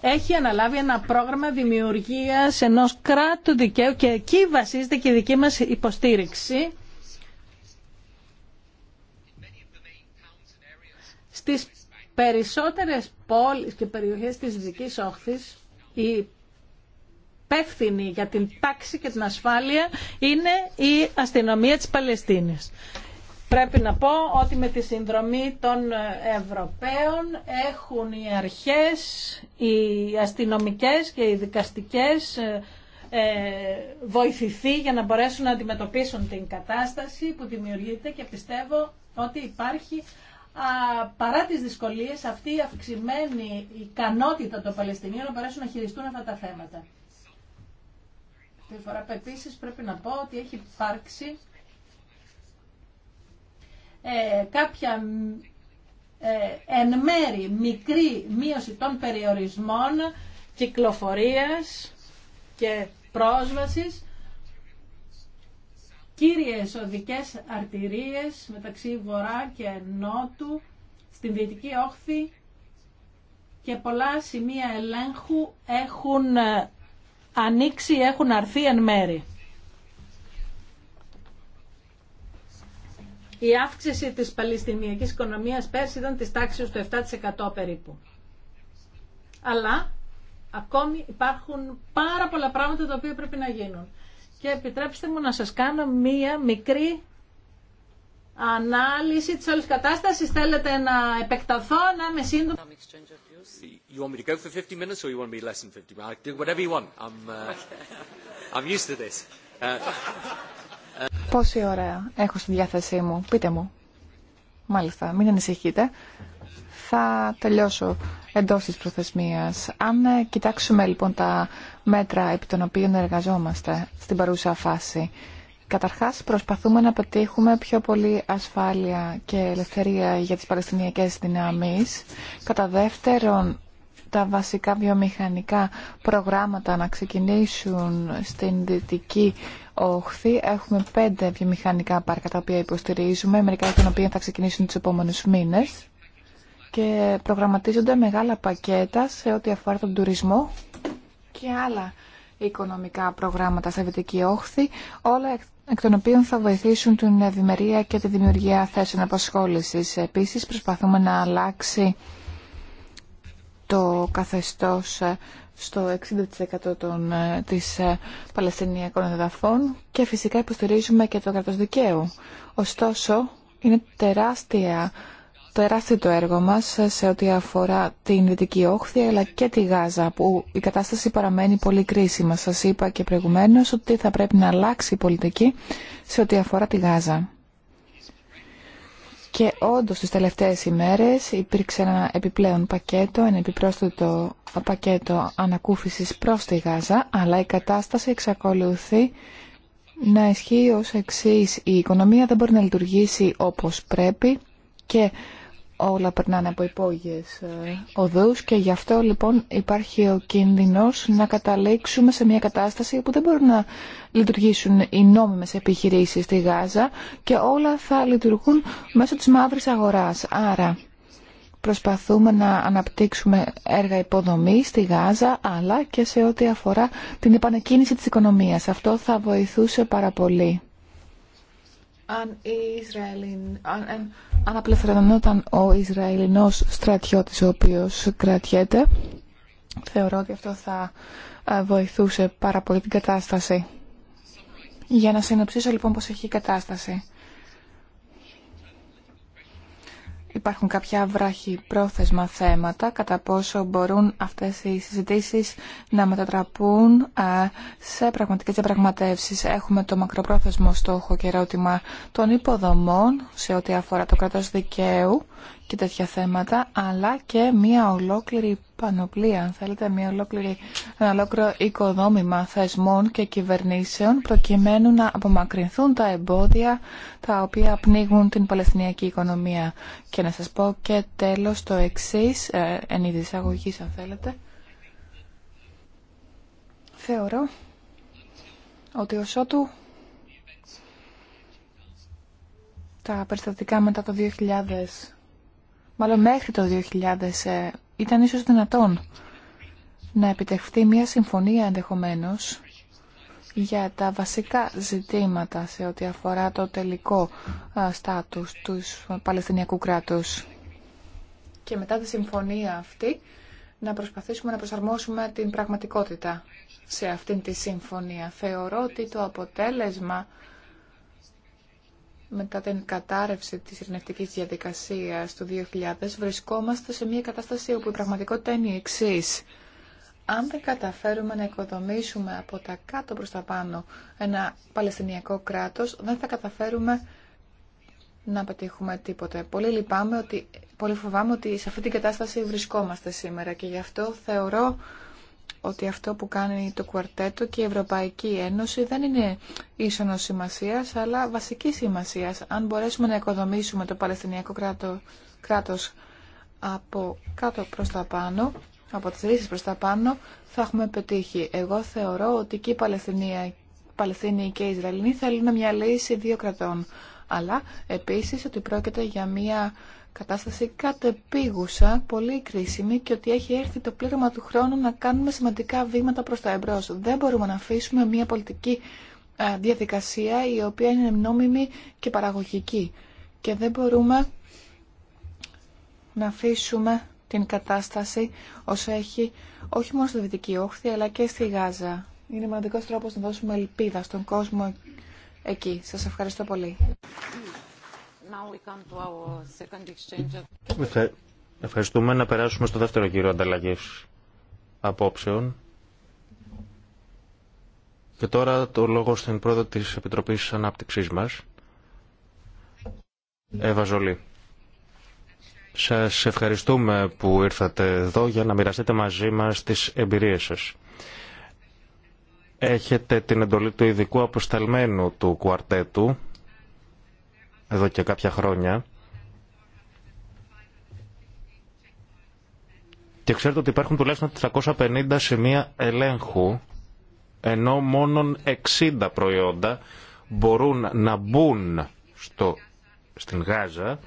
έχει αναλάβει ένα πρόγραμμα δημιουργίας ενός κράτου δικαίου και εκεί βασίζεται και η δική μας υποστήριξη Στις περισσότερες πόλεις και περιοχές της Δυτικής Όχθης η υπεύθυνη για την τάξη και την ασφάλεια είναι η αστυνομία της Παλαιστίνης. Πρέπει να πω ότι με τη συνδρομή των Ευρωπαίων έχουν οι αρχές, οι αστυνομικές και οι δικαστικές ε, ε, βοηθηθεί για να μπορέσουν να αντιμετωπίσουν την κατάσταση που δημιουργείται και πιστεύω ότι υπάρχει παρά τις δυσκολίες, αυτή η αυξημένη ικανότητα των Παλαιστινίων να μπορέσουν να χειριστούν αυτά τα θέματα. Τη φορά επίση πρέπει να πω ότι έχει υπάρξει ε, κάποια ε, εν μέρη μικρή μείωση των περιορισμών κυκλοφορίας και πρόσβασης κύριες οδικές αρτηρίες μεταξύ βορρά και νότου, στην δυτική όχθη και πολλά σημεία ελέγχου έχουν ε, ανοίξει, έχουν αρθεί εν μέρη. Η αύξηση της παλαιστινιακής οικονομίας πέρσι ήταν της τάξης του 7% περίπου. Αλλά ακόμη υπάρχουν πάρα πολλά πράγματα τα οποία πρέπει να γίνουν. Και επιτρέψτε μου να σας κάνω μία μικρή ανάλυση της όλης κατάστασης. Θέλετε να επεκταθώ, να είμαι σύντομα. You want me to go for 50 minutes or you want me less than 50 minutes? do whatever you want. I'm, uh, I'm used to this. Uh, Πόση ώρα έχω στη διάθεσή μου, πείτε μου. Μάλιστα, μην ανησυχείτε θα τελειώσω εντός της προθεσμίας. Αν ε, κοιτάξουμε λοιπόν τα μέτρα επί των οποίων εργαζόμαστε στην παρούσα φάση, καταρχάς προσπαθούμε να πετύχουμε πιο πολύ ασφάλεια και ελευθερία για τις Παλαιστινιακές δυνάμεις. Κατά δεύτερον, τα βασικά βιομηχανικά προγράμματα να ξεκινήσουν στην Δυτική Όχθη. Έχουμε πέντε βιομηχανικά πάρκα τα οποία υποστηρίζουμε, μερικά από τα οποία θα ξεκινήσουν επόμενους μήνες και προγραμματίζονται μεγάλα πακέτα σε ό,τι αφορά τον τουρισμό και άλλα οικονομικά προγράμματα στα Βυτική Όχθη, όλα εκ των οποίων θα βοηθήσουν την ευημερία και τη δημιουργία θέσεων απασχόλησης. Επίσης, προσπαθούμε να αλλάξει το καθεστώς ε, στο 60% των, ε, της ε, Παλαιστινιακών εδαφών και φυσικά υποστηρίζουμε και το κράτος δικαίου. Ωστόσο, είναι τεράστια τεράστιο το έργο μας σε ό,τι αφορά την Δυτική Όχθη αλλά και τη Γάζα που η κατάσταση παραμένει πολύ κρίσιμα. Σας είπα και προηγουμένως ότι θα πρέπει να αλλάξει η πολιτική σε ό,τι αφορά τη Γάζα. Και όντως τις τελευταίες ημέρες υπήρξε ένα επιπλέον πακέτο, ένα επιπρόσθετο πακέτο ανακούφισης προς τη Γάζα, αλλά η κατάσταση εξακολουθεί να ισχύει ως εξής. Η οικονομία δεν μπορεί να λειτουργήσει όπως πρέπει όλα περνάνε από υπόγειες ε, οδούς και γι' αυτό λοιπόν υπάρχει ο κίνδυνος να καταλήξουμε σε μια κατάσταση που δεν μπορούν να λειτουργήσουν οι νόμιμες επιχειρήσεις στη Γάζα και όλα θα λειτουργούν μέσω της μαύρης αγοράς. Άρα προσπαθούμε να αναπτύξουμε έργα υποδομή στη Γάζα αλλά και σε ό,τι αφορά την επανεκκίνηση της οικονομίας. Αυτό θα βοηθούσε πάρα πολύ αν, Ισραηλιν, αν, αν ο Ισραηλινός στρατιώτης ο οποίος κρατιέται θεωρώ ότι αυτό θα ε, βοηθούσε πάρα πολύ την κατάσταση. Για να συνοψίσω λοιπόν πως έχει η κατάσταση. υπάρχουν κάποια βράχη πρόθεσμα θέματα, κατά πόσο μπορούν αυτές οι συζητήσεις να μετατραπούν ε, σε πραγματικές διαπραγματεύσεις. Έχουμε το μακροπρόθεσμο στόχο και ερώτημα των υποδομών σε ό,τι αφορά το κρατός δικαίου και τέτοια θέματα, αλλά και μια ολόκληρη πανοπλία, αν θέλετε, μια ολόκληρη, ένα ολόκληρο οικοδόμημα θεσμών και κυβερνήσεων, προκειμένου να απομακρυνθούν τα εμπόδια τα οποία πνίγουν την Παλαιστινιακή οικονομία. Και να σας πω και τέλος το εξής, ε, εν είδη εισαγωγής, αν θέλετε. Θεωρώ ότι ως ότου τα περιστατικά μετά το 2000 μάλλον μέχρι το 2000 ε, ήταν ίσως δυνατόν να επιτευχθεί μια συμφωνία ενδεχομένως για τα βασικά ζητήματα σε ό,τι αφορά το τελικό στάτους του Παλαιστινιακού κράτους. Και μετά τη συμφωνία αυτή να προσπαθήσουμε να προσαρμόσουμε την πραγματικότητα σε αυτήν τη συμφωνία. Θεωρώ ότι το αποτέλεσμα μετά την κατάρρευση της ειρηνευτικής διαδικασίας του 2000 βρισκόμαστε σε μια κατάσταση όπου η πραγματικότητα είναι η εξή. Αν δεν καταφέρουμε να οικοδομήσουμε από τα κάτω προς τα πάνω ένα Παλαιστινιακό κράτος, δεν θα καταφέρουμε να πετύχουμε τίποτε. Πολύ λυπάμαι ότι, πολύ φοβάμαι ότι σε αυτή την κατάσταση βρισκόμαστε σήμερα και γι' αυτό θεωρώ ότι αυτό που κάνει το κουαρτέτο και η Ευρωπαϊκή Ένωση δεν είναι ίσονος σημασίας, αλλά βασική σημασίας. Αν μπορέσουμε να οικοδομήσουμε το Παλαιστινιακό κράτο, κράτος από κάτω προς τα πάνω, από τις ρίσεις προς τα πάνω, θα έχουμε πετύχει. Εγώ θεωρώ ότι και οι Παλαιστινία και οι Ισραηλοί θέλουν μια λύση δύο κρατών. Αλλά επίσης ότι πρόκειται για μια κατάσταση κατεπίγουσα, πολύ κρίσιμη και ότι έχει έρθει το πλήρωμα του χρόνου να κάνουμε σημαντικά βήματα προς τα εμπρός. Δεν μπορούμε να αφήσουμε μια πολιτική διαδικασία η οποία είναι νόμιμη και παραγωγική και δεν μπορούμε να αφήσουμε την κατάσταση όσο έχει όχι μόνο στη Δυτική Όχθη αλλά και στη Γάζα. Είναι μοναδικός τρόπος να δώσουμε ελπίδα στον κόσμο εκεί. Σας ευχαριστώ πολύ. Ευχαριστούμε να περάσουμε στο δεύτερο γύρο ανταλλαγής απόψεων. Και τώρα το λόγο στην πρόεδρο της Επιτροπής Ανάπτυξής μας, Εύα Ζολή. Σας ευχαριστούμε που ήρθατε εδώ για να μοιραστείτε μαζί μας τις εμπειρίες σας. Έχετε την εντολή του ειδικού αποσταλμένου του κουαρτέτου εδώ και κάποια χρόνια και ξέρετε ότι υπάρχουν τουλάχιστον 450 σημεία ελέγχου ενώ μόνον 60 προϊόντα μπορούν να μπουν στο, στην Γάζα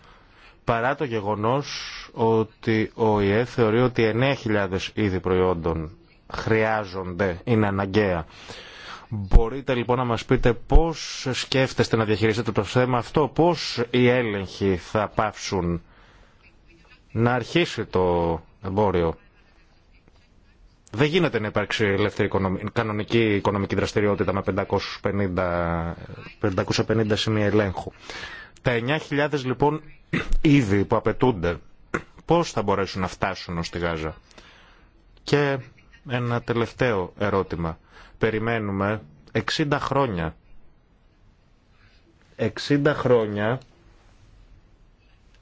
παρά το γεγονός ότι ο ΙΕ θεωρεί ότι 9.000 είδη προϊόντων χρειάζονται, είναι αναγκαία Μπορείτε λοιπόν να μας πείτε πώς σκέφτεστε να διαχειριστείτε το θέμα αυτό, πώς οι έλεγχοι θα πάψουν να αρχίσει το εμπόριο. Δεν γίνεται να υπάρξει ελεύθερη κανονική οικονομική δραστηριότητα με 550, 550 σημεία ελέγχου. Τα 9.000 λοιπόν ήδη που απαιτούνται, πώς θα μπορέσουν να φτάσουν ως τη Γάζα. Και ένα τελευταίο ερώτημα περιμένουμε 60 χρόνια. 60 χρόνια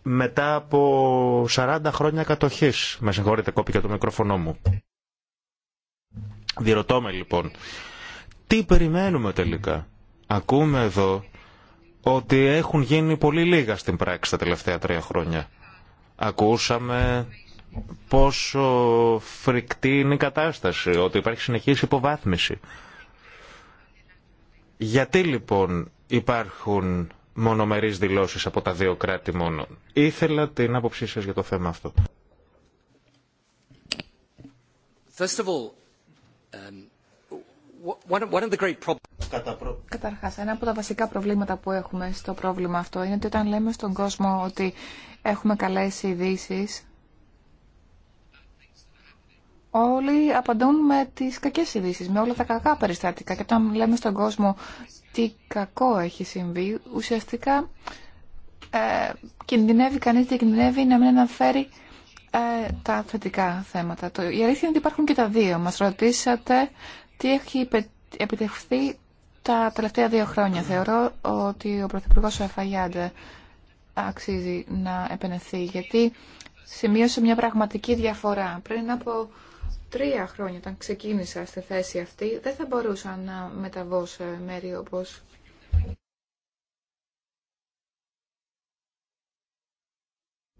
μετά από 40 χρόνια κατοχής. Με συγχωρείτε, κόπηκε το μικρόφωνο μου. Διερωτώμε λοιπόν, τι περιμένουμε τελικά. Ακούμε εδώ ότι έχουν γίνει πολύ λίγα στην πράξη τα τελευταία τρία χρόνια. Ακούσαμε πόσο φρικτή είναι η κατάσταση, ότι υπάρχει συνεχής υποβάθμιση. Γιατί λοιπόν υπάρχουν μονομερείς δηλώσεις από τα δύο κράτη μόνο. Ήθελα την άποψή σας για το θέμα αυτό. First um, Καταρχά, ένα από τα βασικά προβλήματα που έχουμε στο πρόβλημα αυτό είναι ότι όταν λέμε στον κόσμο ότι έχουμε καλέ ειδήσει, όλοι απαντούν με τις κακές ειδήσει, με όλα τα κακά περιστατικά. Και όταν λέμε στον κόσμο τι κακό έχει συμβεί, ουσιαστικά ε, κινδυνεύει κανείς και κινδυνεύει να μην αναφέρει ε, τα θετικά θέματα. Το, η αλήθεια είναι ότι υπάρχουν και τα δύο. Μας ρωτήσατε τι έχει επιτευχθεί τα τελευταία δύο χρόνια. Θεωρώ ότι ο Πρωθυπουργός Εφαγιάντε αξίζει να επενεθεί, γιατί σημείωσε μια πραγματική διαφορά. Πριν από τρία χρόνια όταν ξεκίνησα στη θέση αυτή δεν θα μπορούσα να μεταβώ σε μέρη όπως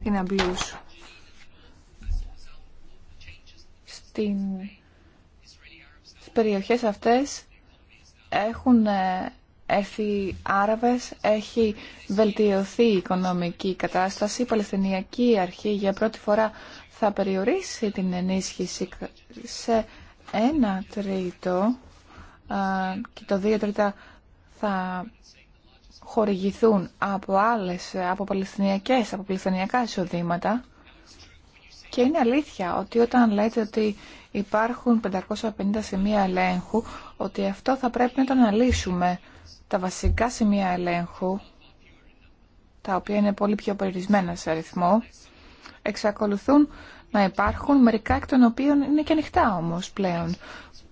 την Αμπλούς. Στην... Στις περιοχές αυτές έχουν ε, έρθει Άραβες, έχει βελτιωθεί η οικονομική κατάσταση. Η Παλαιστινιακή Αρχή για πρώτη φορά θα περιορίσει την ενίσχυση σε ένα τρίτο και το δύο τρίτα θα χορηγηθούν από άλλες, από παλαιστινιακές, από παλαιστινιακά εισοδήματα. Και είναι αλήθεια ότι όταν λέτε ότι υπάρχουν 550 σημεία ελέγχου, ότι αυτό θα πρέπει να το αναλύσουμε. Τα βασικά σημεία ελέγχου, τα οποία είναι πολύ πιο περιορισμένα σε αριθμό, εξακολουθούν να υπάρχουν, μερικά εκ των οποίων είναι και ανοιχτά όμως πλέον.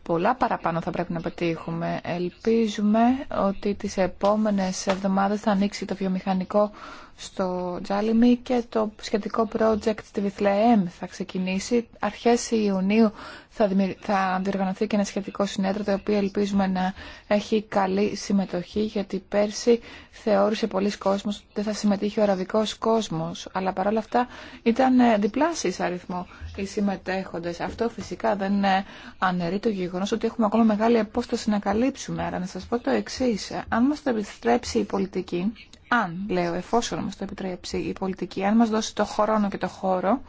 Πολλά παραπάνω θα πρέπει να πετύχουμε. Ελπίζουμε ότι τις επόμενες εβδομάδες θα ανοίξει το βιομηχανικό στο Τζάλιμι και το σχετικό project στη Βιθλεέμ θα ξεκινήσει. Αρχές Ιουνίου θα, θα διοργανωθεί και ένα σχετικό συνέδριο το οποίο ελπίζουμε να έχει καλή συμμετοχή γιατί πέρσι θεώρησε πολλοί κόσμος ότι δεν θα συμμετείχε ο αραβικός κόσμος αλλά παρόλα αυτά ήταν ε, διπλάσεις αριθμό οι συμμετέχοντες. Αυτό φυσικά δεν ε, αναιρεί το γεγονός ότι έχουμε ακόμα μεγάλη απόσταση να καλύψουμε. Άρα να σας πω το εξής. Αν μας το επιστρέψει η πολιτική αν, λέω, εφόσον μας το επιτρέψει η πολιτική, αν μας δώσει το χρόνο και το χώρο,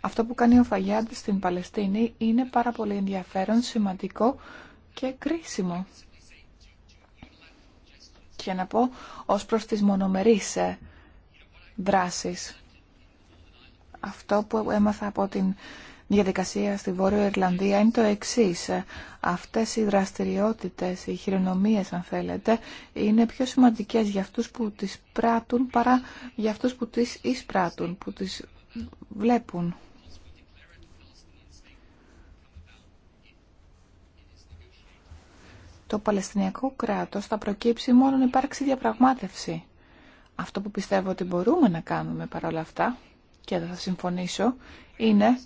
αυτό που κάνει ο Φαγιάντης στην Παλαιστίνη είναι πάρα πολύ ενδιαφέρον, σημαντικό και κρίσιμο. Και να πω ως προς τις μονομερείς ε, δράσεις. Αυτό που έμαθα από την η διαδικασία στη Βόρεια Ιρλανδία είναι το εξή. Αυτέ οι δραστηριότητες, οι χειρονομίε, αν θέλετε, είναι πιο σημαντικές για αυτούς που τις πράττουν παρά για αυτούς που τις εισπράττουν, που τις βλέπουν. Το Παλαιστινιακό κράτος θα προκύψει μόνο υπάρξει διαπραγμάτευση. Αυτό που πιστεύω ότι μπορούμε να κάνουμε παρόλα αυτά, και θα συμφωνήσω, είναι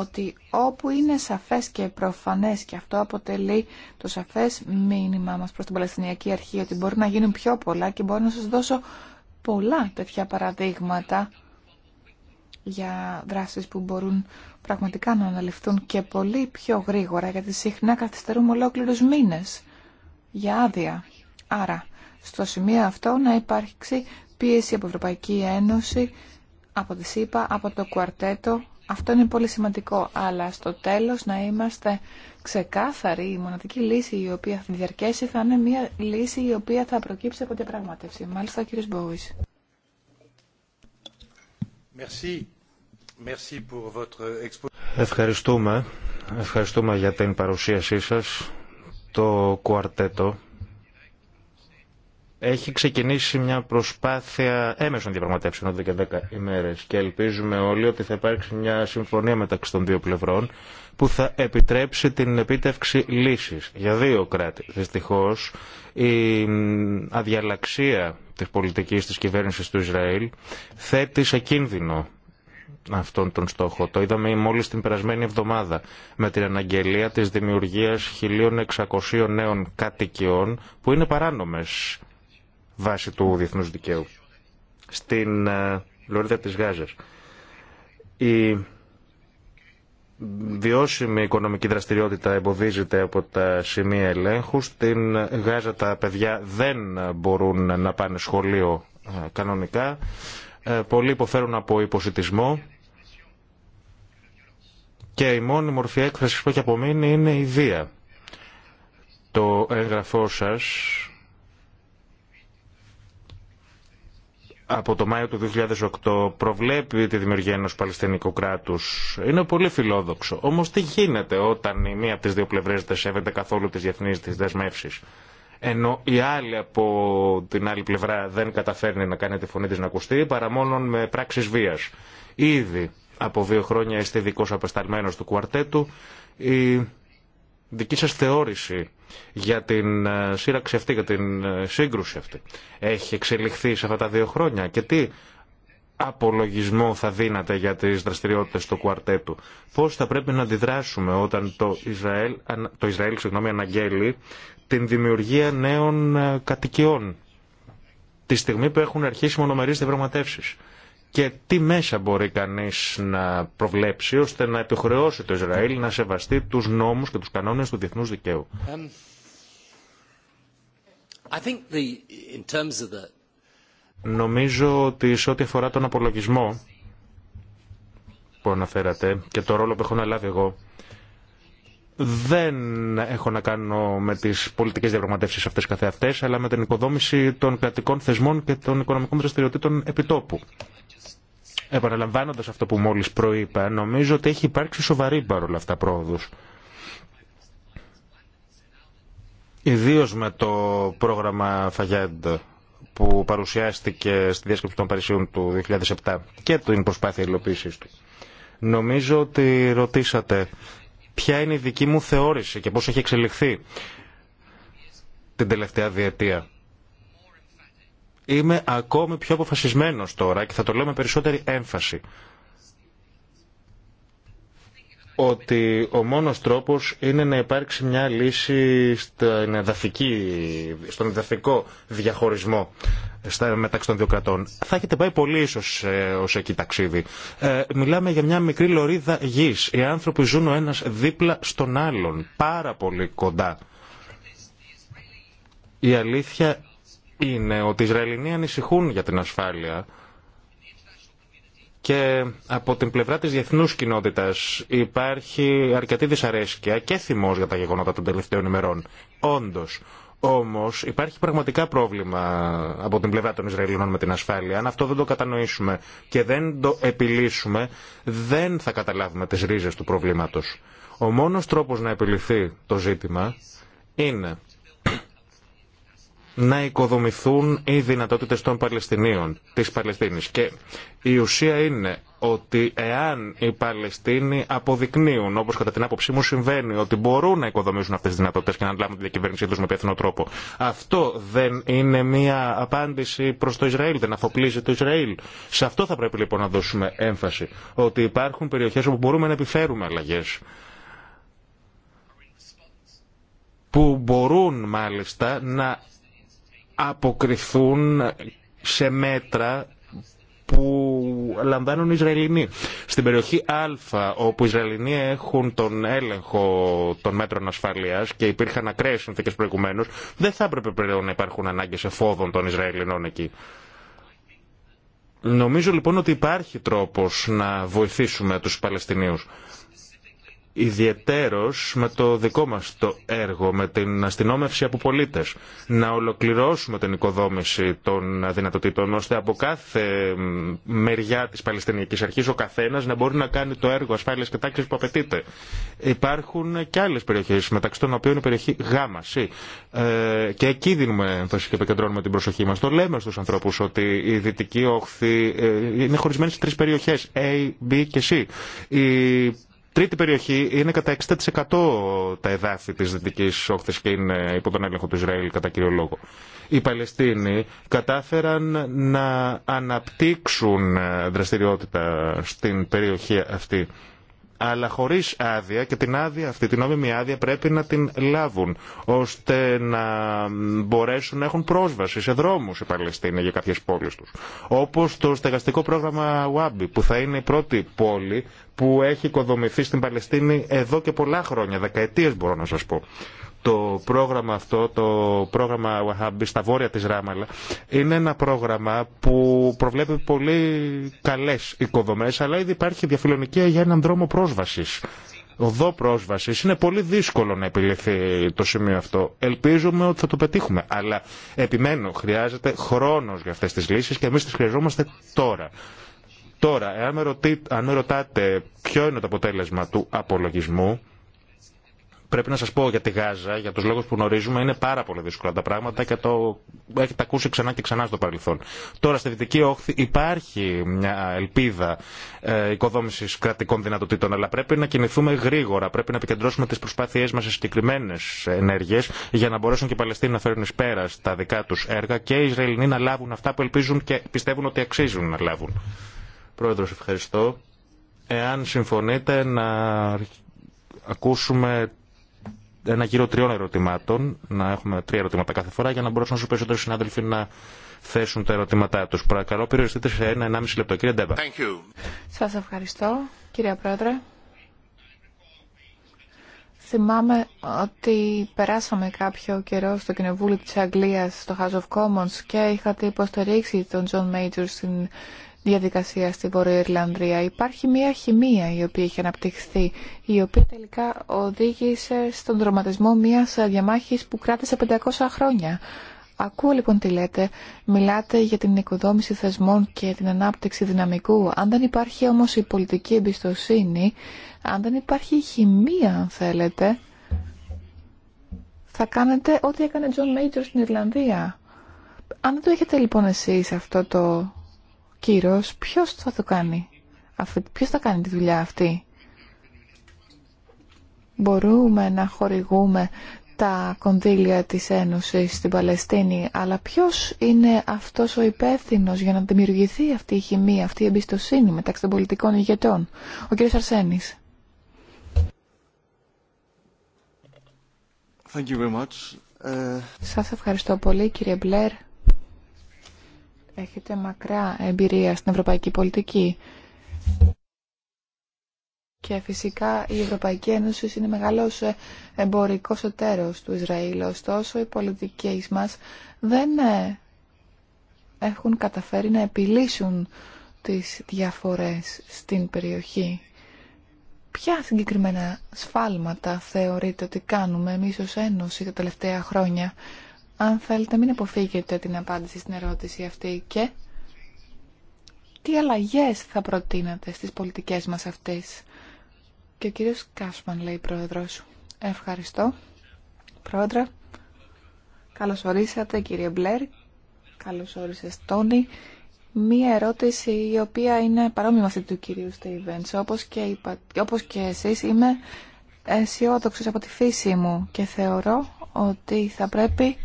ότι όπου είναι σαφές και προφανές και αυτό αποτελεί το σαφές μήνυμα μας προς την Παλαιστινιακή Αρχή ότι μπορεί να γίνουν πιο πολλά και μπορώ να σας δώσω πολλά τέτοια παραδείγματα για δράσεις που μπορούν πραγματικά να αναλυφθούν και πολύ πιο γρήγορα γιατί συχνά καθυστερούμε ολόκληρους μήνες για άδεια. Άρα, στο σημείο αυτό να υπάρξει πίεση από Ευρωπαϊκή Ένωση, από τη ΣΥΠΑ, από το Κουαρτέτο αυτό είναι πολύ σημαντικό, αλλά στο τέλος να είμαστε ξεκάθαροι. Η μοναδική λύση η οποία θα διαρκέσει θα είναι μια λύση η οποία θα προκύψει από διαπραγμάτευση. Μάλιστα, ο κύριος Μπούης. Ευχαριστούμε. Ευχαριστούμε για την παρουσίασή σας. Το κουαρτέτο έχει ξεκινήσει μια προσπάθεια έμεσων διαπραγματεύσεων εδώ και 10 ημέρε. και ελπίζουμε όλοι ότι θα υπάρξει μια συμφωνία μεταξύ των δύο πλευρών που θα επιτρέψει την επίτευξη λύση για δύο κράτη. Δυστυχώ η αδιαλαξία τη πολιτική τη κυβέρνηση του Ισραήλ θέτει σε κίνδυνο αυτόν τον στόχο. Το είδαμε μόλι την περασμένη εβδομάδα με την αναγγελία τη δημιουργία 1.600 νέων κατοικιών που είναι παράνομε βάσει του διεθνούς δικαίου στην ε, Λορίδα της Γάζας. Η βιώσιμη οικονομική δραστηριότητα εμποδίζεται από τα σημεία ελέγχου. Στην Γάζα τα παιδιά δεν μπορούν να πάνε σχολείο ε, κανονικά. Ε, πολλοί υποφέρουν από υποσυτισμό. Και η μόνη μορφή έκφρασης που έχει απομείνει είναι η βία. Το έγγραφό σας από το Μάιο του 2008 προβλέπει τη δημιουργία ενός Παλαιστινικού κράτους είναι πολύ φιλόδοξο. Όμως τι γίνεται όταν η μία από τις δύο πλευρές δεν σέβεται καθόλου τις διεθνείς της δεσμεύσεις ενώ η άλλη από την άλλη πλευρά δεν καταφέρνει να κάνει τη φωνή της να ακουστεί παρά μόνο με πράξεις βίας. Ήδη από δύο χρόνια είστε ειδικό απεσταλμένος του κουαρτέτου η δική σας θεώρηση για την ε, σύραξη την ε, σύγκρουση αυτή, έχει εξελιχθεί σε αυτά τα δύο χρόνια και τι απολογισμό θα δίνατε για τις δραστηριότητες του κουαρτέτου. Πώς θα πρέπει να αντιδράσουμε όταν το Ισραήλ, το Ισραήλ συγγνώμη, αναγγέλει την δημιουργία νέων ε, κατοικιών τη στιγμή που έχουν αρχίσει μονομερείς διαπραγματεύσεις και τι μέσα μπορεί κανείς να προβλέψει ώστε να επιχρεώσει το Ισραήλ να σεβαστεί τους νόμους και τους κανόνες του διεθνούς δικαίου. Νομίζω ότι σε ό,τι αφορά τον απολογισμό που αναφέρατε και το ρόλο που έχω να λάβει εγώ, δεν έχω να κάνω με τι πολιτικέ διαπραγματεύσει αυτέ καθεαυτέ, αλλά με την οικοδόμηση των κρατικών θεσμών και των οικονομικών δραστηριοτήτων επιτόπου. Επαναλαμβάνοντα αυτό που μόλι προείπα, νομίζω ότι έχει υπάρξει σοβαρή παρόλα αυτά πρόοδο. Ιδίω με το πρόγραμμα Φαγιάντ που παρουσιάστηκε στη διάσκεψη των Παρισιών του 2007 και την προσπάθεια υλοποίησή του. Νομίζω ότι ρωτήσατε ποια είναι η δική μου θεώρηση και πώς έχει εξελιχθεί την τελευταία διετία. Είμαι ακόμη πιο αποφασισμένος τώρα και θα το λέω με περισσότερη έμφαση ότι ο μόνος τρόπος είναι να υπάρξει μια λύση στον εδαφική στον διαχωρισμό μεταξύ των δύο κρατών. Θα έχετε πάει πολύ ίσως ε, ως εκεί ταξίδι. Ε, μιλάμε για μια μικρή λωρίδα γης. Οι άνθρωποι ζουν ο ένας δίπλα στον άλλον, πάρα πολύ κοντά. Η αλήθεια είναι ότι οι Ισραηλινοί ανησυχούν για την ασφάλεια και από την πλευρά της διεθνούς κοινότητας υπάρχει αρκετή δυσαρέσκεια και θυμός για τα γεγονότα των τελευταίων ημερών. Όντως, όμως υπάρχει πραγματικά πρόβλημα από την πλευρά των Ισραηλινών με την ασφάλεια. Αν αυτό δεν το κατανοήσουμε και δεν το επιλύσουμε, δεν θα καταλάβουμε τις ρίζες του προβλήματος. Ο μόνος τρόπος να επιληθεί το ζήτημα είναι να οικοδομηθούν οι δυνατότητες των Παλαιστινίων, της Παλαιστίνης. Και η ουσία είναι ότι εάν οι Παλαιστίνοι αποδεικνύουν, όπω κατά την άποψή μου συμβαίνει, ότι μπορούν να οικοδομήσουν αυτέ τι δυνατότητε και να λάβουν τη διακυβέρνησή του με πιθανό τρόπο, αυτό δεν είναι μια απάντηση προ το Ισραήλ, δεν αφοπλίζει το Ισραήλ. Σε αυτό θα πρέπει λοιπόν να δώσουμε έμφαση, ότι υπάρχουν περιοχέ όπου μπορούμε να επιφέρουμε αλλαγέ. Που μπορούν μάλιστα να αποκριθούν σε μέτρα που λαμβάνουν οι Ισραηλινοί. Στην περιοχή Α, όπου οι Ισραηλινοί έχουν τον έλεγχο των μέτρων ασφαλεία και υπήρχαν ακραίε συνθήκε προηγουμένω, δεν θα έπρεπε πλέον να υπάρχουν ανάγκε εφόδων των Ισραηλινών εκεί. Νομίζω λοιπόν ότι υπάρχει τρόπο να βοηθήσουμε του Παλαιστινίου ιδιαιτέρως με το δικό μας το έργο, με την αστυνόμευση από πολίτες. Να ολοκληρώσουμε την οικοδόμηση των δυνατοτήτων, ώστε από κάθε μεριά της Παλαιστινιακής Αρχής ο καθένας να μπορεί να κάνει το έργο ασφάλειας και τάξης που απαιτείται. Υπάρχουν και άλλες περιοχές, μεταξύ των οποίων η περιοχή Γάμαση. Ε, και εκεί δίνουμε έμφαση και επικεντρώνουμε την προσοχή μας. Το λέμε στους ανθρώπους ότι η δυτική όχθη ε, είναι χωρισμένη σε τρεις περιοχές, A, B και C. Η Τρίτη περιοχή είναι κατά 60% τα εδάφη της Δυτικής Όχθης και είναι υπό τον έλεγχο του Ισραήλ κατά κύριο λόγο. Οι Παλαιστίνοι κατάφεραν να αναπτύξουν ε, δραστηριότητα στην περιοχή αυτή αλλά χωρί άδεια και την άδεια αυτή, την νόμιμη άδεια πρέπει να την λάβουν ώστε να μπορέσουν να έχουν πρόσβαση σε δρόμους οι Παλαιστίνοι για κάποιε πόλει του. Όπω το στεγαστικό πρόγραμμα Wabi που θα είναι η πρώτη πόλη που έχει οικοδομηθεί στην Παλαιστίνη εδώ και πολλά χρόνια, δεκαετίε μπορώ να σα πω. Το πρόγραμμα αυτό, το πρόγραμμα Wahhabi στα βόρεια της Ράμαλα, είναι ένα πρόγραμμα που προβλέπει πολύ καλές οικοδομές, αλλά ήδη υπάρχει διαφιλονικία για έναν δρόμο πρόσβασης οδό πρόσβαση. Είναι πολύ δύσκολο να επιληθεί το σημείο αυτό. Ελπίζουμε ότι θα το πετύχουμε. Αλλά επιμένω, χρειάζεται χρόνο για αυτέ τι λύσει και εμεί τι χρειαζόμαστε τώρα. Τώρα, εάν με αν με ρωτάτε ποιο είναι το αποτέλεσμα του απολογισμού, πρέπει να σα πω για τη Γάζα, για του λόγου που γνωρίζουμε, είναι πάρα πολύ δύσκολα τα πράγματα και το έχετε ακούσει ξανά και ξανά στο παρελθόν. Τώρα στη Δυτική Όχθη υπάρχει μια ελπίδα ε, οικοδόμησης κρατικών δυνατοτήτων, αλλά πρέπει να κινηθούμε γρήγορα, πρέπει να επικεντρώσουμε τι προσπάθειε μα σε συγκεκριμένε ενέργειε για να μπορέσουν και οι Παλαιστίνοι να φέρουν ει πέρα στα δικά του έργα και οι Ισραηλινοί να λάβουν αυτά που ελπίζουν και πιστεύουν ότι αξίζουν να λάβουν. Πρόεδρο ευχαριστώ. Εάν συμφωνείτε να ακούσουμε ένα γύρο τριών ερωτημάτων, να έχουμε τρία ερωτήματα κάθε φορά για να μπορέσουν όσο περισσότεροι συνάδελφοι να θέσουν τα ερωτήματά τους. Παρακαλώ, περιοριστείτε σε ένα-ενάμιση λεπτό. Κύριε Ντέβα. Σας ευχαριστώ, κύριε Πρόεδρε. Θυμάμαι ότι περάσαμε κάποιο καιρό στο Κοινοβούλιο της Αγγλίας, στο House of Commons και είχατε υποστηρίξει τον John Major στην διαδικασία στη Βόρεια Ιρλανδία. Υπάρχει μια χημεία η οποία έχει αναπτυχθεί, η οποία τελικά οδήγησε στον τροματισμό μιας διαμάχης που κράτησε 500 χρόνια. Ακούω λοιπόν τι λέτε, μιλάτε για την οικοδόμηση θεσμών και την ανάπτυξη δυναμικού. Αν δεν υπάρχει όμως η πολιτική εμπιστοσύνη, αν δεν υπάρχει χημεία αν θέλετε, θα κάνετε ό,τι έκανε John Major στην Ιρλανδία. Αν δεν το έχετε λοιπόν εσείς αυτό το κύρος, ποιος θα το κάνει, ποιος θα κάνει τη δουλειά αυτή. Μπορούμε να χορηγούμε τα κονδύλια της Ένωσης στην Παλαιστίνη, αλλά ποιος είναι αυτός ο υπεύθυνος για να δημιουργηθεί αυτή η χημεία, αυτή η εμπιστοσύνη μεταξύ των πολιτικών ηγετών. Ο κύριος Αρσένης. Ε, Σας ευχαριστώ πολύ κύριε Μπλερ έχετε μακρά εμπειρία στην ευρωπαϊκή πολιτική. Και φυσικά η Ευρωπαϊκή Ένωση είναι μεγάλος εμπορικός εταίρος του Ισραήλ. Ωστόσο, οι πολιτικές μας δεν ε, έχουν καταφέρει να επιλύσουν τις διαφορές στην περιοχή. Ποια συγκεκριμένα σφάλματα θεωρείτε ότι κάνουμε εμείς ως Ένωση τα τελευταία χρόνια αν θέλετε μην αποφύγετε την απάντηση στην ερώτηση αυτή και τι αλλαγές θα προτείνατε στις πολιτικές μας αυτές. Και ο κύριος Κάσμαν λέει πρόεδρος. Ευχαριστώ. Πρόεδρε, καλώς ορίσατε κύριε Μπλερ, καλώς όρισες Τόνι. Μία ερώτηση η οποία είναι παρόμοια αυτή του κυρίου Στέιβενς. Όπως και, είπα, όπως και εσείς είμαι αισιόδοξο από τη φύση μου και θεωρώ ότι θα πρέπει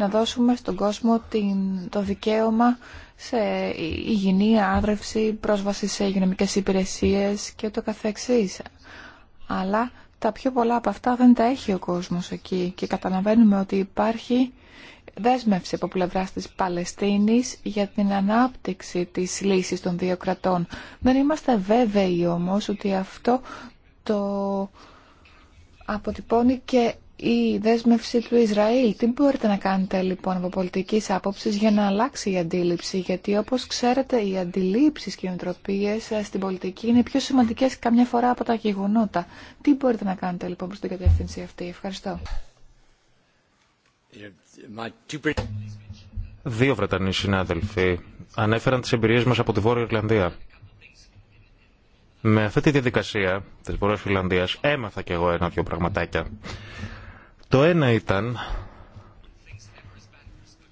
να δώσουμε στον κόσμο την, το δικαίωμα σε υγιεινή άδρευση, πρόσβαση σε υγειονομικές υπηρεσίες και το καθεξής. Αλλά τα πιο πολλά από αυτά δεν τα έχει ο κόσμος εκεί και καταλαβαίνουμε ότι υπάρχει δέσμευση από πλευρά της Παλαιστίνης για την ανάπτυξη της λύσης των δύο κρατών. Δεν είμαστε βέβαιοι όμως ότι αυτό το αποτυπώνει και η δέσμευση του Ισραήλ. Τι μπορείτε να κάνετε λοιπόν από πολιτική άποψη για να αλλάξει η αντίληψη, γιατί όπω ξέρετε οι αντιλήψει και οι νοοτροπίε ε, στην πολιτική είναι πιο σημαντικέ καμιά φορά από τα γεγονότα. Τι μπορείτε να κάνετε λοιπόν προ την κατεύθυνση αυτή. Ευχαριστώ. Δύο Βρετανοί συνάδελφοι ανέφεραν τι εμπειρίες μα από τη Βόρεια Ιρλανδία. Με αυτή τη διαδικασία τη βόρεια Ιρλανδία έμαθα κι εγώ ένα-δυο πραγματάκια. Το ένα ήταν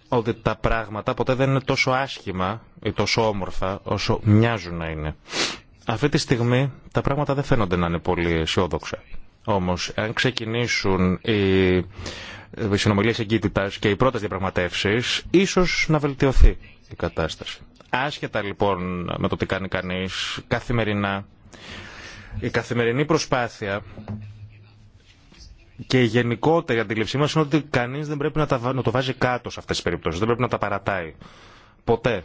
ότι τα πράγματα ποτέ δεν είναι τόσο άσχημα ή τόσο όμορφα όσο μοιάζουν να είναι. Αυτή τη στιγμή τα πράγματα δεν φαίνονται να είναι πολύ αισιόδοξα. Όμως, αν ξεκινήσουν οι, συνομιλίες και οι πρώτες διαπραγματεύσεις, ίσως να βελτιωθεί η κατάσταση. Άσχετα λοιπόν με το τι κάνει κανείς, καθημερινά, η καθημερινή προσπάθεια και η γενικότερη αντίληψή μα είναι ότι κανεί δεν πρέπει να, τα, να το βάζει κάτω σε αυτέ τι περιπτώσει. Δεν πρέπει να τα παρατάει. Ποτέ.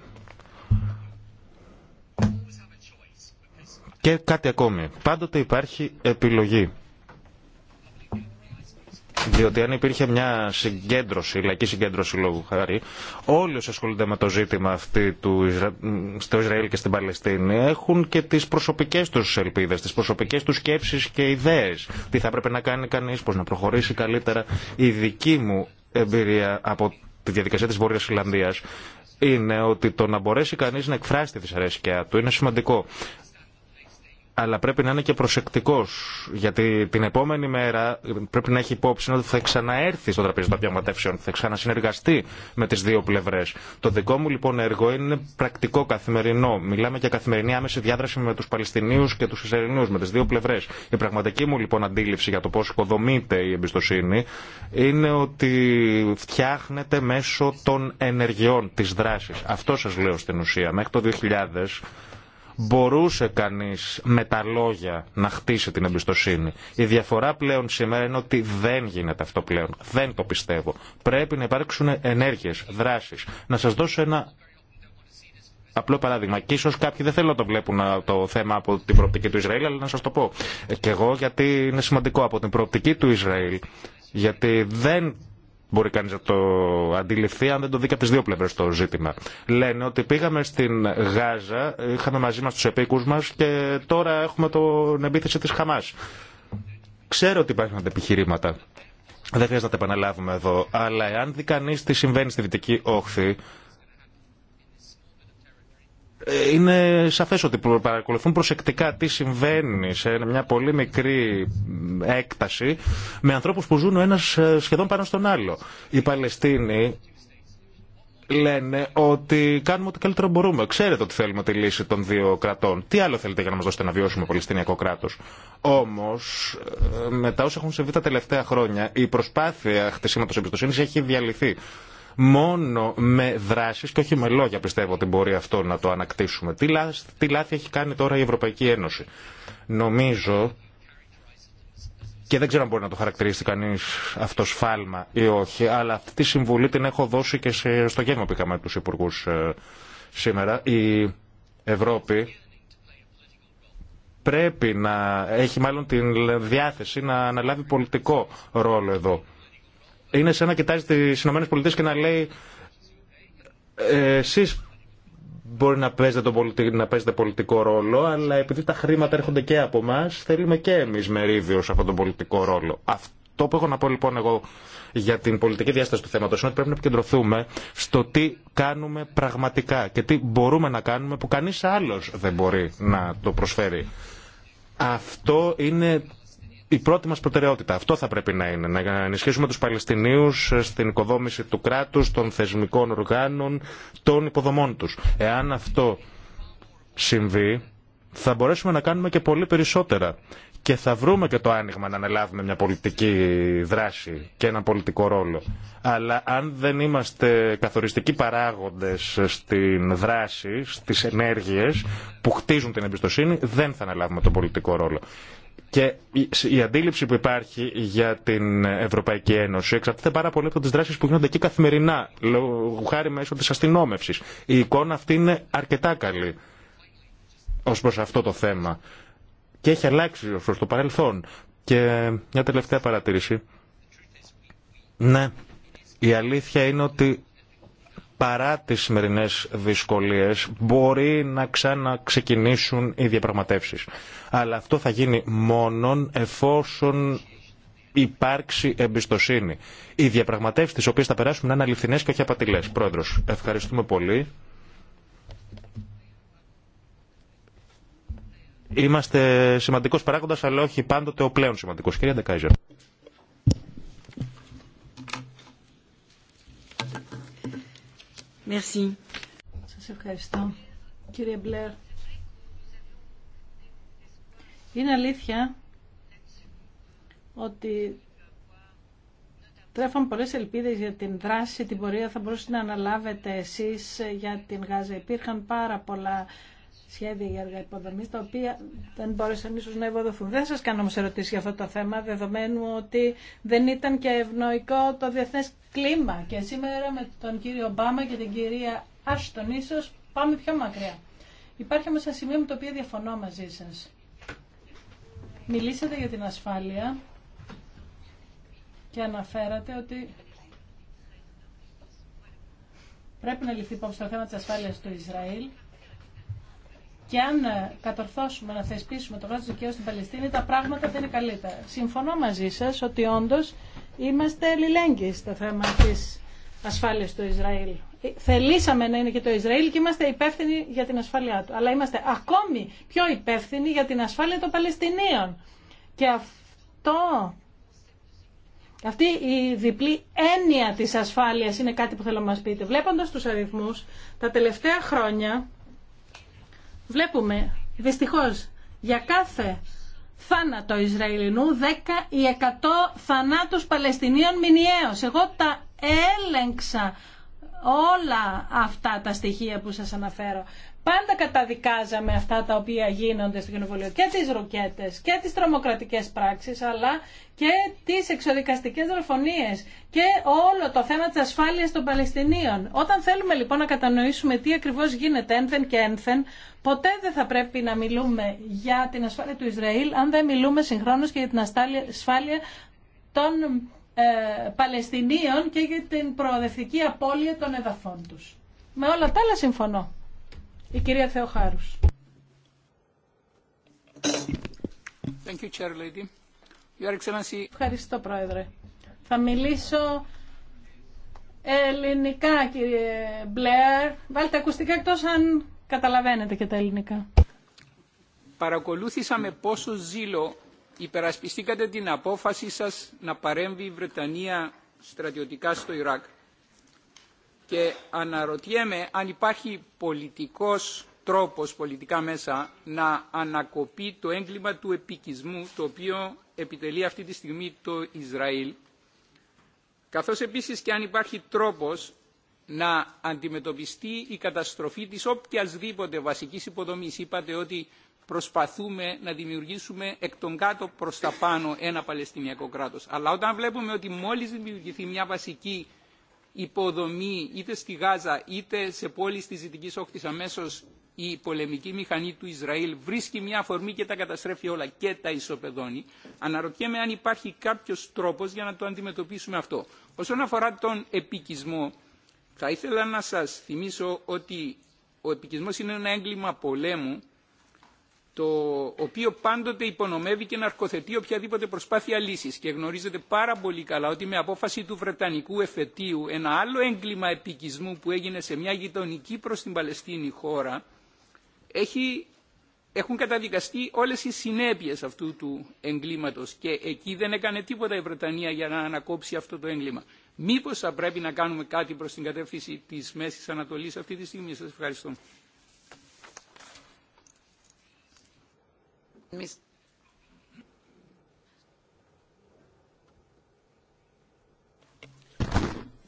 Και κάτι ακόμη. Πάντοτε υπάρχει επιλογή. Διότι αν υπήρχε μια συγκέντρωση, λαϊκή συγκέντρωση λόγου χάρη, όλοι όσοι ασχολούνται με το ζήτημα αυτή του στο Ισραήλ και στην Παλαιστίνη έχουν και τι προσωπικέ του ελπίδε, τι προσωπικέ του σκέψει και ιδέε. Τι θα έπρεπε να κάνει κανεί, πώ να προχωρήσει καλύτερα. Η δική μου εμπειρία από τη διαδικασία τη Βόρεια Ιλανδία είναι ότι το να μπορέσει κανεί να εκφράσει τη δυσαρέσκειά του είναι σημαντικό αλλά πρέπει να είναι και προσεκτικό. γιατί την επόμενη μέρα πρέπει να έχει υπόψη ότι θα ξαναέρθει στο τραπέζι των διαπραγματεύσεων, θα ξανασυνεργαστεί με τι δύο πλευρέ. Το δικό μου λοιπόν έργο είναι πρακτικό, καθημερινό. Μιλάμε για καθημερινή άμεση διάδραση με του Παλαιστινίου και του Ισραηλινού, με τι δύο πλευρέ. Η πραγματική μου λοιπόν αντίληψη για το πώ οικοδομείται η εμπιστοσύνη είναι ότι φτιάχνεται μέσω των ενεργειών, τη δράση. Αυτό σα λέω στην ουσία. Μέχρι το 2000 μπορούσε κανείς με τα λόγια να χτίσει την εμπιστοσύνη. Η διαφορά πλέον σήμερα είναι ότι δεν γίνεται αυτό πλέον. Δεν το πιστεύω. Πρέπει να υπάρξουν ενέργειες, δράσεις. Να σας δώσω ένα απλό παράδειγμα. Και ίσω κάποιοι δεν θέλουν να το βλέπουν το θέμα από την προοπτική του Ισραήλ, αλλά να σα το πω. Ε, και εγώ γιατί είναι σημαντικό από την προοπτική του Ισραήλ. Γιατί δεν μπορεί κανεί να το αντιληφθεί αν δεν το δει και από τι δύο πλευρέ το ζήτημα. Λένε ότι πήγαμε στην Γάζα, είχαμε μαζί μα του επίκου μα και τώρα έχουμε την επίθεση τη Χαμά. Ξέρω ότι υπάρχουν επιχειρήματα. Δεν χρειάζεται να τα επαναλάβουμε εδώ. Αλλά εάν δει κανεί τι συμβαίνει στη Δυτική Όχθη, ε, είναι σαφές ότι παρακολουθούν προσεκτικά τι συμβαίνει σε μια πολύ μικρή έκταση με ανθρώπους που ζουν ο ένας ε, σχεδόν πάνω στον άλλο. Οι Παλαιστίνοι λένε ότι κάνουμε ό,τι καλύτερο μπορούμε. Ξέρετε ότι θέλουμε τη λύση των δύο κρατών. Τι άλλο θέλετε για να μα δώσετε να βιώσουμε Παλαιστινιακό κράτο. Όμω, ε, μετά όσα έχουν συμβεί τα τελευταία χρόνια, η προσπάθεια χτισήματο εμπιστοσύνη έχει διαλυθεί. Μόνο με δράσεις και όχι με λόγια πιστεύω ότι μπορεί αυτό να το ανακτήσουμε. Τι, τι λάθη έχει κάνει τώρα η Ευρωπαϊκή Ένωση. Νομίζω και δεν ξέρω αν μπορεί να το χαρακτηρίσει κανεί αυτό σφάλμα ή όχι, αλλά αυτή τη συμβουλή την έχω δώσει και στο γεύμα που είχαμε του υπουργού ε, σήμερα. Η Ευρώπη πρέπει να έχει μάλλον την διάθεση να αναλάβει πολιτικό ρόλο εδώ. Είναι σαν να κοιτάζει Ηνωμένε ΗΠΑ και να λέει «Ε, εσείς μπορεί να παίζετε, να παίζετε πολιτικό ρόλο, αλλά επειδή τα χρήματα έρχονται και από εμά, θέλουμε και εμεί μερίδιο σε αυτόν τον πολιτικό ρόλο. Αυτό που έχω να πω λοιπόν εγώ για την πολιτική διάσταση του θέματο είναι ότι πρέπει να επικεντρωθούμε στο τι κάνουμε πραγματικά και τι μπορούμε να κάνουμε που κανεί άλλο δεν μπορεί να το προσφέρει. Αυτό είναι η πρώτη μα προτεραιότητα. Αυτό θα πρέπει να είναι. Να ενισχύσουμε τους Παλαιστινίου στην οικοδόμηση του κράτους, των θεσμικών οργάνων, των υποδομών τους. Εάν αυτό συμβεί, θα μπορέσουμε να κάνουμε και πολύ περισσότερα. Και θα βρούμε και το άνοιγμα να αναλάβουμε μια πολιτική δράση και ένα πολιτικό ρόλο. Αλλά αν δεν είμαστε καθοριστικοί παράγοντες στην δράση, στις ενέργειες που χτίζουν την εμπιστοσύνη, δεν θα αναλάβουμε τον πολιτικό ρόλο. Και η αντίληψη που υπάρχει για την Ευρωπαϊκή Ένωση εξαρτάται πάρα πολύ από τι δράσει που γίνονται εκεί καθημερινά, λόγω χάρη μέσω τη αστυνόμευση. Η εικόνα αυτή είναι αρκετά καλή ω προ αυτό το θέμα. Και έχει αλλάξει ω προ το παρελθόν. Και μια τελευταία παρατήρηση. Ναι, η αλήθεια είναι ότι παρά τις σημερινές δυσκολίες μπορεί να ξαναξεκινήσουν οι διαπραγματεύσεις. Αλλά αυτό θα γίνει μόνον εφόσον υπάρξει εμπιστοσύνη. Οι διαπραγματεύσεις τις οποίες θα περάσουν, να είναι αληθινές και όχι απατηλές. Πρόεδρος, ευχαριστούμε πολύ. Είμαστε σημαντικός παράγοντας, αλλά όχι πάντοτε ο πλέον σημαντικός. Κυρία Ντεκάιζερ. Merci. Κύριε Μπλερ, είναι αλήθεια ότι τρέφαν πολλές ελπίδες για την δράση, την πορεία θα μπορούσατε να αναλάβετε εσείς για την Γάζα. Υπήρχαν πάρα πολλά σχέδια για έργα υποδομή, τα οποία δεν μπόρεσαν ίσω να ευοδοθούν. Δεν σα κάνω όμω ερωτήσει για αυτό το θέμα, δεδομένου ότι δεν ήταν και ευνοϊκό το διεθνές κλίμα. Και σήμερα με τον κύριο Ομπάμα και την κυρία Άστον ίσω πάμε πιο μακριά. Υπάρχει όμω ένα σημείο με το οποίο διαφωνώ μαζί σα. Μιλήσατε για την ασφάλεια και αναφέρατε ότι πρέπει να ληφθεί υπόψη το θέμα της ασφάλειας του Ισραήλ και αν ε, κατορθώσουμε να θεσπίσουμε το κράτο δικαίου στην Παλαιστίνη, τα πράγματα δεν είναι καλύτερα. Συμφωνώ μαζί σα ότι όντω είμαστε αλληλέγγυοι στο θέμα τη ασφάλεια του Ισραήλ. Ε, θελήσαμε να είναι και το Ισραήλ και είμαστε υπεύθυνοι για την ασφάλειά του. Αλλά είμαστε ακόμη πιο υπεύθυνοι για την ασφάλεια των Παλαιστινίων. Και αυτό αυτή η διπλή έννοια της ασφάλειας είναι κάτι που θέλω να μας πείτε. Βλέποντας τους αριθμούς, τα τελευταία χρόνια Βλέπουμε δυστυχώς για κάθε θάνατο Ισραηλινού 10 ή 100 θανάτους Παλαιστινίων μηνιαίως. Εγώ τα έλεγξα όλα αυτά τα στοιχεία που σας αναφέρω πάντα καταδικάζαμε αυτά τα οποία γίνονται στο Κοινοβούλιο και τις ρουκέτες και τις τρομοκρατικές πράξεις αλλά και τις εξοδικαστικές δολοφονίες και όλο το θέμα της ασφάλειας των Παλαιστινίων. Όταν θέλουμε λοιπόν να κατανοήσουμε τι ακριβώς γίνεται ένθεν και ένθεν, ποτέ δεν θα πρέπει να μιλούμε για την ασφάλεια του Ισραήλ αν δεν μιλούμε συγχρόνως και για την ασφάλεια των ε, Παλαιστινίων και για την προοδευτική απώλεια των εδαφών τους. Με όλα τα άλλα συμφωνώ. Η κυρία Θεοχάρους. Thank you, Ευχαριστώ, Πρόεδρε. Θα μιλήσω ελληνικά, κύριε Μπλερ. Βάλτε ακουστικά εκτός αν καταλαβαίνετε και τα ελληνικά. Παρακολούθησα με πόσο ζήλο υπερασπιστήκατε την απόφαση σας να παρέμβει η Βρετανία στρατιωτικά στο Ιράκ και αναρωτιέμαι αν υπάρχει πολιτικός τρόπος πολιτικά μέσα να ανακοπεί το έγκλημα του επικισμού το οποίο επιτελεί αυτή τη στιγμή το Ισραήλ καθώς επίσης και αν υπάρχει τρόπος να αντιμετωπιστεί η καταστροφή της οποιασδήποτε βασικής υποδομής. Είπατε ότι προσπαθούμε να δημιουργήσουμε εκ των κάτω προς τα πάνω ένα Παλαιστινιακό κράτος. Αλλά όταν βλέπουμε ότι μόλις δημιουργηθεί μια βασική υποδομή είτε στη Γάζα είτε σε πόλεις της Δυτικής Όχθης αμέσως η πολεμική μηχανή του Ισραήλ βρίσκει μια αφορμή και τα καταστρέφει όλα και τα ισοπεδώνει. Αναρωτιέμαι αν υπάρχει κάποιος τρόπος για να το αντιμετωπίσουμε αυτό. Όσον αφορά τον επικισμό, θα ήθελα να σας θυμίσω ότι ο επικισμός είναι ένα έγκλημα πολέμου το οποίο πάντοτε υπονομεύει και ναρκοθετεί οποιαδήποτε προσπάθεια λύσης και γνωρίζετε πάρα πολύ καλά ότι με απόφαση του Βρετανικού εφετείου ένα άλλο έγκλημα επικισμού που έγινε σε μια γειτονική προς την Παλαιστίνη χώρα έχει, έχουν καταδικαστεί όλες οι συνέπειες αυτού του εγκλήματος και εκεί δεν έκανε τίποτα η Βρετανία για να ανακόψει αυτό το έγκλημα. Μήπως θα πρέπει να κάνουμε κάτι προς την κατεύθυνση της Μέσης Ανατολής αυτή τη στιγμή. Σας ευχαριστώ. Καλώ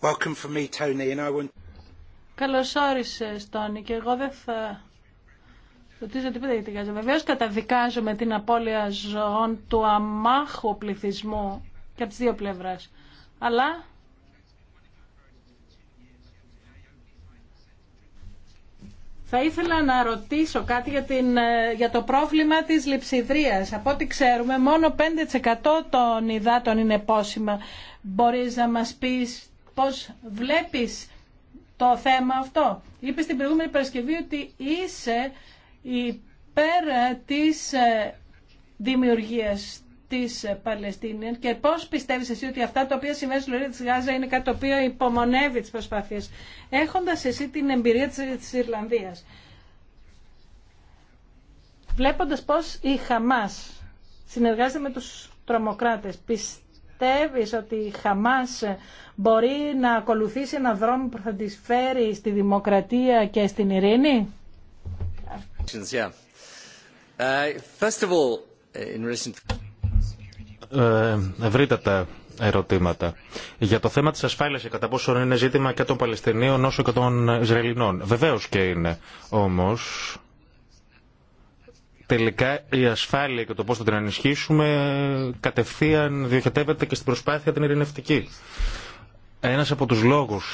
Welcome from Καλώς όρισες, Τόνι, και εγώ δεν θα ρωτήσω τίποτα για την Γάζα. Βεβαίως καταδικάζουμε την απώλεια ζωών του αμάχου πληθυσμού και από τις δύο πλευράς. Αλλά Θα ήθελα να ρωτήσω κάτι για, την, ε, για το πρόβλημα της λειψιδρίας. Από ό,τι ξέρουμε, μόνο 5% των υδάτων είναι πόσιμα. Μπορείς να μας πεις πώς βλέπεις το θέμα αυτό. Είπε στην προηγούμενη Παρασκευή ότι είσαι υπέρ της ε, δημιουργίας της Παλαιστίνης και πώς πιστεύει εσύ ότι αυτά τα οποία συμβαίνουν στη Λωρίδα τη Γάζα είναι κάτι το οποίο υπομονεύει τι προσπάθειε. έχοντας εσύ την εμπειρία της Ιρλανδίας βλέποντας πώς η Χαμάς συνεργάζεται με τους τρομοκράτες πιστεύεις ότι η Χαμάς μπορεί να ακολουθήσει έναν δρόμο που θα τη φέρει στη δημοκρατία και στην ειρήνη uh, First of all, uh, in recent... Ε, ευρύτατα ερωτήματα. Για το θέμα της ασφάλειας και κατά πόσο είναι ζήτημα και των Παλαιστινίων όσο και των Ισραηλινών. Βεβαίως και είναι. Όμως τελικά η ασφάλεια και το πώς θα την ανισχύσουμε κατευθείαν διοχετεύεται και στην προσπάθεια την ειρηνευτική. Ένας από τους λόγους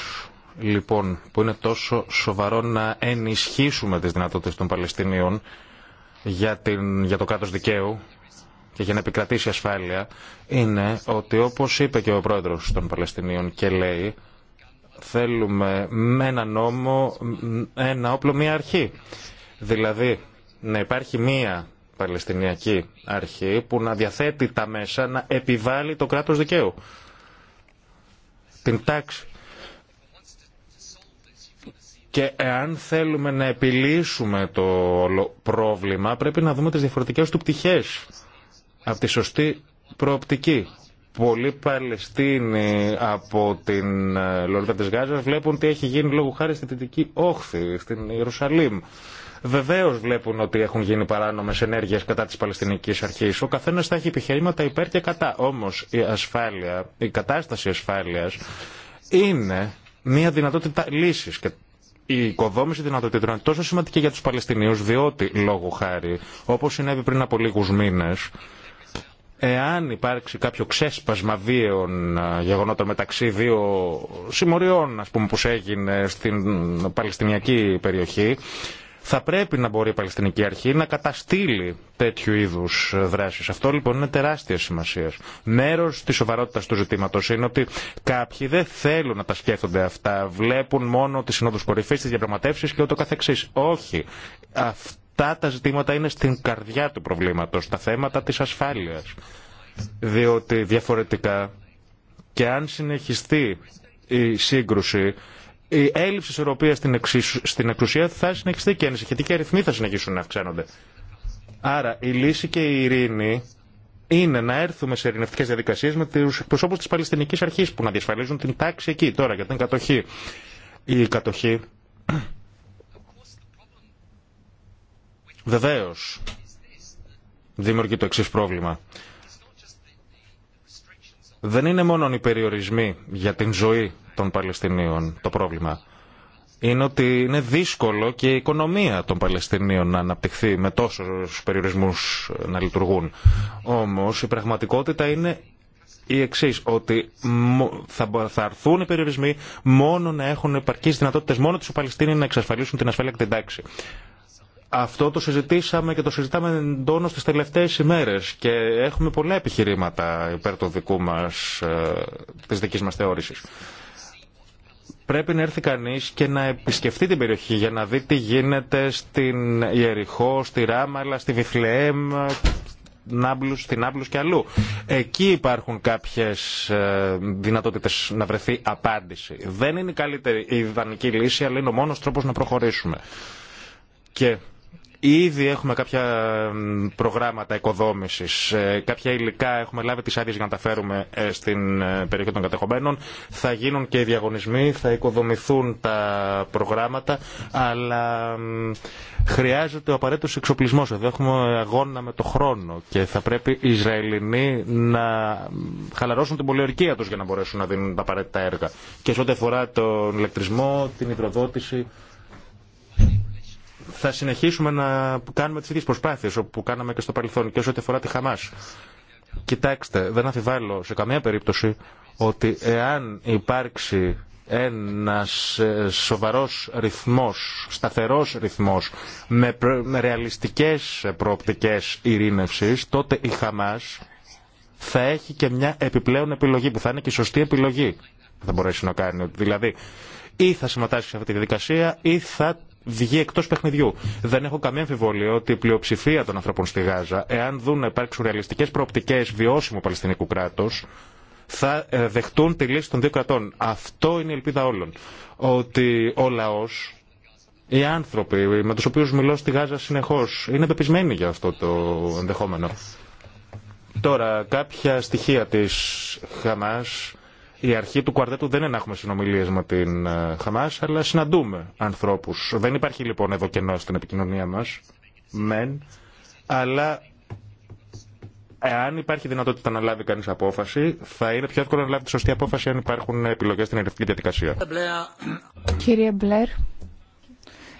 λοιπόν που είναι τόσο σοβαρό να ενισχύσουμε τις δυνατότητες των Παλαιστινίων για, την, για το κράτος δικαίου και για να επικρατήσει ασφάλεια είναι ότι όπως είπε και ο πρόεδρος των Παλαιστινίων και λέει θέλουμε με ένα νόμο, ένα όπλο, μία αρχή. Δηλαδή να υπάρχει μία Παλαιστινιακή αρχή που να διαθέτει τα μέσα να επιβάλλει το κράτος δικαίου. Την τάξη. Και εάν θέλουμε να επιλύσουμε το πρόβλημα πρέπει να δούμε τις διαφορετικές του πτυχές από τη σωστή προοπτική. Πολλοί Παλαιστίνοι από την ε, Λωρίδα της Γάζας βλέπουν τι έχει γίνει λόγω χάρη στη Δυτική Όχθη, στην Ιερουσαλήμ. Βεβαίω βλέπουν ότι έχουν γίνει παράνομε ενέργειε κατά τη Παλαιστινική Αρχή. Ο καθένα θα έχει επιχειρήματα υπέρ και κατά. Όμω η ασφάλεια, η κατάσταση ασφάλεια είναι μια δυνατότητα λύση. Και η οικοδόμηση δυνατοτήτων είναι τόσο σημαντική για του Παλαιστινίου, διότι λόγω χάρη, όπω συνέβη πριν από λίγου μήνε, Εάν υπάρξει κάποιο ξέσπασμα βίαιων γεγονότων μεταξύ δύο συμμοριών ας πούμε, που έγινε στην Παλαιστινιακή περιοχή, θα πρέπει να μπορεί η Παλαιστινική Αρχή να καταστήλει τέτοιου είδου δράσει. Αυτό λοιπόν είναι τεράστια σημασία. Μέρο τη σοβαρότητα του ζητήματο είναι ότι κάποιοι δεν θέλουν να τα σκέφτονται αυτά. Βλέπουν μόνο τι συνόδου κορυφή, τι διαπραγματεύσει και ούτω καθεξή. Όχι αυτά τα ζητήματα είναι στην καρδιά του προβλήματος, τα θέματα της ασφάλειας. Διότι διαφορετικά και αν συνεχιστεί η σύγκρουση, η έλλειψη ισορροπίας στην, στην εξουσία θα συνεχιστεί και ανησυχητικοί αριθμοί θα συνεχίσουν να αυξάνονται. Άρα η λύση και η ειρήνη είναι να έρθουμε σε ειρηνευτικές διαδικασίες με του προσώπους τη Παλαιστινική Αρχή που να διασφαλίζουν την τάξη εκεί τώρα για την κατοχή. Η κατοχή Βεβαίω, δημιουργεί το εξή πρόβλημα. Δεν είναι μόνο οι περιορισμοί για την ζωή των Παλαιστινίων το πρόβλημα. Είναι ότι είναι δύσκολο και η οικονομία των Παλαιστινίων να αναπτυχθεί με τόσους περιορισμούς να λειτουργούν. Όμως η πραγματικότητα είναι η εξή, ότι θα έρθουν οι περιορισμοί μόνο να έχουν επαρκεί δυνατότητε μόνο του να εξασφαλίσουν την ασφάλεια και την τάξη. Αυτό το συζητήσαμε και το συζητάμε εντόνω τις τελευταίες ημέρες και έχουμε πολλά επιχειρήματα υπέρ του δικού μας, ε, της δικής μας θεώρησης. Πρέπει να έρθει κανείς και να επισκεφτεί την περιοχή για να δει τι γίνεται στην Ιεριχώ, στη Ράμαλα, στη Βιθλεέμ, στην Άμπλους και αλλού. Εκεί υπάρχουν κάποιες ε, δυνατότητες να βρεθεί απάντηση. Δεν είναι η καλύτερη η ιδανική λύση, αλλά είναι ο μόνος τρόπος να προχωρήσουμε. Και Ήδη έχουμε κάποια προγράμματα οικοδόμηση, ε, κάποια υλικά. Έχουμε λάβει τι άδειε για να τα φέρουμε ε, στην ε, περιοχή των κατεχομένων. Θα γίνουν και οι διαγωνισμοί, θα οικοδομηθούν τα προγράμματα, αλλά χρειάζεται ο απαραίτητο εξοπλισμό. Εδώ έχουμε αγώνα με το χρόνο και θα πρέπει οι Ισραηλινοί να χαλαρώσουν την πολιορκία του για να μπορέσουν να δίνουν τα απαραίτητα έργα. Και σε ό,τι αφορά τον ηλεκτρισμό, την υδροδότηση θα συνεχίσουμε να κάνουμε τις ίδιες προσπάθειες όπου κάναμε και στο παρελθόν και όσο αφορά τη Χαμάς. Κοιτάξτε, δεν αφιβάλλω σε καμία περίπτωση ότι εάν υπάρξει ένας ε, σοβαρός ρυθμός, σταθερός ρυθμός με ρεαλιστικές προοπτικές ειρήνευσης, τότε η Χαμάς θα έχει και μια επιπλέον επιλογή που θα είναι και η σωστή επιλογή που θα μπορέσει να κάνει. Δηλαδή, ή θα συμμετάσχει σε αυτή τη διαδικασία ή θα βγει εκτό παιχνιδιού. Δεν έχω καμία αμφιβολία ότι η πλειοψηφία των ανθρώπων στη Γάζα, εάν δουν να υπάρξουν ρεαλιστικέ προοπτικέ βιώσιμου Παλαιστινικού κράτου, θα ε, δεχτούν τη λύση των δύο κρατών. Αυτό είναι η ελπίδα όλων. Ότι ο λαό, οι άνθρωποι με του οποίου μιλώ στη Γάζα συνεχώ, είναι πεπισμένοι για αυτό το ενδεχόμενο. Τώρα, κάποια στοιχεία της Χαμάς η αρχή του κουαρτέτου δεν είναι να έχουμε συνομιλίε με την ε, Χαμά, αλλά συναντούμε ανθρώπου. Δεν υπάρχει λοιπόν εδώ κενό στην επικοινωνία μα. Μεν. Αλλά εάν υπάρχει δυνατότητα να λάβει κανεί απόφαση, θα είναι πιο εύκολο να λάβει τη σωστή απόφαση αν υπάρχουν επιλογέ στην ερευνητική διαδικασία. Κύριε Μπλερ,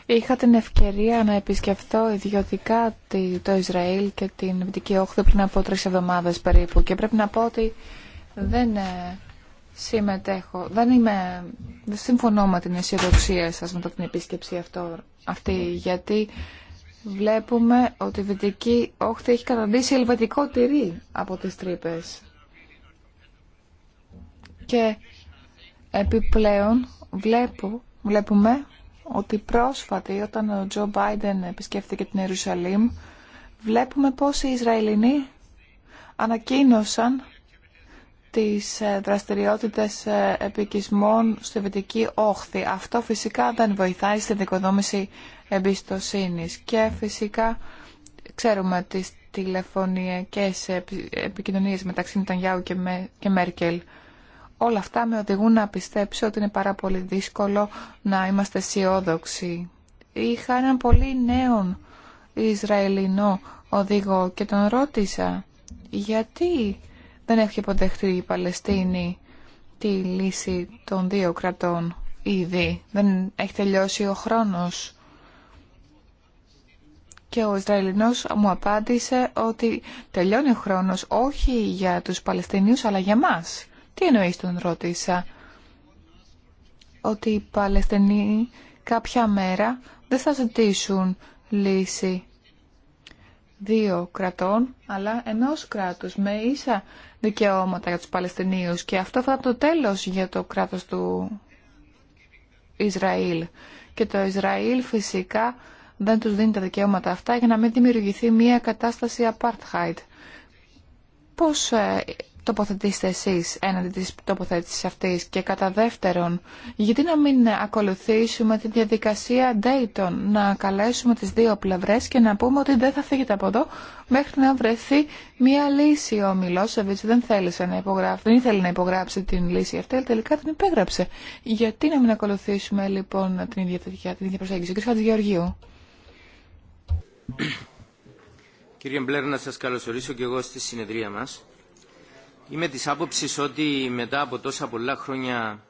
είχα την ευκαιρία να επισκεφθώ ιδιωτικά το Ισραήλ και την Δυτική Όχθη πριν από τρει εβδομάδε περίπου και πρέπει να πω ότι δεν ε, συμμετέχω. Δεν, είμαι, δεν συμφωνώ με την αισιοδοξία σας με την επίσκεψη αυτό, αυτή, γιατί βλέπουμε ότι η Βυτική Όχθη έχει καταντήσει ελβετικό τυρί από τις τρύπε. Και επιπλέον βλέπω, βλέπουμε ότι πρόσφατα όταν ο Τζο Μπάιντεν επισκέφθηκε την Ιερουσαλήμ βλέπουμε πως οι Ισραηλινοί ανακοίνωσαν τις ε, δραστηριότητες ε, επικισμών στη Βετική Όχθη. Αυτό φυσικά δεν βοηθάει στην δικοδόμηση εμπιστοσύνης και φυσικά ξέρουμε τις τηλεφωνιακές επικοινωνίες μεταξύ Νιτανιάου και, και Μέρκελ. Όλα αυτά με οδηγούν να πιστέψω ότι είναι πάρα πολύ δύσκολο να είμαστε αισιόδοξοι. Είχα έναν πολύ νέον Ισραηλινό οδηγό και τον ρώτησα γιατί δεν έχει υποδεχτεί η Παλαιστίνη τη λύση των δύο κρατών ήδη. Δεν έχει τελειώσει ο χρόνος. Και ο Ισραηλινός μου απάντησε ότι τελειώνει ο χρόνος όχι για τους Παλαιστινίους αλλά για μας. Τι εννοείς τον ρώτησα. Ότι οι Παλαιστινοί κάποια μέρα δεν θα ζητήσουν λύση δύο κρατών αλλά ενός κράτους με ίσα δικαιώματα για τους Παλαιστινίους και αυτό θα το τέλος για το κράτος του Ισραήλ. Και το Ισραήλ φυσικά δεν τους δίνει τα δικαιώματα αυτά για να μην δημιουργηθεί μια κατάσταση apartheid. Πώς ε, τοποθετήσετε εσείς έναντι της τοποθέτησης αυτής και κατά δεύτερον, γιατί να μην ακολουθήσουμε τη διαδικασία Dayton, να καλέσουμε τις δύο πλευρές και να πούμε ότι δεν θα φύγετε από εδώ μέχρι να βρεθεί μια λύση. Ο Μιλόσεβιτς δεν, θέλησε να υπογράψει, δεν ήθελε να υπογράψει την λύση αυτή, αλλά τελικά την υπέγραψε. Γιατί να μην ακολουθήσουμε λοιπόν την ίδια, την ίδια προσέγγιση. Κύριε Χατζηγεωργίου. Κύριε Μπλερ, να σας καλωσορίσω και εγώ στη συνεδρία μας Είμαι της άποψης ότι μετά από τόσα πολλά χρόνια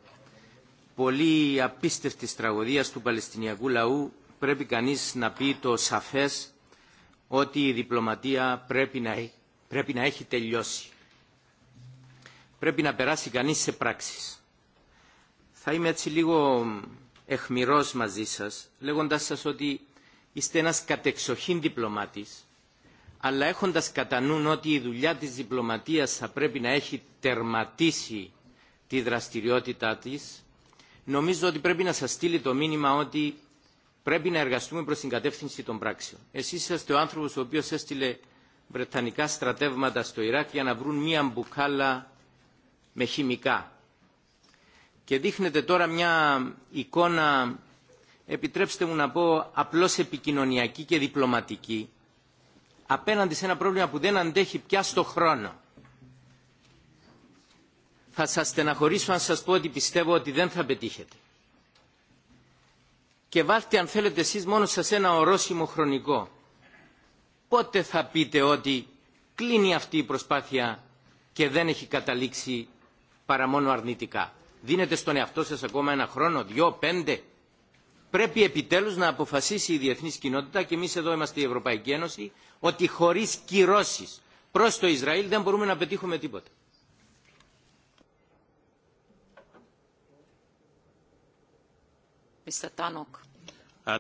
πολύ απίστευτης τραγωδίας του Παλαιστινιακού λαού πρέπει κανείς να πει το σαφές ότι η διπλωματία πρέπει να, πρέπει να έχει τελειώσει. Πρέπει να περάσει κανείς σε πράξεις. Θα είμαι έτσι λίγο εχμηρός μαζί σας, λέγοντας σας ότι είστε ένας κατεξοχήν διπλωμάτης αλλά έχοντας κατά νου ότι η δουλειά της διπλωματίας θα πρέπει να έχει τερματίσει τη δραστηριότητά της, νομίζω ότι πρέπει να σας στείλει το μήνυμα ότι πρέπει να εργαστούμε προς την κατεύθυνση των πράξεων. Εσείς είστε ο άνθρωπος ο οποίος έστειλε βρετανικά στρατεύματα στο Ιράκ για να βρουν μία μπουκάλα με χημικά. Και δείχνετε τώρα μια εικόνα, επιτρέψτε μου να πω, απλώς επικοινωνιακή και διπλωματική, απέναντι σε ένα πρόβλημα που δεν αντέχει πια στο χρόνο. Θα σας στεναχωρήσω αν σας πω ότι πιστεύω ότι δεν θα πετύχετε. Και βάλτε αν θέλετε εσείς μόνο σας ένα ορόσημο χρονικό. Πότε θα πείτε ότι κλείνει αυτή η προσπάθεια και δεν έχει καταλήξει παρά μόνο αρνητικά. Δίνετε στον εαυτό σας ακόμα ένα χρόνο, δυο, πέντε, πρέπει επιτέλους να αποφασίσει η διεθνής κοινότητα και εμείς εδώ είμαστε η Ευρωπαϊκή Ένωση ότι χωρίς κυρώσεις προς το Ισραήλ δεν μπορούμε να πετύχουμε τίποτα.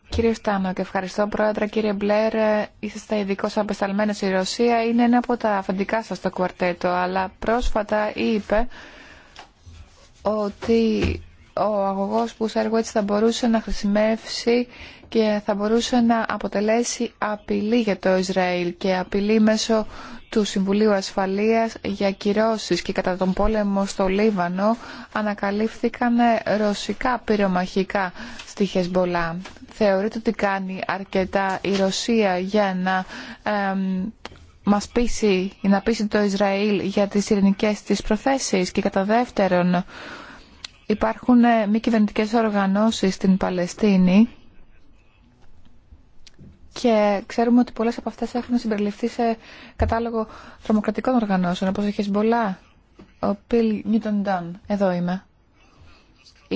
Κύριε Στάνοκ, ευχαριστώ πρόεδρε. Κύριε Μπλερ, είστε ειδικό απεσταλμένο Η Ρωσία είναι ένα από τα αφεντικά σα στο κουαρτέτο, αλλά πρόσφατα είπε ότι ο αγωγός που έτσι θα μπορούσε να χρησιμεύσει και θα μπορούσε να αποτελέσει απειλή για το Ισραήλ και απειλή μέσω του Συμβουλίου Ασφαλείας για κυρώσεις και κατά τον πόλεμο στο Λίβανο ανακαλύφθηκαν ρωσικά πυρομαχικά στη Χεσμπολά. Θεωρείται ότι κάνει αρκετά η Ρωσία για να μας πείσει, να πείσει το Ισραήλ για τις ειρηνικές της προθέσεις και κατά δεύτερον Υπάρχουν ε, μη κυβερνητικέ οργανώσεις στην Παλαιστίνη και ξέρουμε ότι πολλές από αυτές έχουν συμπεριληφθεί σε κατάλογο τρομοκρατικών οργανώσεων, όπως η πολλά, ο Πιλ Νιούτον εδώ είμαι.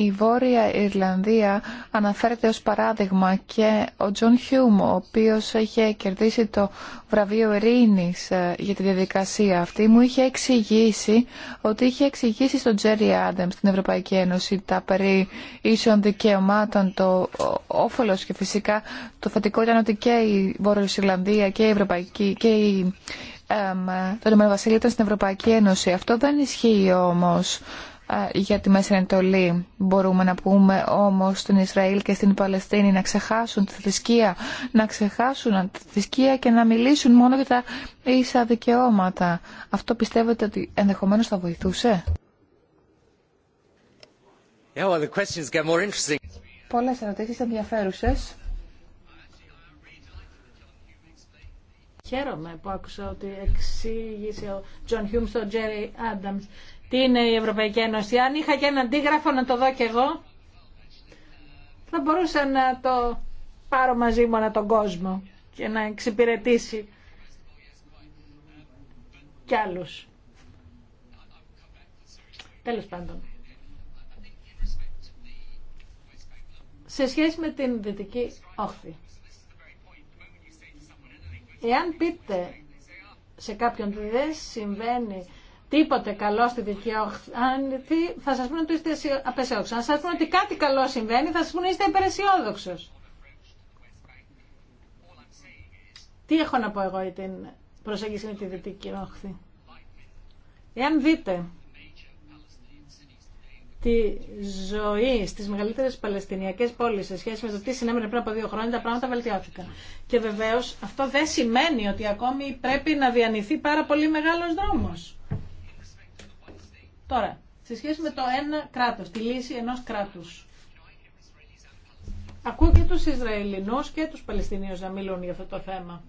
Η Βόρεια Ιρλανδία αναφέρεται ως παράδειγμα και ο Τζον Χιούμ, ο οποίος είχε κερδίσει το βραβείο Ειρήνης ε, για τη διαδικασία αυτή, μου είχε εξηγήσει ότι είχε εξηγήσει στον Τζέρι Άντεμ στην Ευρωπαϊκή Ένωση τα περί ίσων δικαιωμάτων, το όφελος και φυσικά το θετικό ήταν ότι και η Βόρεια Ιρλανδία και η Ευρωπαϊκή και το Βασίλειο ήταν στην Ευρωπαϊκή Ένωση. Αυτό δεν ισχύει όμως ε, για τη Μέση Ανατολή. Μπορούμε να πούμε όμως στην Ισραήλ και στην Παλαιστίνη να ξεχάσουν τη θρησκεία, να ξεχάσουν τη θρησκεία και να μιλήσουν μόνο για τα ίσα δικαιώματα. Αυτό πιστεύετε ότι ενδεχομένως θα βοηθούσε? Yeah, well, the Πολλές ερωτήσεις ενδιαφέρουσες. Χαίρομαι που άκουσα ότι εξήγησε ο Τζον Χιούμ στον Τζέρι Άνταμς τι είναι η Ευρωπαϊκή Ένωση. Αν είχα και ένα αντίγραφο να το δω κι εγώ, θα μπορούσα να το πάρω μαζί μου να τον κόσμο και να εξυπηρετήσει κι άλλους. Τέλος πάντων. Σε σχέση με την Δυτική Όχθη, εάν πείτε σε κάποιον ότι δεν συμβαίνει τίποτε καλό στη δικαιοχθάντη, θα σας πούνε ότι είστε απεσιόδοξο. Αν σα πούνε ότι κάτι καλό συμβαίνει, θα σας πούνε είστε υπεραισιόδοξο. Τι έχω να πω εγώ για την προσέγγιση με τη Δυτική Όχθη. Εάν δείτε τη ζωή στι μεγαλύτερε Παλαιστινιακέ πόλει σε σχέση με το τι συνέβαινε πριν από δύο χρόνια, τα πράγματα βελτιώθηκαν. Και βεβαίω αυτό δεν σημαίνει ότι ακόμη πρέπει να διανυθεί πάρα πολύ μεγάλο δρόμο. Τώρα, σε σχέση με το ένα κράτος, τη λύση ενός κράτους. Ακούω και τους Ισραηλινούς και τους Παλαιστινίους να μιλούν για αυτό το θέμα.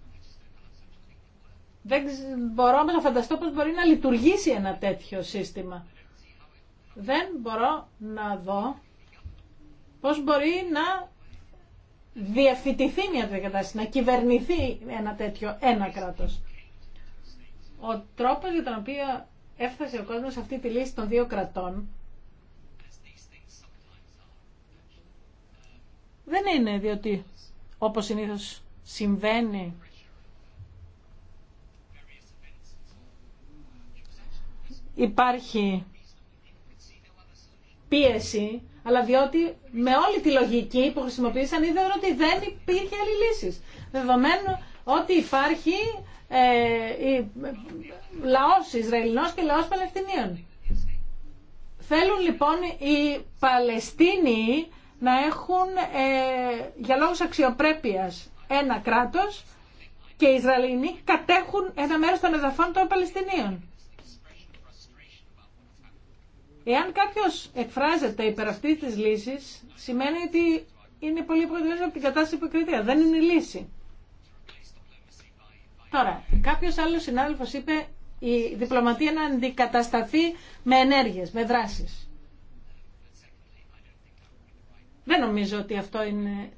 Δεν μπορώ να φανταστώ πώς μπορεί να λειτουργήσει ένα τέτοιο σύστημα. Δεν μπορώ να δω πώς μπορεί να διευθυνθεί μια τέτοια κατάσταση, να κυβερνηθεί ένα τέτοιο ένα κράτος. Ο τρόπος για τον οποίο έφτασε ο κόσμος σε αυτή τη λύση των δύο κρατών δεν είναι διότι όπως συνήθως συμβαίνει υπάρχει πίεση, αλλά διότι με όλη τη λογική που χρησιμοποίησαν είδε ότι δεν υπήρχε άλλη λύση. Δεδομένου ότι υπάρχει ε, η, λαός Ισραηλινός και λαός Παλαιστινίων. Θέλουν λοιπόν οι Παλαιστίνοι να έχουν ε, για λόγους αξιοπρέπειας ένα κράτος και οι Ισραηλινοί κατέχουν ένα μέρος των εδαφών των Παλαιστινίων. Εάν κάποιος εκφράζεται υπέρ αυτής της λύσης, σημαίνει ότι είναι πολύ αποκεντρωμένος από την κατάσταση υποκριτία. Δεν είναι λύση. Τώρα, κάποιο άλλο συνάδελφο είπε η διπλωματία να αντικατασταθεί με ενέργειες, με δράσεις. Δεν νομίζω ότι αυτό είναι,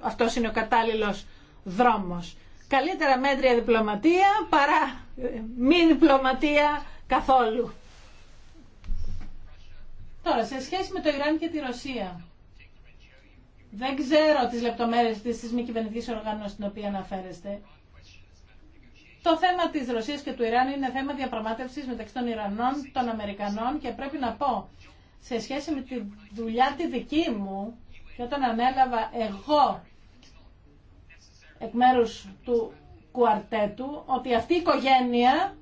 αυτός είναι ο κατάλληλος δρόμος. Καλύτερα μέτρια διπλωματία παρά ε, μη διπλωματία καθόλου. Τώρα, σε σχέση με το Ιράν και τη Ρωσία. Δεν ξέρω τις λεπτομέρειες της μη κυβερνητική οργάνωσης στην οποία αναφέρεστε. Το θέμα της Ρωσίας και του Ιράν είναι θέμα διαπραγμάτευσης μεταξύ των Ιρανών, των Αμερικανών και πρέπει να πω σε σχέση με τη δουλειά τη δική μου και όταν ανέλαβα εγώ εκ μέρους του κουαρτέτου ότι αυτή η οικογένεια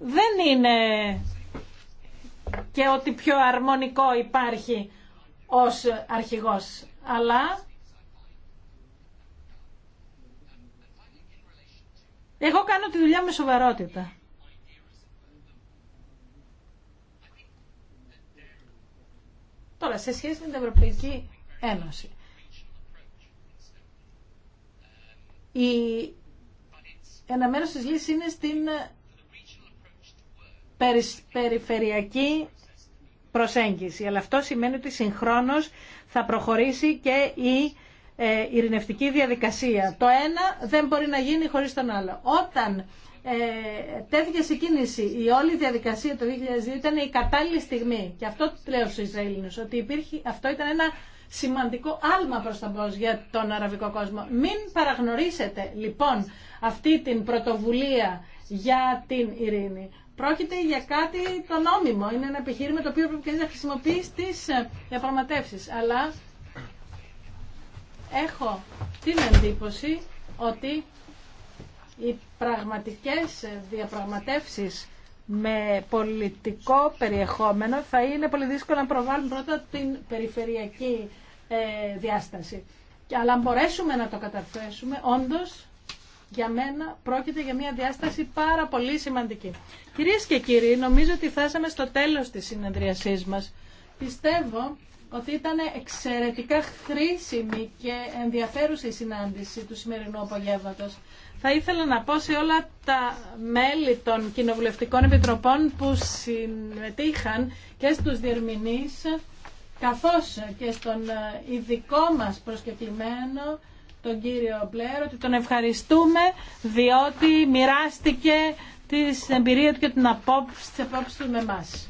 δεν είναι και ότι πιο αρμονικό υπάρχει ως αρχηγός αλλά εγώ κάνω τη δουλειά με σοβαρότητα. Τώρα, σε σχέση με την Ευρωπαϊκή Ένωση. Η... Ένα μέρος της λύσης είναι στην περιφερειακή προσέγγιση. Αλλά αυτό σημαίνει ότι συγχρόνως θα προχωρήσει και η ε, ειρηνευτική διαδικασία. Το ένα δεν μπορεί να γίνει χωρίς τον άλλο. Όταν ε, τέθηκε σε κίνηση η όλη διαδικασία το 2002 ήταν η κατάλληλη στιγμή. Και αυτό το λέω στους Ισραηλινούς, ότι υπήρχε, αυτό ήταν ένα σημαντικό άλμα προς τον πώς για τον αραβικό κόσμο. Μην παραγνωρίσετε λοιπόν αυτή την πρωτοβουλία για την ειρήνη πρόκειται για κάτι το νόμιμο. Είναι ένα επιχείρημα το οποίο πρέπει να χρησιμοποιεί στι ε, διαπραγματεύσει. Αλλά έχω την εντύπωση ότι οι πραγματικές διαπραγματεύσεις με πολιτικό περιεχόμενο θα είναι πολύ δύσκολο να προβάλλουν πρώτα την περιφερειακή ε, διάσταση. Και αλλά αν μπορέσουμε να το καταθέσουμε, όντως για μένα πρόκειται για μια διάσταση πάρα πολύ σημαντική. Κυρίες και κύριοι, νομίζω ότι φτάσαμε στο τέλος της συνεδρίασής μας. Πιστεύω ότι ήταν εξαιρετικά χρήσιμη και ενδιαφέρουσα η συνάντηση του σημερινού απογεύματος. Θα ήθελα να πω σε όλα τα μέλη των κοινοβουλευτικών επιτροπών που συμμετείχαν και στους διερμηνείς καθώς και στον ειδικό μας προσκεκλημένο τον κύριο Μπλερ ότι τον ευχαριστούμε διότι μοιράστηκε την εμπειρία του και την απόψη, του με εμάς.